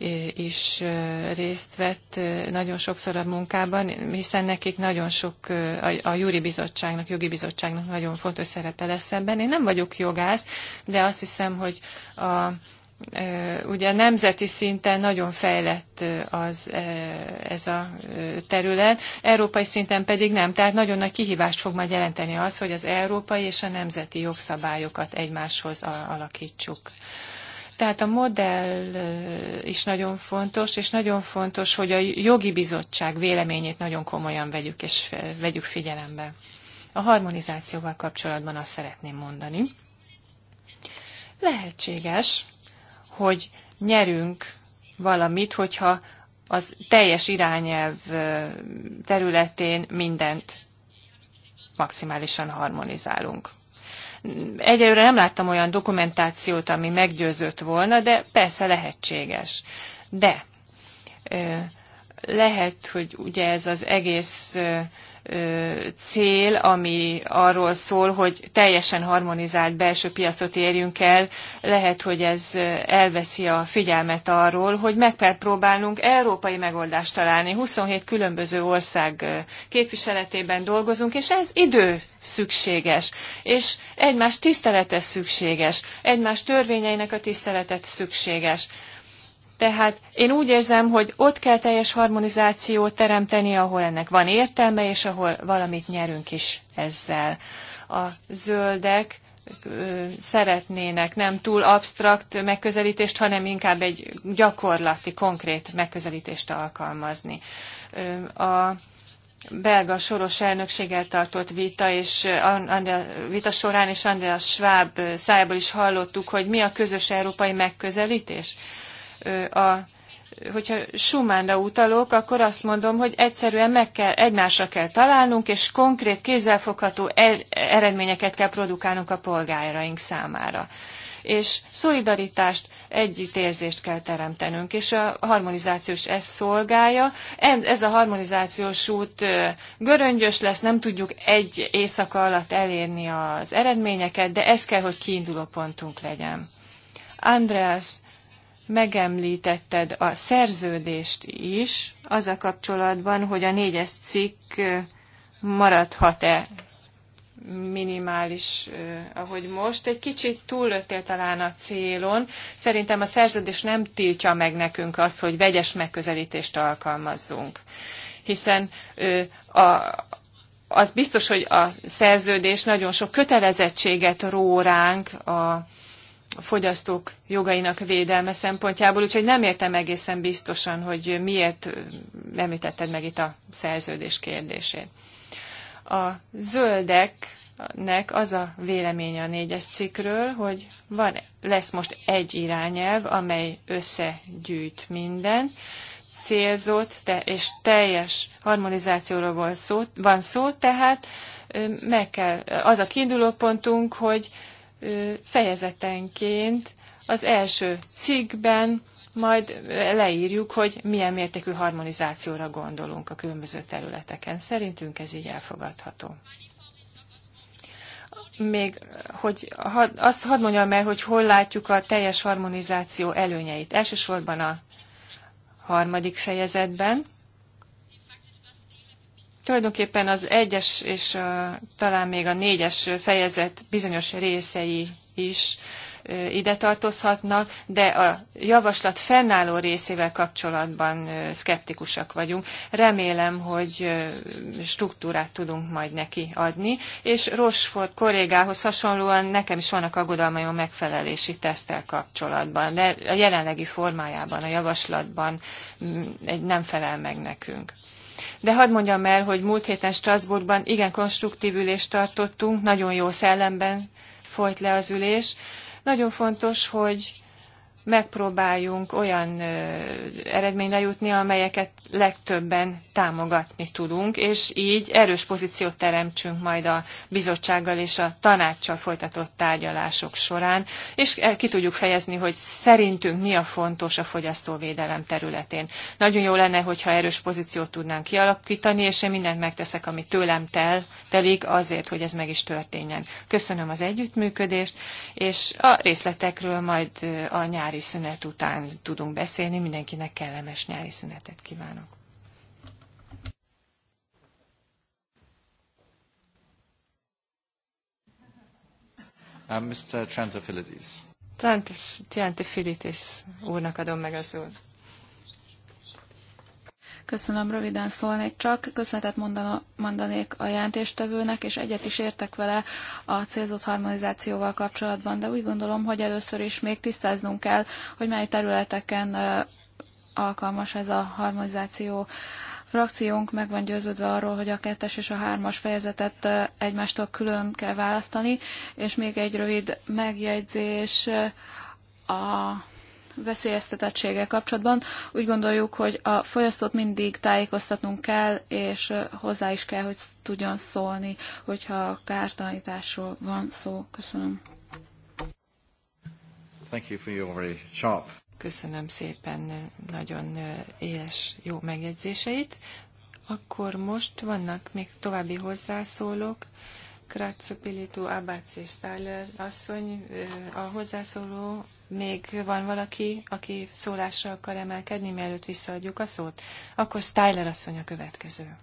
eh, is eh, részt vett eh, nagyon sokszor a munkában, hiszen nekik nagyon sok, a júri bizottságnak, jogi bizottságnak nagyon fontos szerepe lesz ebben. Én nem vagyok jogász, de azt hiszem, hogy a ugye nemzeti szinten nagyon fejlett az, ez a terület, európai szinten pedig nem. Tehát nagyon nagy kihívást fog majd jelenteni az, hogy az európai és a nemzeti jogszabályokat egymáshoz alakítsuk. Tehát a modell is nagyon fontos, és nagyon fontos, hogy a jogi bizottság véleményét nagyon komolyan vegyük és vegyük figyelembe. A harmonizációval kapcsolatban azt szeretném mondani. Lehetséges, hogy nyerünk valamit, hogyha az teljes irányelv területén mindent maximálisan harmonizálunk. Egyelőre nem láttam olyan dokumentációt, ami meggyőzött volna, de persze lehetséges. De lehet, hogy ugye ez az egész cél, ami arról szól, hogy teljesen harmonizált belső piacot érjünk el, lehet, hogy ez elveszi a figyelmet arról, hogy meg kell próbálnunk európai megoldást találni. 27 különböző ország képviseletében dolgozunk, és ez idő szükséges, és egymás tisztelete szükséges, egymás törvényeinek a tisztelete szükséges tehát én úgy érzem, hogy ott kell teljes harmonizációt teremteni, ahol ennek van értelme, és ahol valamit nyerünk is ezzel. A zöldek szeretnének nem túl absztrakt megközelítést, hanem inkább egy gyakorlati, konkrét megközelítést alkalmazni. A belga soros elnökséggel tartott vita, és vita során és Andreas Schwab szájából is hallottuk, hogy mi a közös európai megközelítés a hogyha Schumannra utalok, akkor azt mondom, hogy egyszerűen meg kell, egymásra kell találnunk, és konkrét, kézzelfogható er-, eredményeket kell produkálnunk a polgáraink számára. És szolidaritást, együttérzést kell teremtenünk, és a harmonizációs ezt szolgálja. Ez a harmonizációs út göröngyös lesz, nem tudjuk egy éjszaka alatt elérni az eredményeket, de ez kell, hogy kiinduló pontunk legyen. Andreas megemlítetted a szerződést is, az a kapcsolatban, hogy a négyes cikk maradhat-e minimális, ahogy most. Egy kicsit túllöttél talán a célon. Szerintem a szerződés nem tiltja meg nekünk azt, hogy vegyes megközelítést alkalmazzunk. Hiszen a, az biztos, hogy a szerződés nagyon sok kötelezettséget ró ránk a, fogyasztók jogainak védelme szempontjából, úgyhogy nem értem egészen biztosan, hogy miért említetted meg itt a szerződés kérdését. A zöldeknek az a véleménye a négyes cikkről, hogy van, lesz most egy irányelv, amely összegyűjt minden célzott te, és teljes harmonizációról van szó, van szó tehát meg kell, az a kiinduló pontunk, hogy fejezetenként az első cikkben majd leírjuk, hogy milyen mértékű harmonizációra gondolunk a különböző területeken. Szerintünk ez így elfogadható. Még, hogy had, azt hadd mondjam el, hogy hol látjuk a teljes harmonizáció előnyeit. Elsősorban a harmadik fejezetben, Tulajdonképpen az egyes és a, talán még a négyes fejezet bizonyos részei is ide tartozhatnak, de a javaslat fennálló részével kapcsolatban szkeptikusak vagyunk. Remélem, hogy struktúrát tudunk majd neki adni, és Rosford kollégához hasonlóan nekem is vannak aggodalmaim a megfelelési tesztel kapcsolatban, de a jelenlegi formájában, a javaslatban mm, egy nem felel meg nekünk. De hadd mondjam el, hogy múlt héten Strasbourgban igen konstruktív ülést tartottunk, nagyon jó szellemben folyt le az ülés. Nagyon fontos, hogy megpróbáljunk olyan eredményre jutni, amelyeket legtöbben támogatni tudunk, és így erős pozíciót teremtsünk majd a bizottsággal és a tanácssal folytatott tárgyalások során, és e, ki tudjuk fejezni, hogy szerintünk mi a fontos a fogyasztóvédelem területén. Nagyon jó lenne, hogyha erős pozíciót tudnánk kialakítani, és én mindent megteszek, ami tőlem tel, telik azért, hogy ez meg is történjen. Köszönöm az együttműködést, és a részletekről majd a nyár nyári szünet után tudunk beszélni. Mindenkinek kellemes nyári szünetet kívánok. Um, uh, Mr. Trantafilides. Trantafilides úrnak adom meg a szót. Köszönöm, röviden szólnék csak. Köszönetet mondanék a jelentéstevőnek, és egyet is értek vele a célzott harmonizációval kapcsolatban, de úgy gondolom, hogy először is még tisztáznunk kell, hogy mely területeken alkalmas ez a harmonizáció frakciónk meg van győződve arról, hogy a kettes és a hármas fejezetet egymástól külön kell választani, és még egy rövid megjegyzés a veszélyeztetettséggel kapcsolatban. Úgy gondoljuk, hogy a fogyasztót mindig tájékoztatnunk kell, és hozzá is kell, hogy tudjon szólni, hogyha kártalanításról van szó. Köszönöm. Thank you for your very sharp. Köszönöm szépen nagyon éles, jó megjegyzéseit. Akkor most vannak még további hozzászólók. Kratzo Pilitu és Stáler asszony, a hozzászóló még van valaki, aki szólásra akar emelkedni, mielőtt visszaadjuk a szót? Akkor Styler asszony a következő.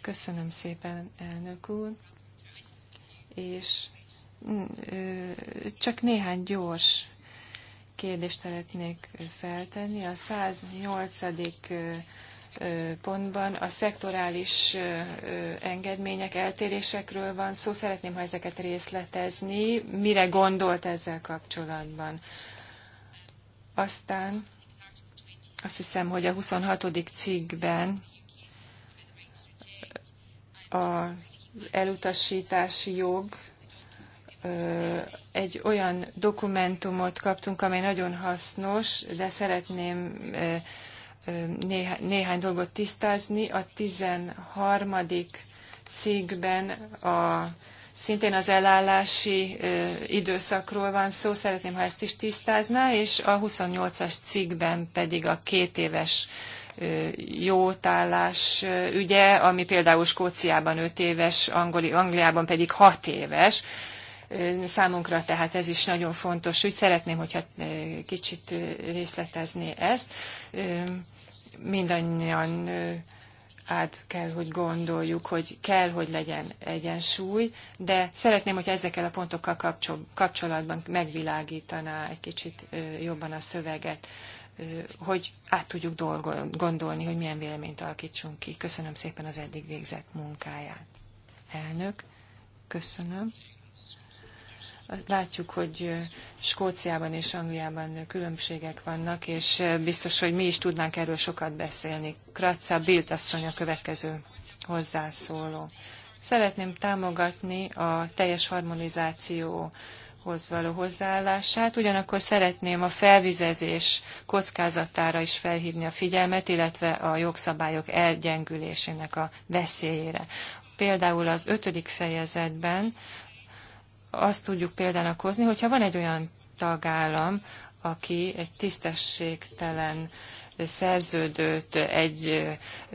Köszönöm szépen, elnök úr. És mm, csak néhány gyors kérdést szeretnék feltenni. A 108 pontban a szektorális engedmények, eltérésekről van szó. Szeretném, ha ezeket részletezni. Mire gondolt ezzel kapcsolatban? Aztán azt hiszem, hogy a 26. cikkben az elutasítási jog egy olyan dokumentumot kaptunk, amely nagyon hasznos, de szeretném néhány, néhány dolgot tisztázni. A 13. cikkben a szintén az elállási időszakról van szó, szeretném, ha ezt is tisztázná, és a 28-as cikkben pedig a két éves jótállás ügye, ami például Skóciában 5 éves, Angoli, Angliában pedig 6 éves. Számunkra tehát ez is nagyon fontos, úgy szeretném, hogyha e, kicsit e, részletezni ezt. E, mindannyian át kell, hogy gondoljuk, hogy kell, hogy legyen egyensúly, de szeretném, hogy ezekkel a pontokkal kapcsolatban megvilágítaná egy kicsit jobban a szöveget, hogy át tudjuk gondolni, hogy milyen véleményt alakítsunk ki. Köszönöm szépen az eddig végzett munkáját. Elnök, köszönöm. Látjuk, hogy Skóciában és Angliában különbségek vannak, és biztos, hogy mi is tudnánk erről sokat beszélni. Kratza Bilt asszony a következő hozzászóló. Szeretném támogatni a teljes harmonizáció hoz való hozzáállását, ugyanakkor szeretném a felvizezés kockázatára is felhívni a figyelmet, illetve a jogszabályok elgyengülésének a veszélyére. Például az ötödik fejezetben azt tudjuk példának hozni, hogyha van egy olyan tagállam, aki egy tisztességtelen szerződőt egy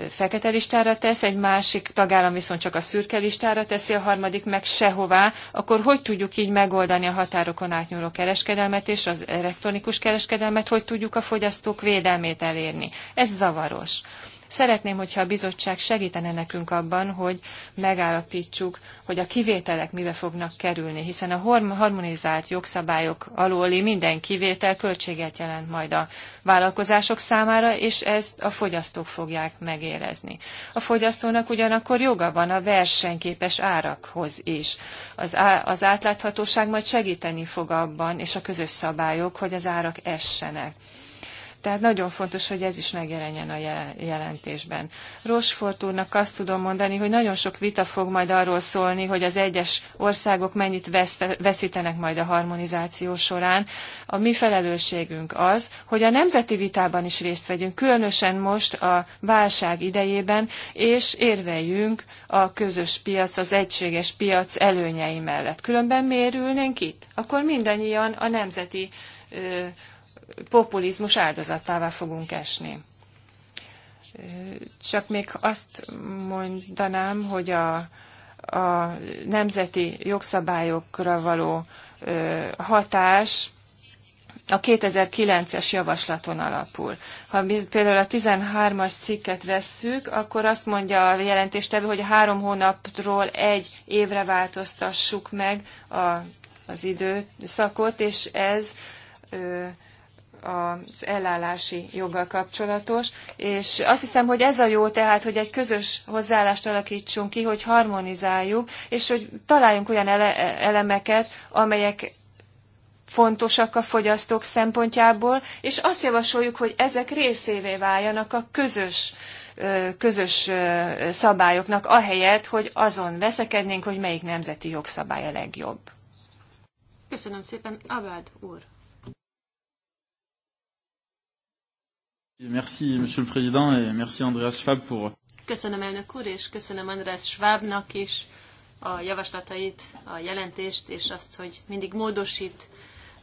fekete listára tesz, egy másik tagállam viszont csak a szürke listára teszi, a harmadik meg sehová, akkor hogy tudjuk így megoldani a határokon átnyúló kereskedelmet és az elektronikus kereskedelmet, hogy tudjuk a fogyasztók védelmét elérni? Ez zavaros. Szeretném, hogyha a bizottság segítene nekünk abban, hogy megállapítsuk, hogy a kivételek mibe fognak kerülni, hiszen a harmonizált jogszabályok alóli minden kivétel költséget jelent majd a vállalkozások számára, és ezt a fogyasztók fogják megérezni. A fogyasztónak ugyanakkor joga van a versenyképes árakhoz is. Az, á, az átláthatóság majd segíteni fog abban, és a közös szabályok, hogy az árak essenek. Tehát nagyon fontos, hogy ez is megjelenjen a jelentésben. Rosfort úrnak azt tudom mondani, hogy nagyon sok vita fog majd arról szólni, hogy az egyes országok mennyit veszítenek majd a harmonizáció során. A mi felelősségünk az, hogy a nemzeti vitában is részt vegyünk, különösen most a válság idejében, és érveljünk a közös piac, az egységes piac előnyei mellett. Különben mérülnénk itt? Akkor mindannyian a nemzeti populizmus áldozatává fogunk esni. Csak még azt mondanám, hogy a, a nemzeti jogszabályokra való hatás a 2009-es javaslaton alapul. Ha például a 13-as cikket vesszük, akkor azt mondja a jelentéstevő, hogy a három hónapról egy évre változtassuk meg a, az időszakot, és ez ö, az elállási joggal kapcsolatos, és azt hiszem, hogy ez a jó tehát, hogy egy közös hozzáállást alakítsunk ki, hogy harmonizáljuk, és hogy találjunk olyan elemeket, amelyek fontosak a fogyasztók szempontjából, és azt javasoljuk, hogy ezek részévé váljanak a közös közös szabályoknak, ahelyett, hogy azon veszekednénk, hogy melyik nemzeti jogszabály a legjobb. Köszönöm szépen, Abád úr! Merci, Monsieur le Président, et merci Andreas Schwab pour... Köszönöm elnök úr, és köszönöm András Schwabnak is a javaslatait, a jelentést, és azt, hogy mindig módosít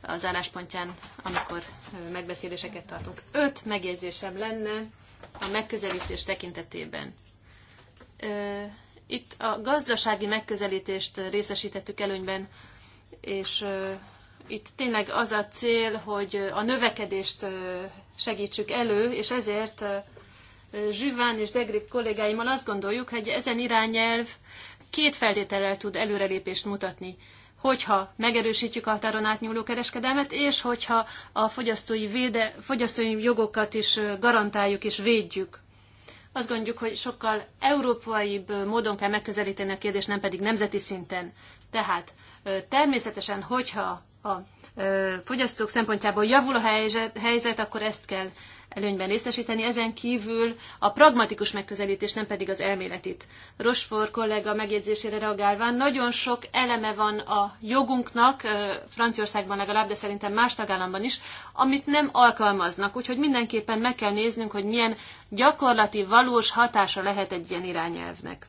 az álláspontján, amikor megbeszéléseket tartunk. Öt megjegyzésem lenne a megközelítés tekintetében. Itt a gazdasági megközelítést részesítettük előnyben, és itt tényleg az a cél, hogy a növekedést segítsük elő, és ezért Zsüván és Degrip kollégáimmal azt gondoljuk, hogy ezen irányelv két feltétellel tud előrelépést mutatni. Hogyha megerősítjük a határon átnyúló kereskedelmet, és hogyha a fogyasztói, véde, fogyasztói jogokat is garantáljuk és védjük. Azt gondoljuk, hogy sokkal európaibb módon kell megközelíteni a kérdést, nem pedig nemzeti szinten. Tehát természetesen, hogyha a fogyasztók szempontjából javul a helyzet, helyzet, akkor ezt kell előnyben részesíteni. Ezen kívül a pragmatikus megközelítés, nem pedig az elméletit. Rosfor kollega megjegyzésére reagálván, nagyon sok eleme van a jogunknak, Franciaországban legalább, de szerintem más tagállamban is, amit nem alkalmaznak. Úgyhogy mindenképpen meg kell néznünk, hogy milyen gyakorlati, valós hatása lehet egy ilyen irányelvnek.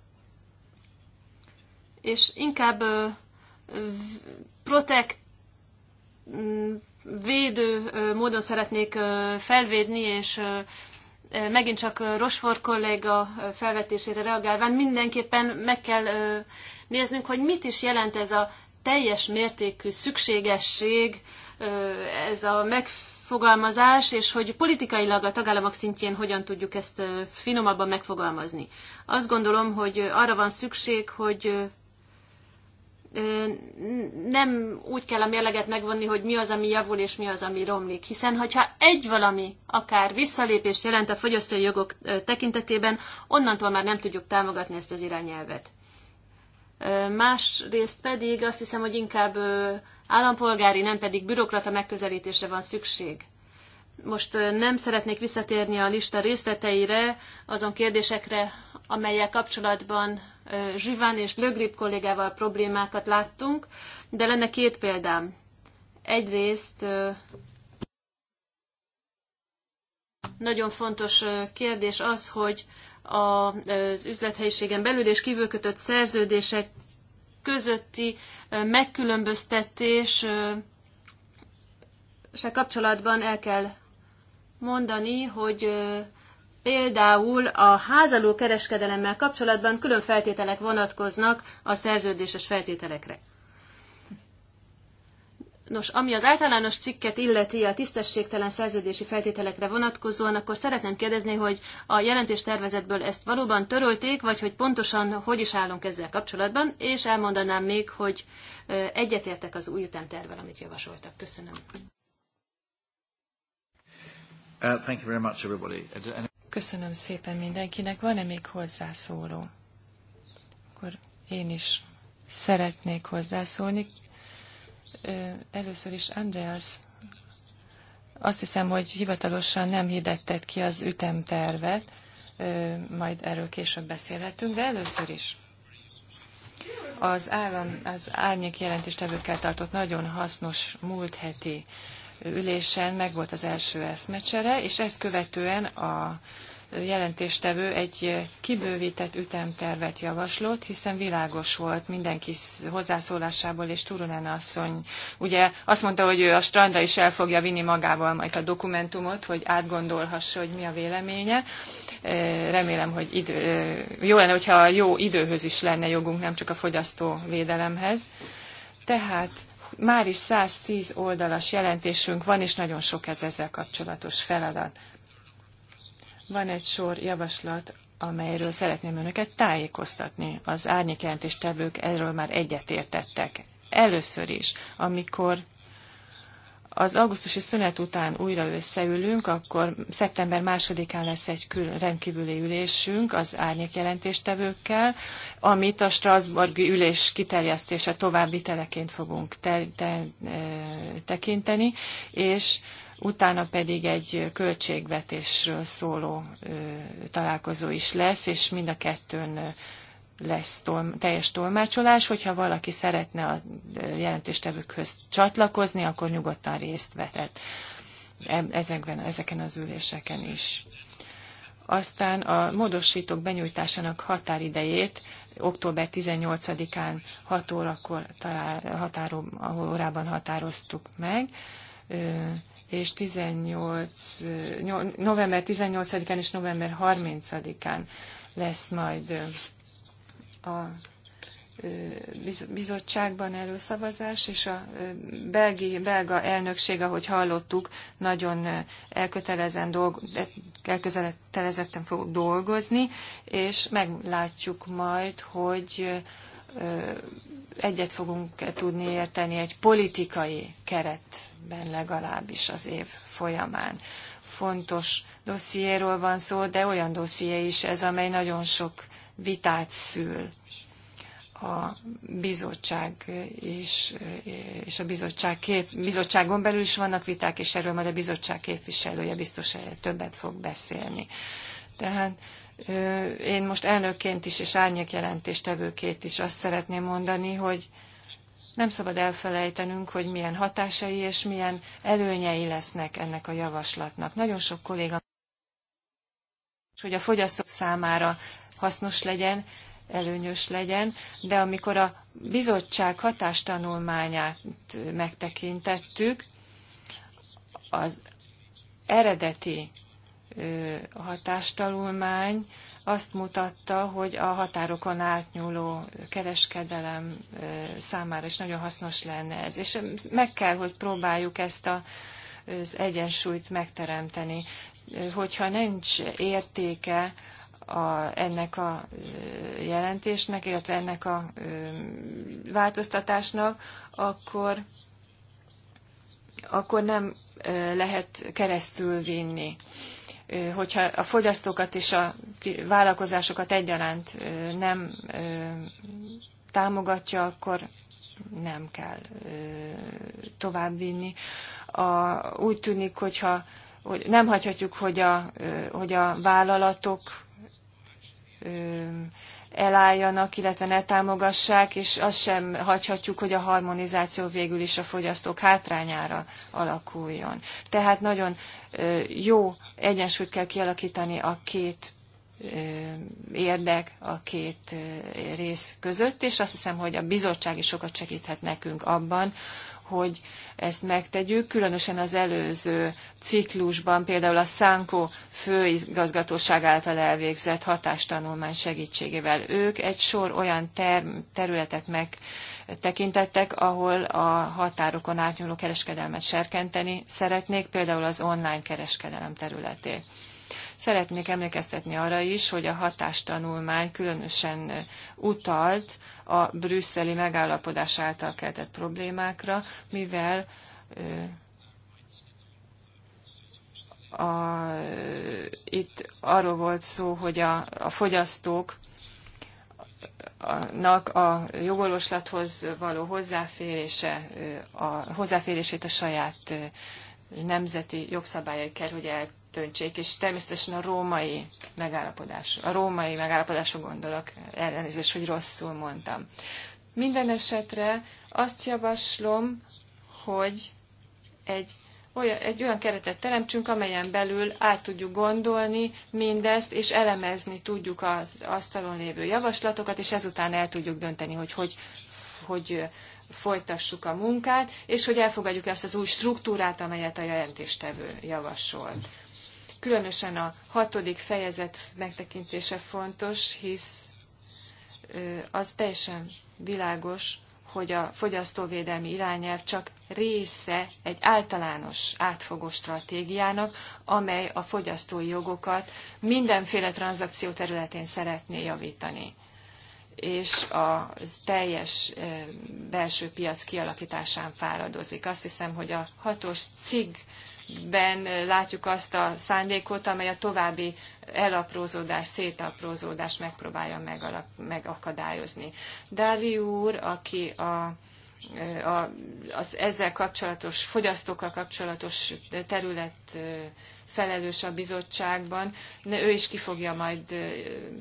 És inkább protect Mm, védő módon szeretnék felvédni, és megint csak Rosfor kolléga felvetésére reagálván mindenképpen meg kell néznünk, hogy mit is jelent ez a teljes mértékű szükségesség, ez a megfogalmazás, és hogy politikailag a tagállamok szintjén hogyan tudjuk ezt finomabban megfogalmazni. Azt gondolom, hogy arra van szükség, hogy nem úgy kell a mérleget megvonni, hogy mi az, ami javul, és mi az, ami romlik. Hiszen, hogyha egy valami akár visszalépést jelent a fogyasztói jogok tekintetében, onnantól már nem tudjuk támogatni ezt az irányelvet. Másrészt pedig azt hiszem, hogy inkább állampolgári, nem pedig bürokrata megközelítésre van szükség. Most nem szeretnék visszatérni a lista részleteire, azon kérdésekre, amelyek kapcsolatban Zsiván és Lögrip kollégával problémákat láttunk, de lenne két példám. Egyrészt nagyon fontos kérdés az, hogy az üzlethelyiségen belül és kívül kötött szerződések közötti megkülönböztetés se kapcsolatban el kell mondani, hogy Például a házaló kereskedelemmel kapcsolatban külön feltételek vonatkoznak a szerződéses feltételekre. Nos, ami az általános cikket illeti a tisztességtelen szerződési feltételekre vonatkozóan, akkor szeretném kérdezni, hogy a jelentéstervezetből ezt valóban törölték, vagy hogy pontosan hogy is állunk ezzel kapcsolatban, és elmondanám még, hogy egyetértek az új ütemtervel, amit javasoltak. Köszönöm. Uh, thank you very much, everybody. Uh, Köszönöm szépen mindenkinek. Van-e még hozzászóló? Akkor én is szeretnék hozzászólni. Először is Andreas, azt hiszem, hogy hivatalosan nem hirdetted ki az ütemtervet, majd erről később beszélhetünk, de először is az, állam, az árnyék jelentéstevőkkel tartott nagyon hasznos múlt heti ülésen megvolt az első eszmecsere, és ezt követően a jelentéstevő egy kibővített ütemtervet javaslott, hiszen világos volt mindenki hozzászólásából, és Turunen asszony ugye azt mondta, hogy ő a strandra is el fogja vinni magával majd a dokumentumot, hogy átgondolhassa, hogy mi a véleménye. Remélem, hogy idő, jó lenne, hogyha jó időhöz is lenne jogunk, nem csak a fogyasztó védelemhez Tehát már is 110 oldalas jelentésünk van, és nagyon sok ez ezzel kapcsolatos feladat. Van egy sor javaslat, amelyről szeretném önöket tájékoztatni. Az árnyékjelentéstevők erről már egyetértettek. Először is, amikor az augusztusi szünet után újra összeülünk, akkor szeptember másodikán lesz egy kül, rendkívüli ülésünk az árnyék jelentéstevőkkel, amit a Strasburgi ülés kiterjesztése további teleként fogunk te, te, e, tekinteni, és utána pedig egy költségvetésről szóló ö, találkozó is lesz, és mind a kettőn lesz tol, teljes tolmácsolás, hogyha valaki szeretne a jelentéstevőkhöz csatlakozni, akkor nyugodtan részt vehet e-, ezekben, ezeken az üléseken is. Aztán a módosítók benyújtásának határidejét október 18-án 6 órakor talál, határom, órában határoztuk meg, és 18, november 18-án és november 30-án lesz majd a bizottságban előszavazás, és a belgi, belga elnökség, ahogy hallottuk, nagyon elkötelezen dolg, elkötelezetten fog dolgozni, és meglátjuk majd, hogy egyet fogunk -e tudni érteni egy politikai keretben legalábbis az év folyamán. Fontos dossziéról van szó, de olyan dosszié is ez, amely nagyon sok vitát szül a bizottság is, és a bizottság kép, bizottságon belül is vannak viták, és erről majd a bizottság képviselője biztos többet fog beszélni. Tehát én most elnökként is, és árnyék jelentéstevőként is azt szeretném mondani, hogy nem szabad elfelejtenünk, hogy milyen hatásai és milyen előnyei lesznek ennek a javaslatnak. Nagyon sok kolléga és hogy a fogyasztók számára hasznos legyen, előnyös legyen, de amikor a bizottság hatástanulmányát megtekintettük, az eredeti hatástanulmány azt mutatta, hogy a határokon átnyúló kereskedelem számára is nagyon hasznos lenne ez. És meg kell, hogy próbáljuk ezt a, az egyensúlyt megteremteni hogyha nincs értéke a, ennek a jelentésnek, illetve ennek a változtatásnak, akkor, akkor nem lehet keresztül vinni. Hogyha a fogyasztókat és a vállalkozásokat egyaránt nem támogatja, akkor nem kell továbbvinni. A, úgy tűnik, hogyha hogy nem hagyhatjuk, hogy a, hogy a vállalatok elálljanak, illetve ne támogassák, és azt sem hagyhatjuk, hogy a harmonizáció végül is a fogyasztók hátrányára alakuljon. Tehát nagyon jó egyensúlyt kell kialakítani a két érdek a két rész között, és azt hiszem, hogy a bizottság is sokat segíthet nekünk abban, hogy ezt megtegyük, különösen az előző ciklusban például a Szánkó főigazgatóság által elvégzett hatástanulmány segítségével. Ők egy sor olyan ter- területet megtekintettek, ahol a határokon átnyúló kereskedelmet serkenteni szeretnék, például az online kereskedelem területét. Szeretnék emlékeztetni arra is, hogy a hatástanulmány különösen utalt a brüsszeli megállapodás által keltett problémákra, mivel a, itt arról volt szó, hogy a, a fogyasztók a jogorvoslathoz való hozzáférése, a hozzáférését a saját nemzeti jogszabályai kell, hogy el döntsék, és természetesen a római megállapodás, a római megállapodásra gondolok, ellenézés, hogy rosszul mondtam. Minden esetre azt javaslom, hogy egy olyan, egy olyan keretet teremtsünk, amelyen belül át tudjuk gondolni mindezt, és elemezni tudjuk az asztalon lévő javaslatokat, és ezután el tudjuk dönteni, hogy hogy, hogy folytassuk a munkát, és hogy elfogadjuk ezt az új struktúrát, amelyet a jelentéstevő javasol. Különösen a hatodik fejezet megtekintése fontos, hisz az teljesen világos, hogy a fogyasztóvédelmi irányelv csak része egy általános átfogó stratégiának, amely a fogyasztói jogokat mindenféle tranzakció területén szeretné javítani és a teljes belső piac kialakításán fáradozik. Azt hiszem, hogy a hatos cikk ben látjuk azt a szándékot, amely a további elaprózódás, szétaprózódás megpróbálja megalak, megakadályozni. Dali úr, aki a a, az ezzel kapcsolatos, fogyasztókkal kapcsolatos terület felelős a bizottságban, ő is ki fogja majd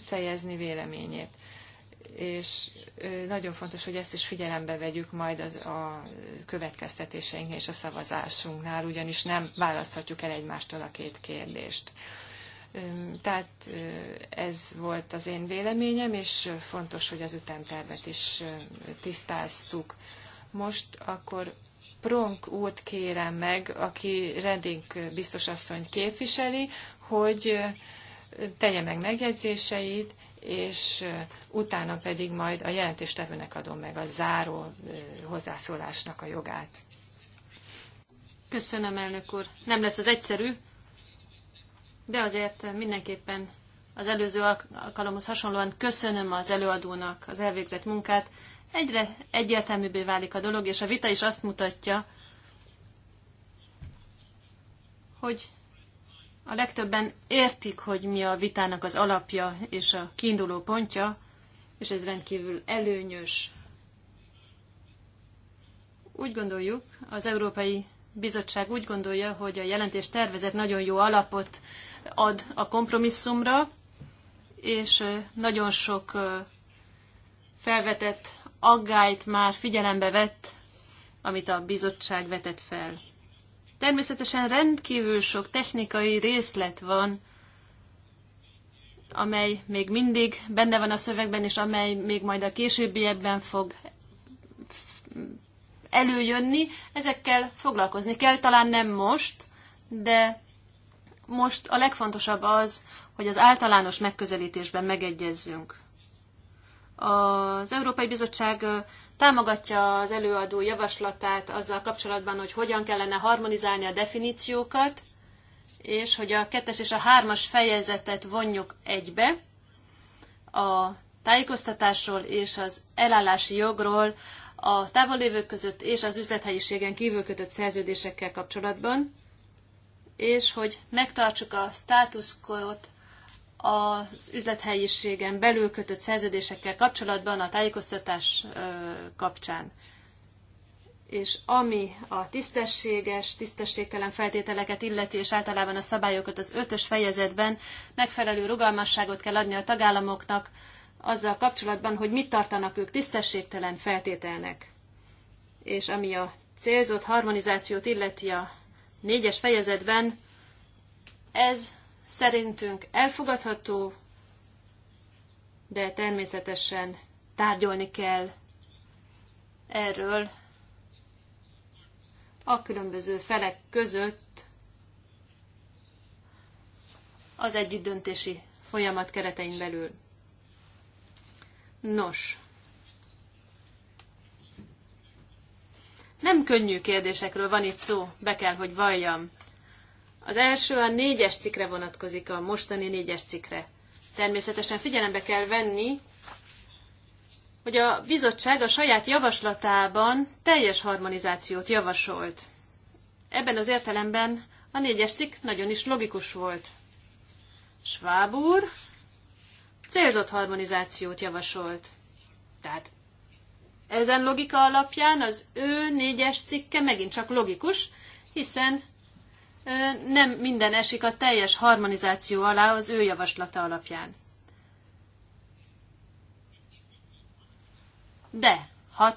fejezni véleményét és nagyon fontos, hogy ezt is figyelembe vegyük majd az, a következtetéseink és a szavazásunknál, ugyanis nem választhatjuk el egymástól a két kérdést. Tehát ez volt az én véleményem, és fontos, hogy az ütemtervet is tisztáztuk. Most akkor Pronk út kérem meg, aki Reding biztosasszonyt képviseli, hogy tegye meg megjegyzéseit, és utána pedig majd a jelentéstevőnek adom meg a záró hozzászólásnak a jogát. Köszönöm, elnök úr. Nem lesz az egyszerű, de azért mindenképpen az előző alkalomhoz hasonlóan köszönöm az előadónak az elvégzett munkát. Egyre egyértelműbbé válik a dolog, és a vita is azt mutatja, hogy a legtöbben értik, hogy mi a vitának az alapja és a kiinduló pontja, és ez rendkívül előnyös. Úgy gondoljuk, az Európai Bizottság úgy gondolja, hogy a jelentés tervezet nagyon jó alapot ad a kompromisszumra, és nagyon sok felvetett aggályt már figyelembe vett, amit a bizottság vetett fel. Természetesen rendkívül sok technikai részlet van, amely még mindig benne van a szövegben, és amely még majd a későbbi ebben fog előjönni. Ezekkel foglalkozni kell, talán nem most, de most a legfontosabb az, hogy az általános megközelítésben megegyezzünk. Az Európai Bizottság támogatja az előadó javaslatát azzal kapcsolatban, hogy hogyan kellene harmonizálni a definíciókat, és hogy a kettes és a hármas fejezetet vonjuk egybe a tájékoztatásról és az elállási jogról a távollévők között és az üzlethelyiségen kívül kötött szerződésekkel kapcsolatban, és hogy megtartsuk a státuszkot az üzlethelyiségen belül kötött szerződésekkel kapcsolatban a tájékoztatás kapcsán. És ami a tisztességes, tisztességtelen feltételeket illeti, és általában a szabályokat az ötös fejezetben megfelelő rugalmasságot kell adni a tagállamoknak azzal kapcsolatban, hogy mit tartanak ők tisztességtelen feltételnek. És ami a célzott harmonizációt illeti a négyes fejezetben, ez szerintünk elfogadható, de természetesen tárgyalni kell erről a különböző felek között az együttdöntési folyamat keretein belül. Nos, nem könnyű kérdésekről van itt szó, be kell, hogy valljam. Az első a négyes cikre vonatkozik, a mostani négyes cikre. Természetesen figyelembe kell venni, hogy a bizottság a saját javaslatában teljes harmonizációt javasolt. Ebben az értelemben a négyes cikk nagyon is logikus volt. Schwab úr célzott harmonizációt javasolt. Tehát ezen logika alapján az ő négyes cikke megint csak logikus, hiszen nem minden esik a teljes harmonizáció alá az ő javaslata alapján. De, ha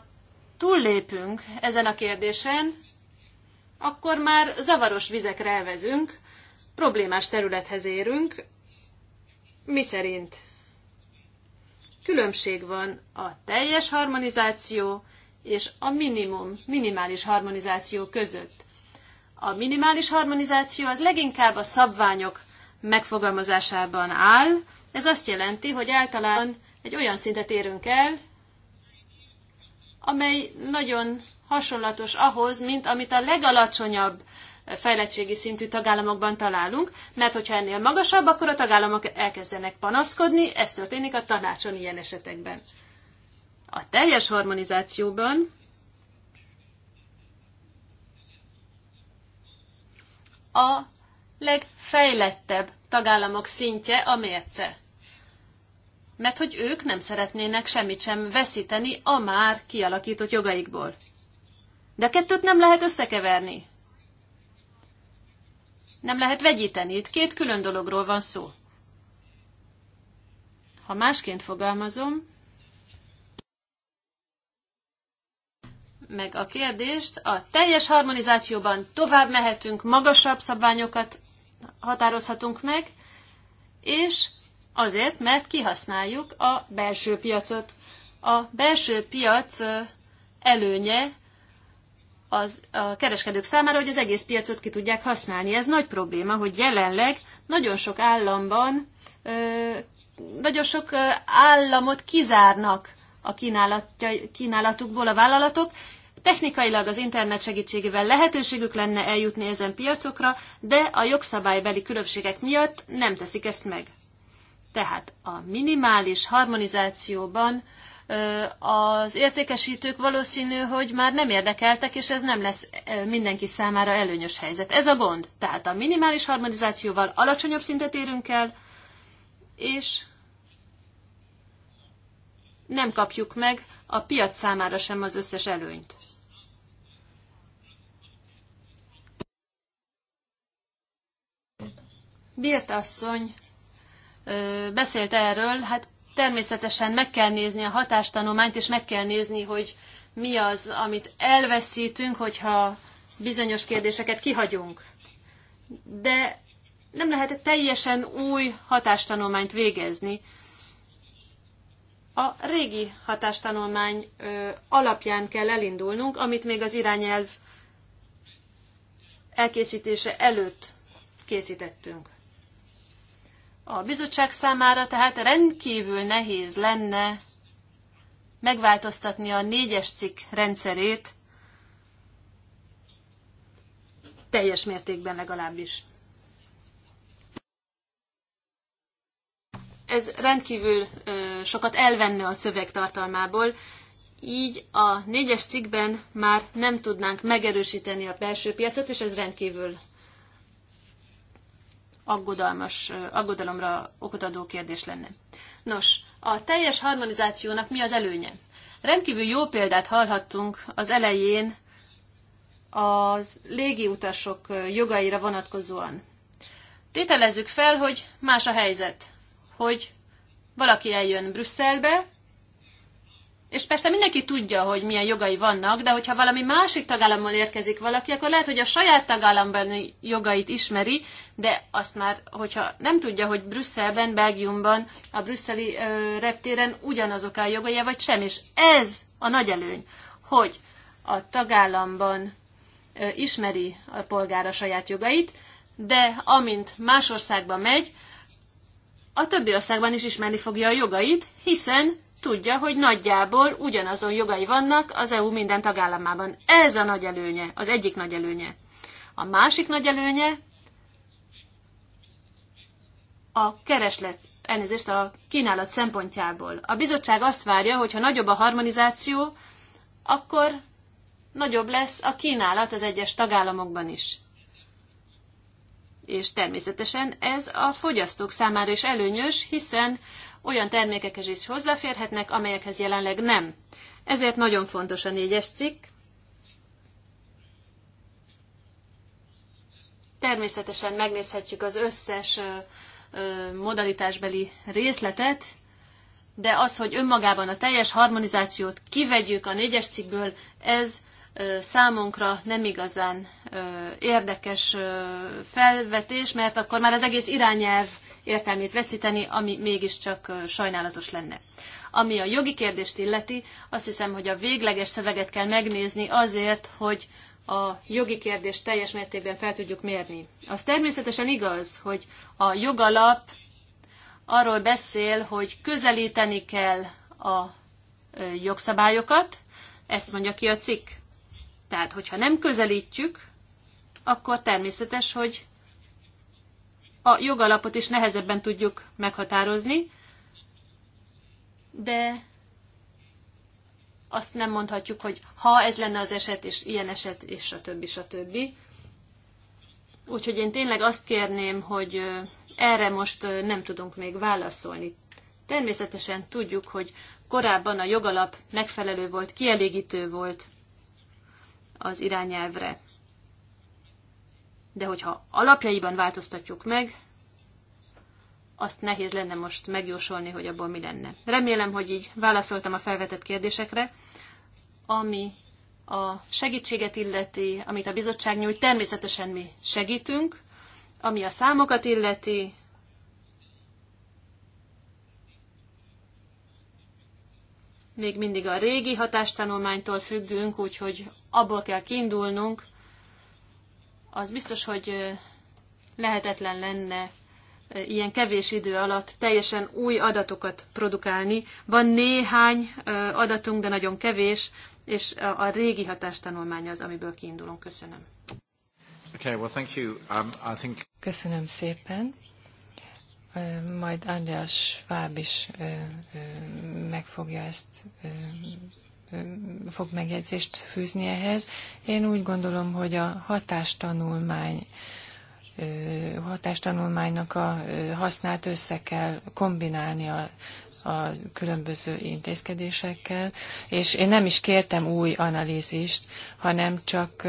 túllépünk ezen a kérdésen, akkor már zavaros vizekre elvezünk, problémás területhez érünk, mi szerint különbség van a teljes harmonizáció és a minimum, minimális harmonizáció között. A minimális harmonizáció az leginkább a szabványok megfogalmazásában áll. Ez azt jelenti, hogy általában egy olyan szintet érünk el, amely nagyon hasonlatos ahhoz, mint amit a legalacsonyabb fejlettségi szintű tagállamokban találunk, mert hogyha ennél magasabb, akkor a tagállamok elkezdenek panaszkodni, ez történik a tanácson ilyen esetekben. A teljes harmonizációban a legfejlettebb tagállamok szintje a mérce. Mert hogy ők nem szeretnének semmit sem veszíteni a már kialakított jogaikból. De a kettőt nem lehet összekeverni. Nem lehet vegyíteni, itt két külön dologról van szó. Ha másként fogalmazom, meg a kérdést. A teljes harmonizációban tovább mehetünk, magasabb szabványokat határozhatunk meg, és azért, mert kihasználjuk a belső piacot. A belső piac előnye az a kereskedők számára, hogy az egész piacot ki tudják használni. Ez nagy probléma, hogy jelenleg nagyon sok államban, nagyon sok államot kizárnak a kínálatukból a vállalatok, Technikailag az internet segítségével lehetőségük lenne eljutni ezen piacokra, de a jogszabálybeli különbségek miatt nem teszik ezt meg. Tehát a minimális harmonizációban az értékesítők valószínű, hogy már nem érdekeltek, és ez nem lesz mindenki számára előnyös helyzet. Ez a gond. Tehát a minimális harmonizációval alacsonyabb szintet érünk el, és nem kapjuk meg a piac számára sem az összes előnyt. Birt asszony ö, beszélt erről, hát természetesen meg kell nézni a hatástanulmányt, és meg kell nézni, hogy mi az, amit elveszítünk, hogyha bizonyos kérdéseket kihagyunk. De nem lehet teljesen új hatástanulmányt végezni. A régi hatástanulmány ö, alapján kell elindulnunk, amit még az irányelv elkészítése előtt készítettünk a bizottság számára, tehát rendkívül nehéz lenne megváltoztatni a négyes cikk rendszerét, teljes mértékben legalábbis. Ez rendkívül ö, sokat elvenne a szöveg tartalmából, így a négyes cikkben már nem tudnánk megerősíteni a belső piacot, és ez rendkívül aggodalmas, aggodalomra okot adó kérdés lenne. Nos, a teljes harmonizációnak mi az előnye? Rendkívül jó példát hallhattunk az elején az légiutasok jogaira vonatkozóan. Tételezzük fel, hogy más a helyzet, hogy valaki eljön Brüsszelbe, és persze mindenki tudja, hogy milyen jogai vannak, de hogyha valami másik tagállamból érkezik valaki, akkor lehet, hogy a saját tagállamban jogait ismeri, de azt már, hogyha nem tudja, hogy Brüsszelben, Belgiumban, a brüsszeli ö, reptéren ugyanazok a jogai, vagy sem, és ez a nagy előny, hogy a tagállamban ö, ismeri a polgár a saját jogait, de amint más országba megy, a többi országban is ismerni fogja a jogait, hiszen tudja, hogy nagyjából ugyanazon jogai vannak az EU minden tagállamában. Ez a nagy előnye, az egyik nagy előnye. A másik nagy előnye a kereslet, elnézést a kínálat szempontjából. A bizottság azt várja, hogy ha nagyobb a harmonizáció, akkor nagyobb lesz a kínálat az egyes tagállamokban is. És természetesen ez a fogyasztók számára is előnyös, hiszen olyan termékekhez is hozzáférhetnek, amelyekhez jelenleg nem. Ezért nagyon fontos a négyes cikk. Természetesen megnézhetjük az összes modalitásbeli részletet, de az, hogy önmagában a teljes harmonizációt kivegyük a négyes cikkből, ez számunkra nem igazán érdekes felvetés, mert akkor már az egész irányelv értelmét veszíteni, ami mégiscsak sajnálatos lenne. Ami a jogi kérdést illeti, azt hiszem, hogy a végleges szöveget kell megnézni azért, hogy a jogi kérdést teljes mértékben fel tudjuk mérni. Az természetesen igaz, hogy a jogalap arról beszél, hogy közelíteni kell a jogszabályokat, ezt mondja ki a cikk. Tehát, hogyha nem közelítjük, akkor természetes, hogy a jogalapot is nehezebben tudjuk meghatározni, de azt nem mondhatjuk, hogy ha ez lenne az eset, és ilyen eset, és stb. stb. Úgyhogy én tényleg azt kérném, hogy erre most nem tudunk még válaszolni. Természetesen tudjuk, hogy korábban a jogalap megfelelő volt, kielégítő volt az irányelvre de hogyha alapjaiban változtatjuk meg, azt nehéz lenne most megjósolni, hogy abból mi lenne. Remélem, hogy így válaszoltam a felvetett kérdésekre, ami a segítséget illeti, amit a bizottság nyújt, természetesen mi segítünk, ami a számokat illeti, még mindig a régi hatástanulmánytól függünk, úgyhogy abból kell kiindulnunk, az biztos, hogy lehetetlen lenne ilyen kevés idő alatt teljesen új adatokat produkálni. Van néhány adatunk, de nagyon kevés, és a régi hatástanulmány az, amiből kiindulunk. Köszönöm. Okay, well, thank you. Um, I think... Köszönöm szépen. Majd András Fáb is meg fogja ezt fog megjegyzést fűzni ehhez. Én úgy gondolom, hogy a hatástanulmány hatástanulmánynak a használt össze kell kombinálni a a különböző intézkedésekkel, és én nem is kértem új analízist, hanem csak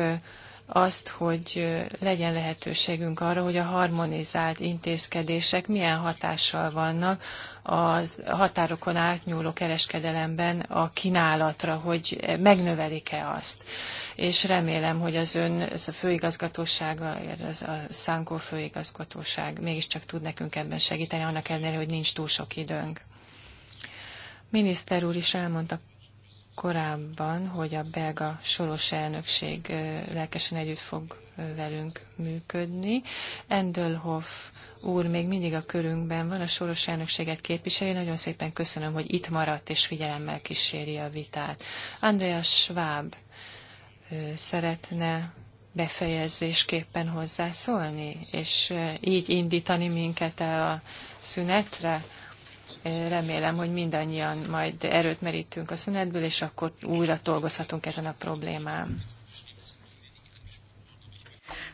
azt, hogy legyen lehetőségünk arra, hogy a harmonizált intézkedések milyen hatással vannak a határokon átnyúló kereskedelemben a kínálatra, hogy megnövelik-e azt. És remélem, hogy az ön ez a főigazgatósága, ez a Szánkó főigazgatóság mégiscsak tud nekünk ebben segíteni, annak ellenére, hogy nincs túl sok időnk. Miniszter úr is elmondta korábban, hogy a belga soros elnökség lelkesen együtt fog velünk működni. Endelhoff úr még mindig a körünkben van, a soros elnökséget képviseli. Nagyon szépen köszönöm, hogy itt maradt és figyelemmel kíséri a vitát. Andreas Schwab szeretne befejezésképpen hozzászólni, és így indítani minket el a szünetre remélem, hogy mindannyian majd erőt merítünk a szünetből, és akkor újra dolgozhatunk ezen a problémán.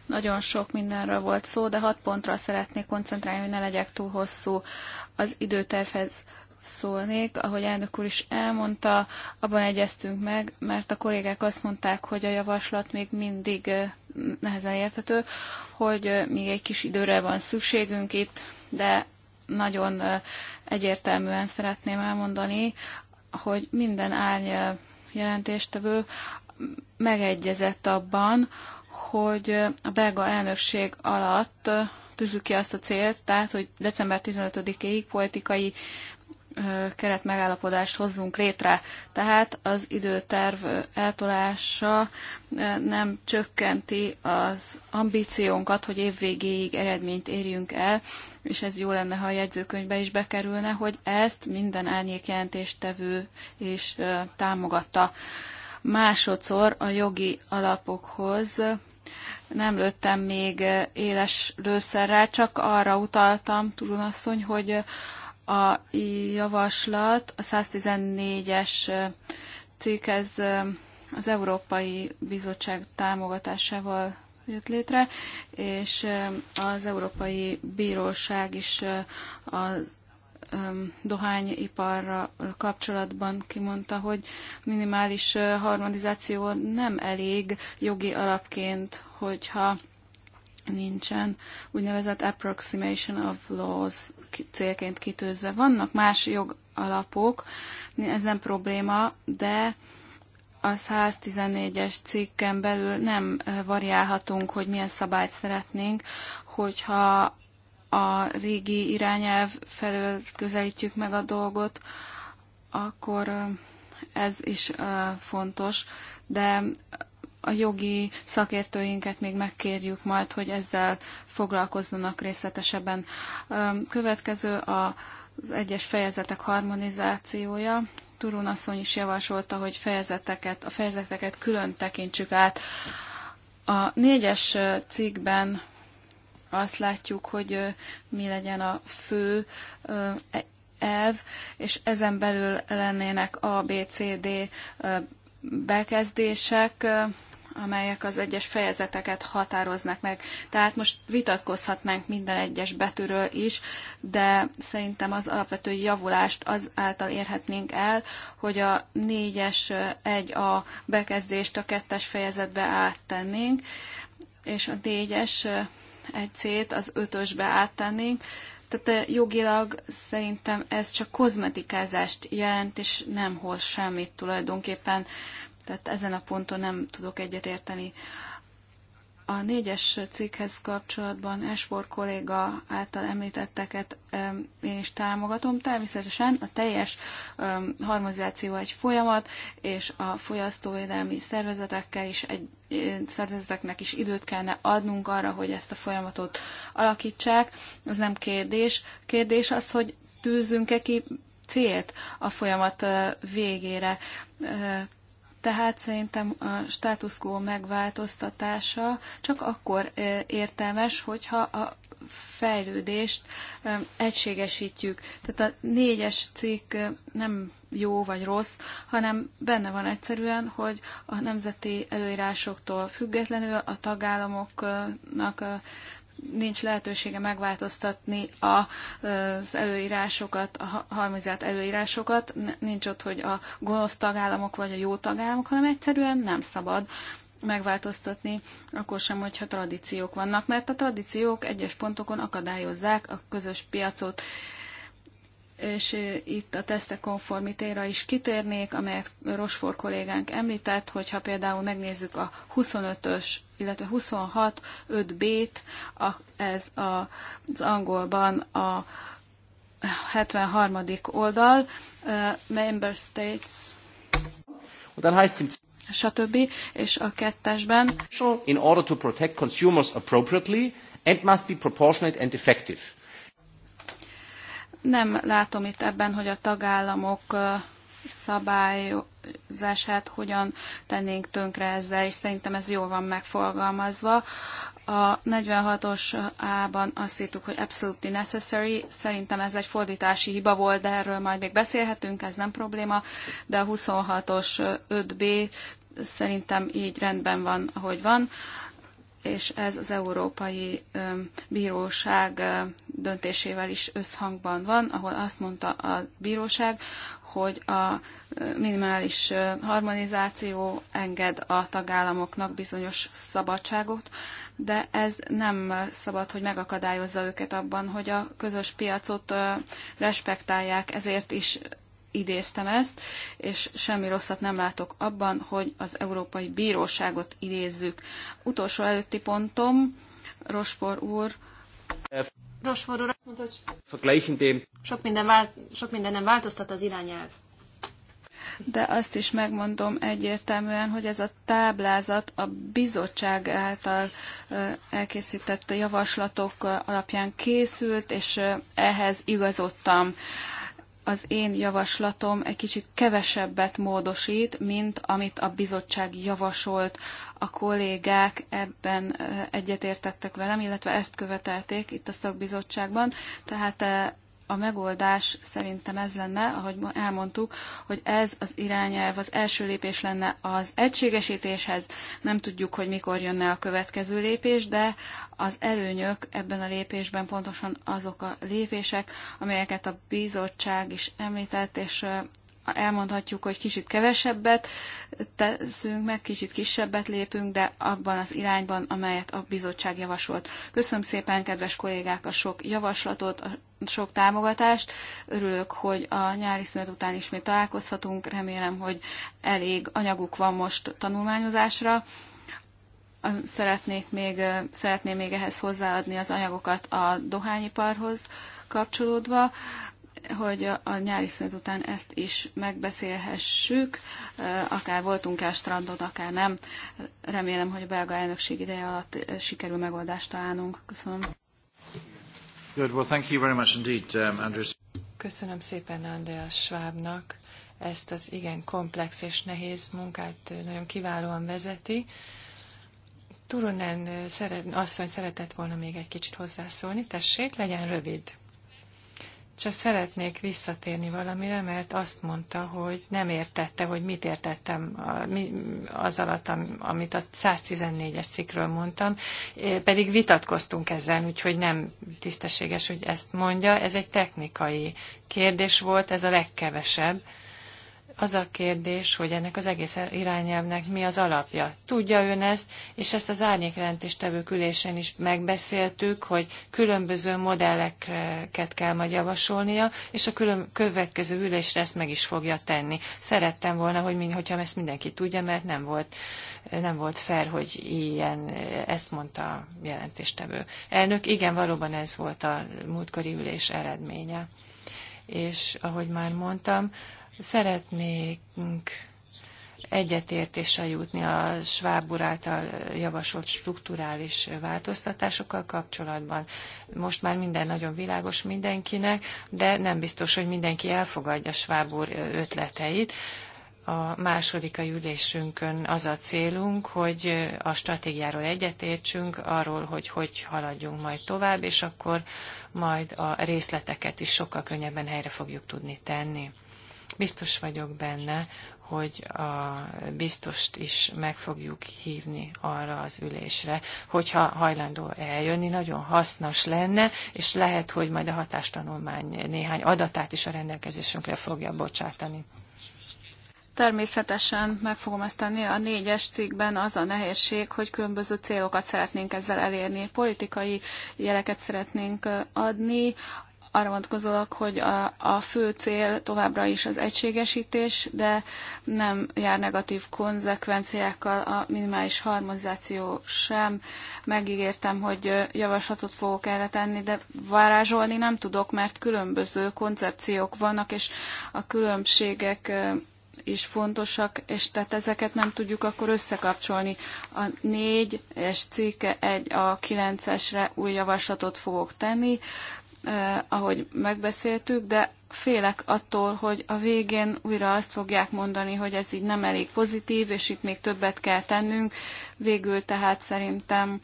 Nagyon sok mindenről volt szó, de hat pontra szeretnék koncentrálni, hogy ne legyek túl hosszú. Az időtervhez szólnék, ahogy elnök úr is elmondta, abban egyeztünk meg, mert a kollégák azt mondták, hogy a javaslat még mindig eh, nehezen érthető, hogy eh, még egy kis időre van szükségünk itt, de nagyon egyértelműen szeretném elmondani, hogy minden árny jelentéstevő megegyezett abban, hogy a belga elnökség alatt tűzzük ki azt a célt, tehát, hogy december 15-ig politikai keretmegállapodást hozzunk létre. Tehát az időterv eltolása nem csökkenti az ambíciónkat, hogy évvégéig eredményt érjünk el, és ez jó lenne, ha a jegyzőkönyvbe is bekerülne, hogy ezt minden tevő és támogatta. Másodszor a jogi alapokhoz nem lőttem még éles lőszerrel, csak arra utaltam, Turunasszony, hogy a javaslat, a 114-es cikk, ez az Európai Bizottság támogatásával jött létre, és az Európai Bíróság is a dohányiparra kapcsolatban kimondta, hogy minimális harmonizáció nem elég jogi alapként, hogyha nincsen úgynevezett approximation of laws célként kitűzve. Vannak más jogalapok, ez nem probléma, de a 114-es cikken belül nem variálhatunk, hogy milyen szabályt szeretnénk, hogyha a régi irányelv felől közelítjük meg a dolgot, akkor ez is fontos, de a jogi szakértőinket még megkérjük majd, hogy ezzel foglalkozzanak részletesebben. Következő az egyes fejezetek harmonizációja. Turun asszony is javasolta, hogy fejezeteket, a fejezeteket külön tekintsük át. A négyes cikkben azt látjuk, hogy mi legyen a fő e, elv, és ezen belül lennének A, B, C, D bekezdések, amelyek az egyes fejezeteket határoznak meg. Tehát most vitatkozhatnánk minden egyes betűről is, de szerintem az alapvető javulást az által érhetnénk el, hogy a négyes egy a bekezdést a kettes fejezetbe áttennénk, és a négyes egy-cét az ötösbe áttennénk, tehát eh, jogilag szerintem ez csak kozmetikázást jelent, és nem hoz semmit tulajdonképpen. Tehát ezen a ponton nem tudok egyetérteni. A négyes cikkhez kapcsolatban Esfor kolléga által említetteket én is támogatom. Természetesen a teljes harmonizáció egy folyamat, és a fogyasztóvédelmi szervezetekkel is egy, e, szervezeteknek is időt kellene adnunk arra, hogy ezt a folyamatot alakítsák. Ez nem kérdés. Kérdés az, hogy tűzünk-e ki célt a folyamat e, végére e, tehát szerintem a status quo megváltoztatása csak akkor értelmes, hogyha a fejlődést egységesítjük. Tehát a négyes cikk nem jó vagy rossz, hanem benne van egyszerűen, hogy a nemzeti előírásoktól függetlenül a tagállamoknak nincs lehetősége megváltoztatni az előírásokat, a harmonizált előírásokat, nincs ott, hogy a gonosz tagállamok vagy a jó tagállamok, hanem egyszerűen nem szabad megváltoztatni, akkor sem, hogyha tradíciók vannak, mert a tradíciók egyes pontokon akadályozzák a közös piacot és itt a tesztek konformitéra is kitérnék, amelyet Rosfor kollégánk említett, hogyha például megnézzük a 25-ös, illetve 26, 5B-t, ez a, az angolban a 73. oldal, uh, Member States, stb. és a kettesben. In order to protect consumers appropriately and must be proportionate and effective nem látom itt ebben, hogy a tagállamok szabályozását hogyan tennénk tönkre ezzel, és szerintem ez jól van megfogalmazva. A 46-os A-ban azt írtuk, hogy absolutely necessary, szerintem ez egy fordítási hiba volt, de erről majd még beszélhetünk, ez nem probléma, de a 26-os 5B szerintem így rendben van, ahogy van és ez az Európai Bíróság döntésével is összhangban van, ahol azt mondta a bíróság, hogy a minimális harmonizáció enged a tagállamoknak bizonyos szabadságot, de ez nem szabad, hogy megakadályozza őket abban, hogy a közös piacot respektálják, ezért is idéztem ezt, és semmi rosszat nem látok abban, hogy az Európai Bíróságot idézzük. Utolsó előtti pontom, Rosfor úr, Rosfor úr azt mondta, hogy sok minden, vál, sok minden nem változtat az irányelv. De azt is megmondom egyértelműen, hogy ez a táblázat a bizottság által elkészített javaslatok alapján készült, és ehhez igazodtam az én javaslatom egy kicsit kevesebbet módosít, mint amit a bizottság javasolt. A kollégák ebben egyetértettek velem, illetve ezt követelték itt a szakbizottságban. Tehát a megoldás szerintem ez lenne, ahogy elmondtuk, hogy ez az irányelv az első lépés lenne az egységesítéshez. Nem tudjuk, hogy mikor jönne a következő lépés, de az előnyök ebben a lépésben pontosan azok a lépések, amelyeket a bizottság is említett, és elmondhatjuk, hogy kicsit kevesebbet teszünk meg, kicsit kisebbet lépünk, de abban az irányban, amelyet a bizottság javasolt. Köszönöm szépen, kedves kollégák, a sok javaslatot, a sok támogatást. Örülök, hogy a nyári szünet után ismét találkozhatunk. Remélem, hogy elég anyaguk van most tanulmányozásra szeretnék még, szeretném még ehhez hozzáadni az anyagokat a dohányiparhoz kapcsolódva hogy a nyári szünet után ezt is megbeszélhessük, eh, akár voltunk-e strandon, akár nem. Remélem, hogy a belga elnökség ideje alatt eh, sikerül megoldást találnunk. Köszönöm. Good. Well, thank you very much indeed, um, Andrews. Köszönöm szépen Andrea Schwabnak ezt az igen komplex és nehéz munkát nagyon kiválóan vezeti. Turunen eh, szeret, asszony szeretett volna még egy kicsit hozzászólni. Tessék, legyen rövid. Csak szeretnék visszatérni valamire, mert azt mondta, hogy nem értette, hogy mit értettem az alatt, amit a 114-es cikről mondtam, pedig vitatkoztunk ezen, úgyhogy nem tisztességes, hogy ezt mondja. Ez egy technikai kérdés volt, ez a legkevesebb az a kérdés, hogy ennek az egész irányelvnek mi az alapja. Tudja ön ezt, és ezt az árnyékjelentéstevő ülésen is megbeszéltük, hogy különböző modelleket kell majd javasolnia, és a külön, következő ülésre ezt meg is fogja tenni. Szerettem volna, hogy min, hogyha ezt mindenki tudja, mert nem volt, nem volt fair, hogy ilyen, ezt mondta a jelentéstevő. Elnök, igen, valóban ez volt a múltkori ülés eredménye. És ahogy már mondtam, Szeretnénk egyetértéssel jutni a Schwab úr által javasolt strukturális változtatásokkal kapcsolatban. Most már minden nagyon világos mindenkinek, de nem biztos, hogy mindenki elfogadja Schwab úr ötleteit. A második a ülésünkön az a célunk, hogy a stratégiáról egyetértsünk, arról, hogy hogy haladjunk majd tovább, és akkor majd a részleteket is sokkal könnyebben helyre fogjuk tudni tenni. Biztos vagyok benne, hogy a biztost is meg fogjuk hívni arra az ülésre, hogyha hajlandó eljönni, nagyon hasznos lenne, és lehet, hogy majd a hatástanulmány néhány adatát is a rendelkezésünkre fogja bocsátani. Természetesen meg fogom ezt tenni. A négyes cikkben az a nehézség, hogy különböző célokat szeretnénk ezzel elérni. Politikai jeleket szeretnénk adni, arra vonatkozólag, hogy a, a fő cél továbbra is az egységesítés, de nem jár negatív konzekvenciákkal a minimális harmonizáció sem. Megígértem, hogy javaslatot fogok erre tenni, de varázsolni nem tudok, mert különböző koncepciók vannak, és a különbségek is fontosak, és tehát ezeket nem tudjuk akkor összekapcsolni. A 4-es cikke 1 a 9-esre új javaslatot fogok tenni, eh, ahogy megbeszéltük, de félek attól, hogy a végén újra azt fogják mondani, hogy ez így nem elég pozitív, és itt még többet kell tennünk. Végül tehát szerintem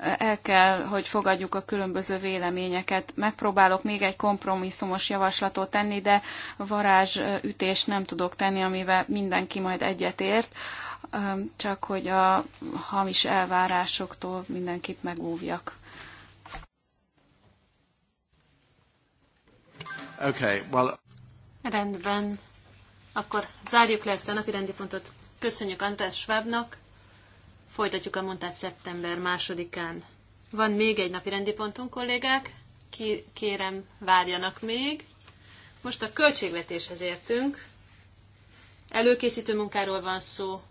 eh, el kell, hogy fogadjuk a különböző véleményeket. Megpróbálok még egy kompromisszumos javaslatot tenni, de varázsütést eh, nem tudok tenni, amivel mindenki majd egyetért, ehm, csak hogy a hamis elvárásoktól mindenkit megúvjak. Okay, well... Rendben. Akkor zárjuk le ezt a napi rendi pontot. Köszönjük András Schwabnak. Folytatjuk a mondtát szeptember másodikán. Van még egy napi rendi pontunk, kollégák. Ki, kérem, várjanak még. Most a költségvetéshez értünk. Előkészítő munkáról van szó.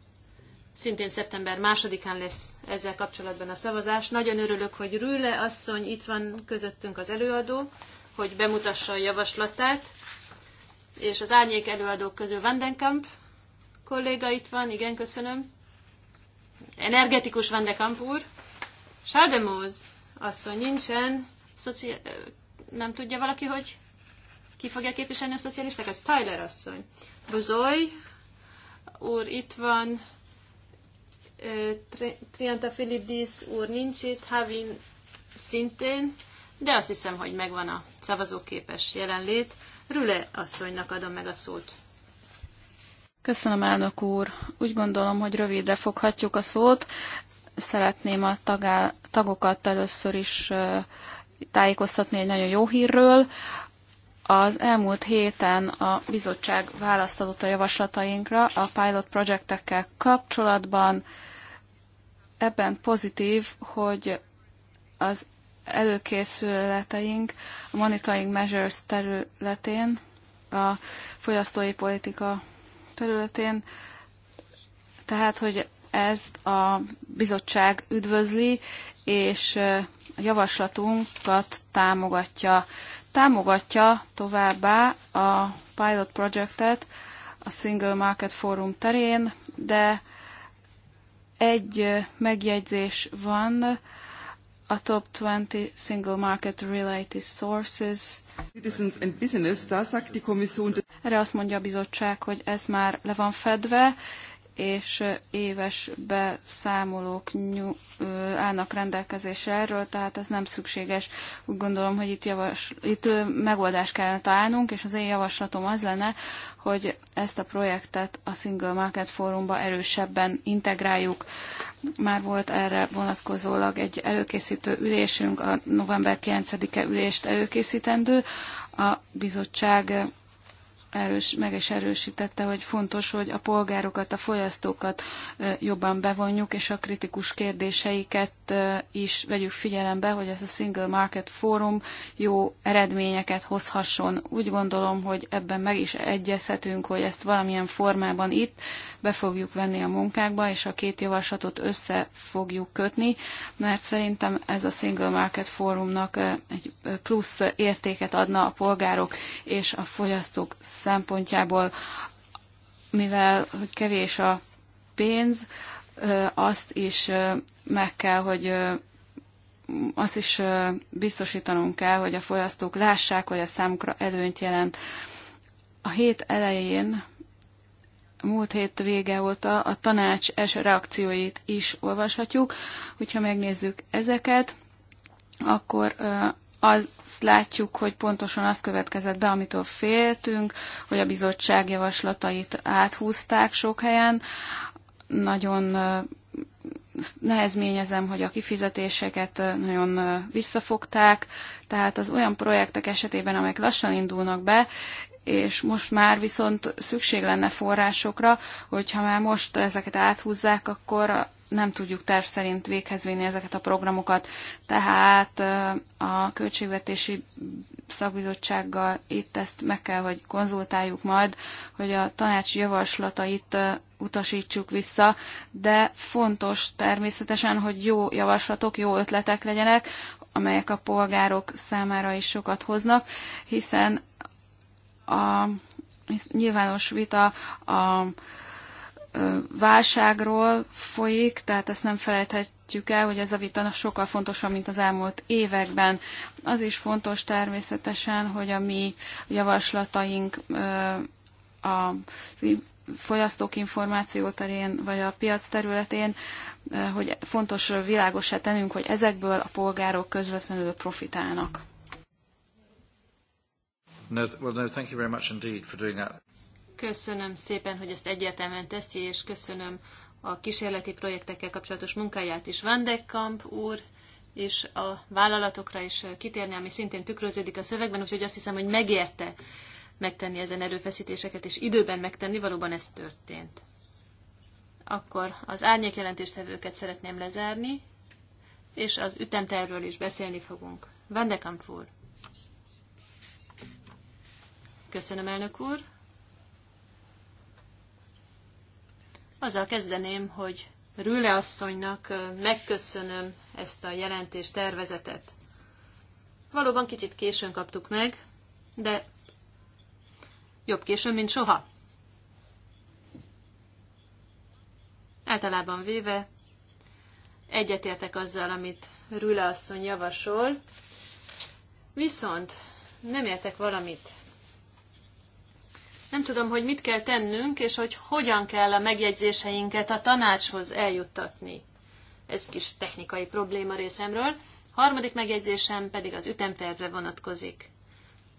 Szintén szeptember másodikán lesz ezzel kapcsolatban a szavazás. Nagyon örülök, hogy Rüle asszony itt van közöttünk az előadó hogy bemutassa a javaslatát, és az árnyék előadók közül Vandenkamp kolléga itt van, igen, köszönöm. Energetikus Vandenkamp úr. Sáldemóz asszony nincsen. Szoci... Nem tudja valaki, hogy ki fogja képviselni a szocialistákat? Tyler asszony. Buzoy úr itt van. Trianta Filidis úr nincs itt. Havin szintén de azt hiszem, hogy megvan a szavazóképes jelenlét. Rüle asszonynak adom meg a szót. Köszönöm, elnök úr. Úgy gondolom, hogy rövidre foghatjuk a szót. Szeretném a tagál, tagokat először is tájékoztatni egy nagyon jó hírről. Az elmúlt héten a bizottság választ adott a javaslatainkra a pilot projektekkel kapcsolatban. Ebben pozitív, hogy az előkészületeink a monitoring measures területén, a fogyasztói politika területén, tehát, hogy ezt a bizottság üdvözli, és a javaslatunkat támogatja. Támogatja továbbá a pilot projektet a Single Market Forum terén, de egy megjegyzés van, a top 20 single market related sources. Erre azt mondja a bizottság, hogy ez már le van fedve, és éves beszámolók nyú, állnak rendelkezésre erről, tehát ez nem szükséges. Úgy gondolom, hogy itt, javas, itt megoldást kellene találnunk, és az én javaslatom az lenne, hogy ezt a projektet a Single Market Forumba erősebben integráljuk. Már volt erre vonatkozólag egy előkészítő ülésünk, a november 9-e ülést előkészítendő. A bizottság erős, meg is erősítette, hogy fontos, hogy a polgárokat, a fogyasztókat jobban bevonjuk, és a kritikus kérdéseiket is vegyük figyelembe, hogy ez a Single Market Forum jó eredményeket hozhasson. Úgy gondolom, hogy ebben meg is egyezhetünk, hogy ezt valamilyen formában itt be fogjuk venni a munkákba, és a két javaslatot össze fogjuk kötni, mert szerintem ez a Single Market Forumnak egy plusz értéket adna a polgárok és a fogyasztók szempontjából, mivel kevés a pénz, azt is meg kell, hogy azt is biztosítanunk kell, hogy a folyasztók lássák, hogy a számukra előnyt jelent. A hét elején, múlt hét vége óta a tanács es reakcióit is olvashatjuk. Hogyha megnézzük ezeket, akkor azt látjuk, hogy pontosan azt következett be, amitől féltünk, hogy a bizottság javaslatait áthúzták sok helyen nagyon nehezményezem, hogy a kifizetéseket nagyon visszafogták, tehát az olyan projektek esetében, amelyek lassan indulnak be, és most már viszont szükség lenne forrásokra, hogyha már most ezeket áthúzzák, akkor nem tudjuk terv szerint véghez vinni ezeket a programokat. Tehát a költségvetési szakbizottsággal itt ezt meg kell, hogy konzultáljuk majd, hogy a tanács javaslatait utasítsuk vissza, de fontos természetesen, hogy jó javaslatok, jó ötletek legyenek, amelyek a polgárok számára is sokat hoznak, hiszen a nyilvános vita a válságról folyik, tehát ezt nem felejthetjük el, hogy ez a vita sokkal fontosabb, mint az elmúlt években. Az is fontos természetesen, hogy a mi javaslataink a fogyasztók információ terén, vagy a piac területén, hogy fontos világosá tennünk, hogy ezekből a polgárok közvetlenül profitálnak. Well, no, thank you very much indeed for doing that. Köszönöm szépen, hogy ezt egyértelműen teszi, és köszönöm a kísérleti projektekkel kapcsolatos munkáját is. Van Kamp úr, és a vállalatokra is kitérni, ami szintén tükröződik a szövegben, úgyhogy azt hiszem, hogy megérte megtenni ezen erőfeszítéseket, és időben megtenni, valóban ez történt. Akkor az árnyék jelentéstevőket szeretném lezárni, és az ütemtervről is beszélni fogunk. Van úr. Köszönöm, elnök úr. Azzal kezdeném, hogy Rüle asszonynak megköszönöm ezt a jelentés tervezetet. Valóban kicsit későn kaptuk meg, de jobb későn, mint soha. Általában véve egyetértek azzal, amit Rüle asszony javasol, viszont nem értek valamit nem tudom, hogy mit kell tennünk, és hogy hogyan kell a megjegyzéseinket a tanácshoz eljuttatni. Ez kis technikai probléma részemről. Harmadik megjegyzésem pedig az ütemtervre vonatkozik.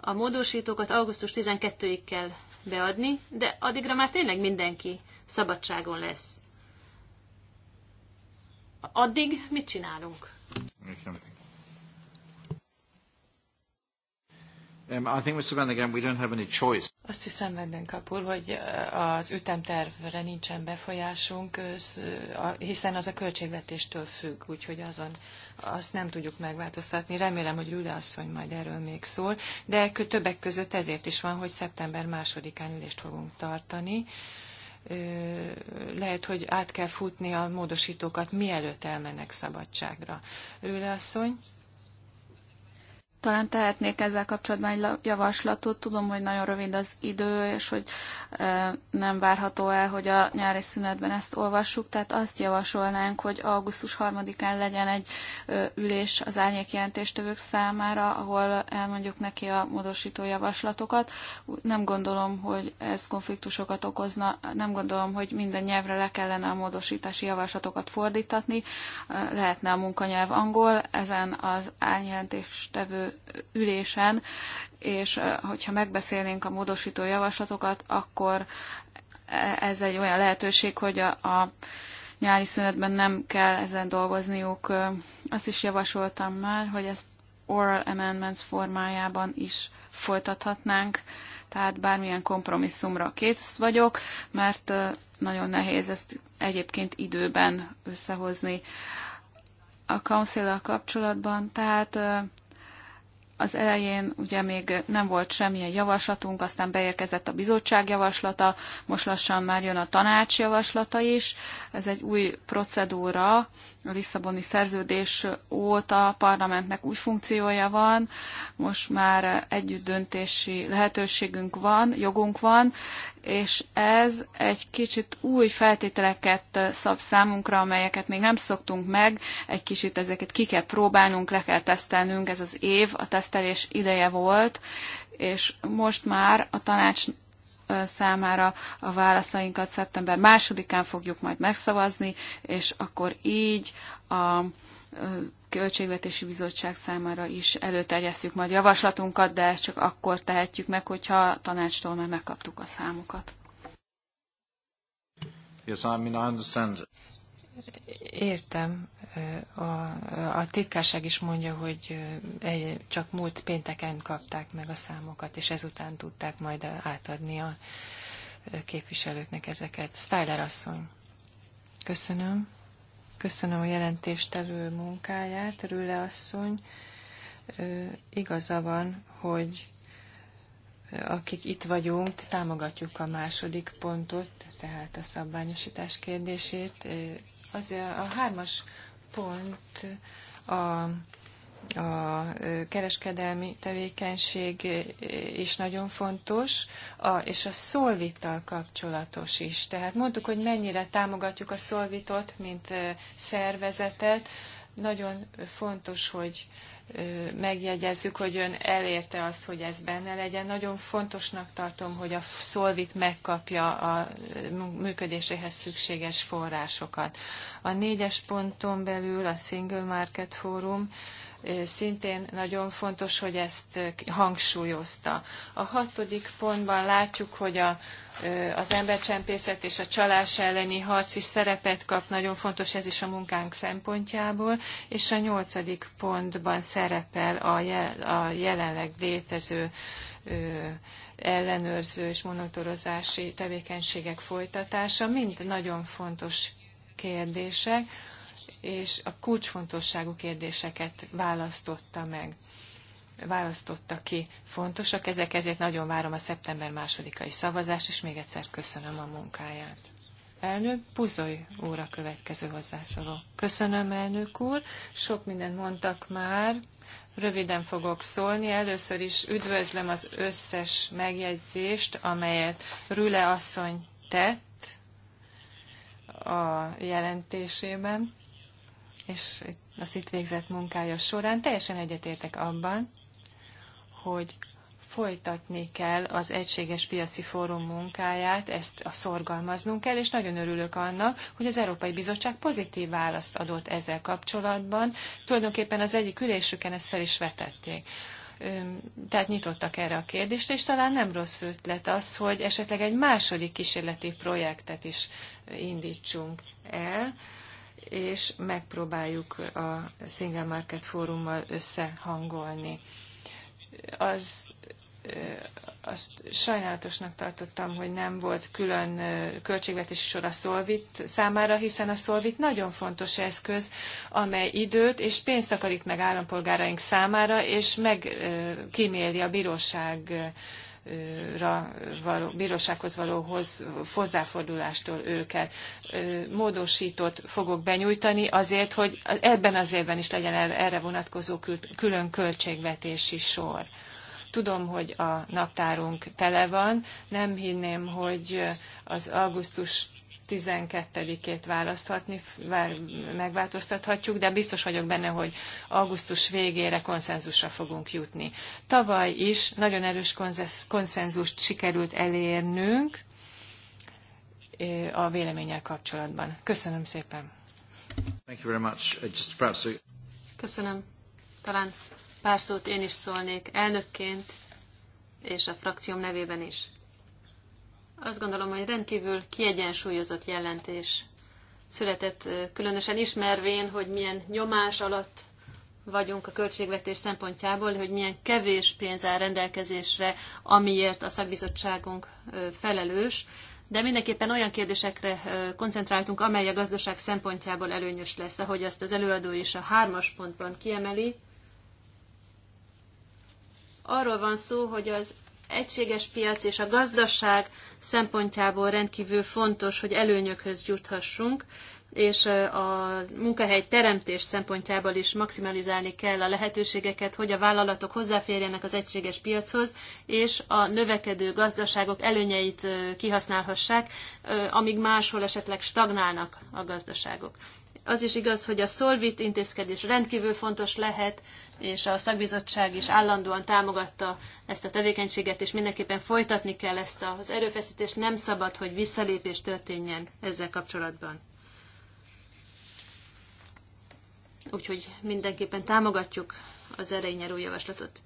A módosítókat augusztus 12-ig kell beadni, de addigra már tényleg mindenki szabadságon lesz. Addig mit csinálunk? Um, azt hiszem, Venden Kapur, hogy uh, az ütemtervre nincsen befolyásunk, hiszen az a költségvetéstől függ, úgyhogy azon azt nem tudjuk megváltoztatni. Remélem, hogy Rüle asszony majd erről még szól, de többek között ezért is van, hogy szeptember másodikán ülést fogunk tartani lehet, hogy át kell futni a módosítókat, mielőtt elmennek szabadságra. Rüle asszony? Talán tehetnék ezzel kapcsolatban egy javaslatot. Tudom, hogy nagyon rövid az idő, és hogy e, nem várható el, hogy a nyári szünetben ezt olvassuk. Tehát azt javasolnánk, hogy augusztus 3-án legyen egy e, ülés az árnyékjelentéstövők számára, ahol elmondjuk neki a módosító javaslatokat. Nem gondolom, hogy ez konfliktusokat okozna. Nem gondolom, hogy minden nyelvre le kellene a módosítási javaslatokat fordítatni. E, lehetne a munkanyelv angol, ezen az árnyékjelentéstevő ülésen, és hogyha megbeszélnénk a módosító javaslatokat, akkor ez egy olyan lehetőség, hogy a, a nyári szünetben nem kell ezen dolgozniuk. Azt is javasoltam már, hogy ezt oral amendments formájában is folytathatnánk, tehát bármilyen kompromisszumra kész vagyok, mert nagyon nehéz ezt egyébként időben összehozni a council kapcsolatban, tehát az elején ugye még nem volt semmilyen javaslatunk, aztán beérkezett a bizottság javaslata, most lassan már jön a tanács javaslata is. Ez egy új procedúra, a Lisszaboni szerződés óta a parlamentnek új funkciója van, most már együtt döntési lehetőségünk van, jogunk van, és ez egy kicsit új feltételeket szab számunkra, amelyeket még nem szoktunk meg, egy kicsit ezeket ki kell próbálnunk, le kell tesztelnünk, ez az év, a tesztelés ideje volt, és most már a tanács számára. A válaszainkat szeptember másodikán fogjuk majd megszavazni, és akkor így a Költségvetési Bizottság számára is előterjesztjük majd javaslatunkat, de ezt csak akkor tehetjük meg, hogyha a tanácstól már megkaptuk a számokat. Yes, I mean, I understand. Értem, a, a titkárság is mondja, hogy csak múlt pénteken kapták meg a számokat, és ezután tudták majd átadni a képviselőknek ezeket. Styler asszony, köszönöm. Köszönöm a jelentéstevő munkáját, Rüle asszony. Igaza van, hogy akik itt vagyunk, támogatjuk a második pontot, tehát a szabványosítás kérdését. Az a hármas pont a a kereskedelmi tevékenység is nagyon fontos, a, és a szolvittal kapcsolatos is. Tehát mondtuk, hogy mennyire támogatjuk a szolvitot, mint szervezetet. Nagyon fontos, hogy megjegyezzük, hogy ön elérte azt, hogy ez benne legyen. Nagyon fontosnak tartom, hogy a Szolvit megkapja a működéséhez szükséges forrásokat. A négyes ponton belül a Single Market Forum szintén nagyon fontos, hogy ezt hangsúlyozta. A hatodik pontban látjuk, hogy a, az embercsempészet és a csalás elleni harc is szerepet kap, nagyon fontos ez is a munkánk szempontjából, és a nyolcadik pontban szerepel a, jel, a jelenleg létező ellenőrző és monitorozási tevékenységek folytatása, mind nagyon fontos kérdések és a kulcsfontosságú kérdéseket választotta meg választotta ki fontosak, ezek ezért nagyon várom a szeptember másodikai szavazást, és még egyszer köszönöm a munkáját. Elnök Puzoly úr a következő hozzászóló. Köszönöm, elnök úr. Sok mindent mondtak már. Röviden fogok szólni. Először is üdvözlöm az összes megjegyzést, amelyet Rüle asszony tett a jelentésében és az itt végzett munkája során teljesen egyetértek abban, hogy folytatni kell az egységes piaci fórum munkáját, ezt a szorgalmaznunk kell, és nagyon örülök annak, hogy az Európai Bizottság pozitív választ adott ezzel kapcsolatban. Tulajdonképpen az egyik ülésüken ezt fel is vetették. Tehát nyitottak erre a kérdésre, és talán nem rossz ötlet az, hogy esetleg egy második kísérleti projektet is indítsunk el és megpróbáljuk a Single Market Fórummal összehangolni. Az, azt sajnálatosnak tartottam, hogy nem volt külön költségvetési sor a Szolvit számára, hiszen a Szolvit nagyon fontos eszköz, amely időt és pénzt takarít meg állampolgáraink számára, és megkíméli a bíróság való, bírósághoz való hozzáfordulástól őket. Módosítót fogok benyújtani azért, hogy ebben az évben is legyen erre vonatkozó külön költségvetési sor. Tudom, hogy a naptárunk tele van, nem hinném, hogy az augusztus 12-ét választhatni, megváltoztathatjuk, de biztos vagyok benne, hogy augusztus végére konszenzusra fogunk jutni. Tavaly is nagyon erős konszenzust sikerült elérnünk eh, a véleménnyel kapcsolatban. Köszönöm szépen. Uh, Köszönöm. Talán pár szót én is szólnék elnökként, és a frakcióm nevében is. Azt gondolom, hogy rendkívül kiegyensúlyozott jelentés született, különösen ismervén, hogy milyen nyomás alatt vagyunk a költségvetés szempontjából, hogy milyen kevés pénz áll rendelkezésre, amiért a szakbizottságunk felelős, de mindenképpen olyan kérdésekre koncentráltunk, amely a gazdaság szempontjából előnyös lesz, ahogy azt az előadó is a hármas pontban kiemeli. Arról van szó, hogy az egységes piac és a gazdaság szempontjából rendkívül fontos, hogy előnyökhöz juthassunk, és a munkahely teremtés szempontjából is maximalizálni kell a lehetőségeket, hogy a vállalatok hozzáférjenek az egységes piachoz, és a növekedő gazdaságok előnyeit kihasználhassák, amíg máshol esetleg stagnálnak a gazdaságok. Az is igaz, hogy a Solvit intézkedés rendkívül fontos lehet, és a szakbizottság is állandóan támogatta ezt a tevékenységet, és mindenképpen folytatni kell ezt az erőfeszítést, nem szabad, hogy visszalépés történjen ezzel kapcsolatban. Úgyhogy mindenképpen támogatjuk az erejnyerő javaslatot.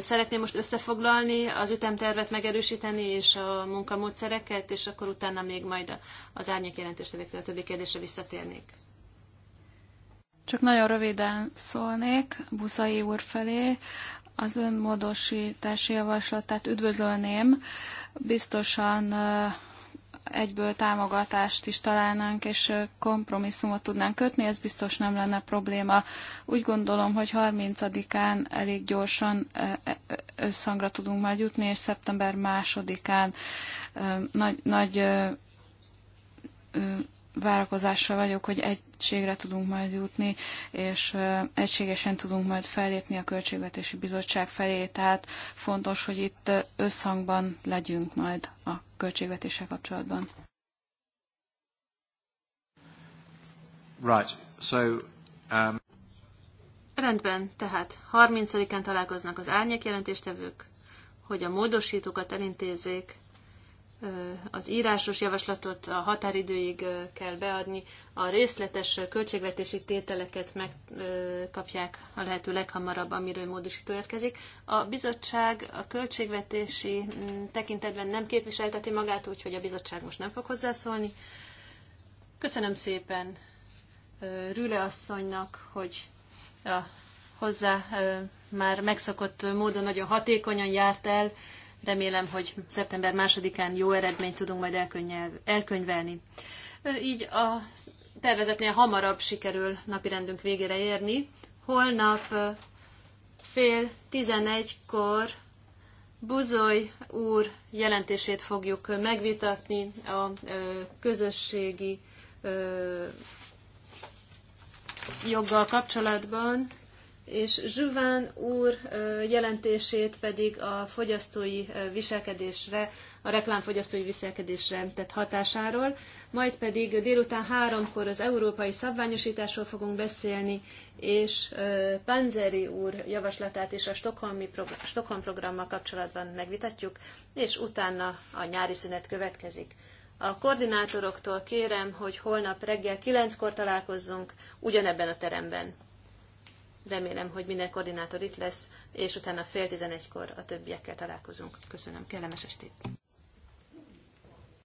Szeretném most összefoglalni, az ütemtervet megerősíteni, és a munkamódszereket, és akkor utána még majd az árnyék jelentős a többi kérdésre visszatérnék. Csak nagyon röviden szólnék Buzai úr felé. Az ön módosítási javaslatát üdvözölném. Biztosan egyből támogatást is találnánk, és kompromisszumot tudnánk kötni, ez biztos nem lenne probléma. Úgy gondolom, hogy 30-án elég gyorsan összhangra tudunk majd jutni, és szeptember másodikán nagy, nagy várakozással vagyok, hogy egységre tudunk majd jutni, és egységesen tudunk majd fellépni a Költségvetési Bizottság felé, tehát fontos, hogy itt összhangban legyünk majd a költségvetéssel kapcsolatban. Right. So, um... Rendben, tehát 30-án találkoznak az árnyék jelentéstevők, hogy a módosítókat elintézzék, az írásos javaslatot a határidőig kell beadni, a részletes költségvetési tételeket megkapják a lehető leghamarabb, amiről módosító érkezik. A bizottság a költségvetési mm, tekintetben nem képviselteti magát, úgyhogy a bizottság most nem fog hozzászólni. Köszönöm szépen Rüle asszonynak, hogy a hozzá már megszokott módon nagyon hatékonyan járt el, Remélem, hogy szeptember másodikán jó eredményt tudunk majd elkönyvelni. Így a tervezetnél hamarabb sikerül napirendünk végére érni. Holnap fél tizenegykor Buzoly úr jelentését fogjuk megvitatni a közösségi joggal kapcsolatban, és Zsüván úr jelentését pedig a fogyasztói viselkedésre, a reklámfogyasztói viselkedésre tett hatásáról, majd pedig délután háromkor az európai szabványosításról fogunk beszélni, és Panzeri úr javaslatát is a Stockholmi program, Stockholm programmal kapcsolatban megvitatjuk, és utána a nyári szünet következik. A koordinátoroktól kérem, hogy holnap reggel kilenckor találkozzunk ugyanebben a teremben. Remélem, hogy minden koordinátor itt lesz, és utána fél tizenegykor a többiekkel találkozunk. Köszönöm, kellemes estét!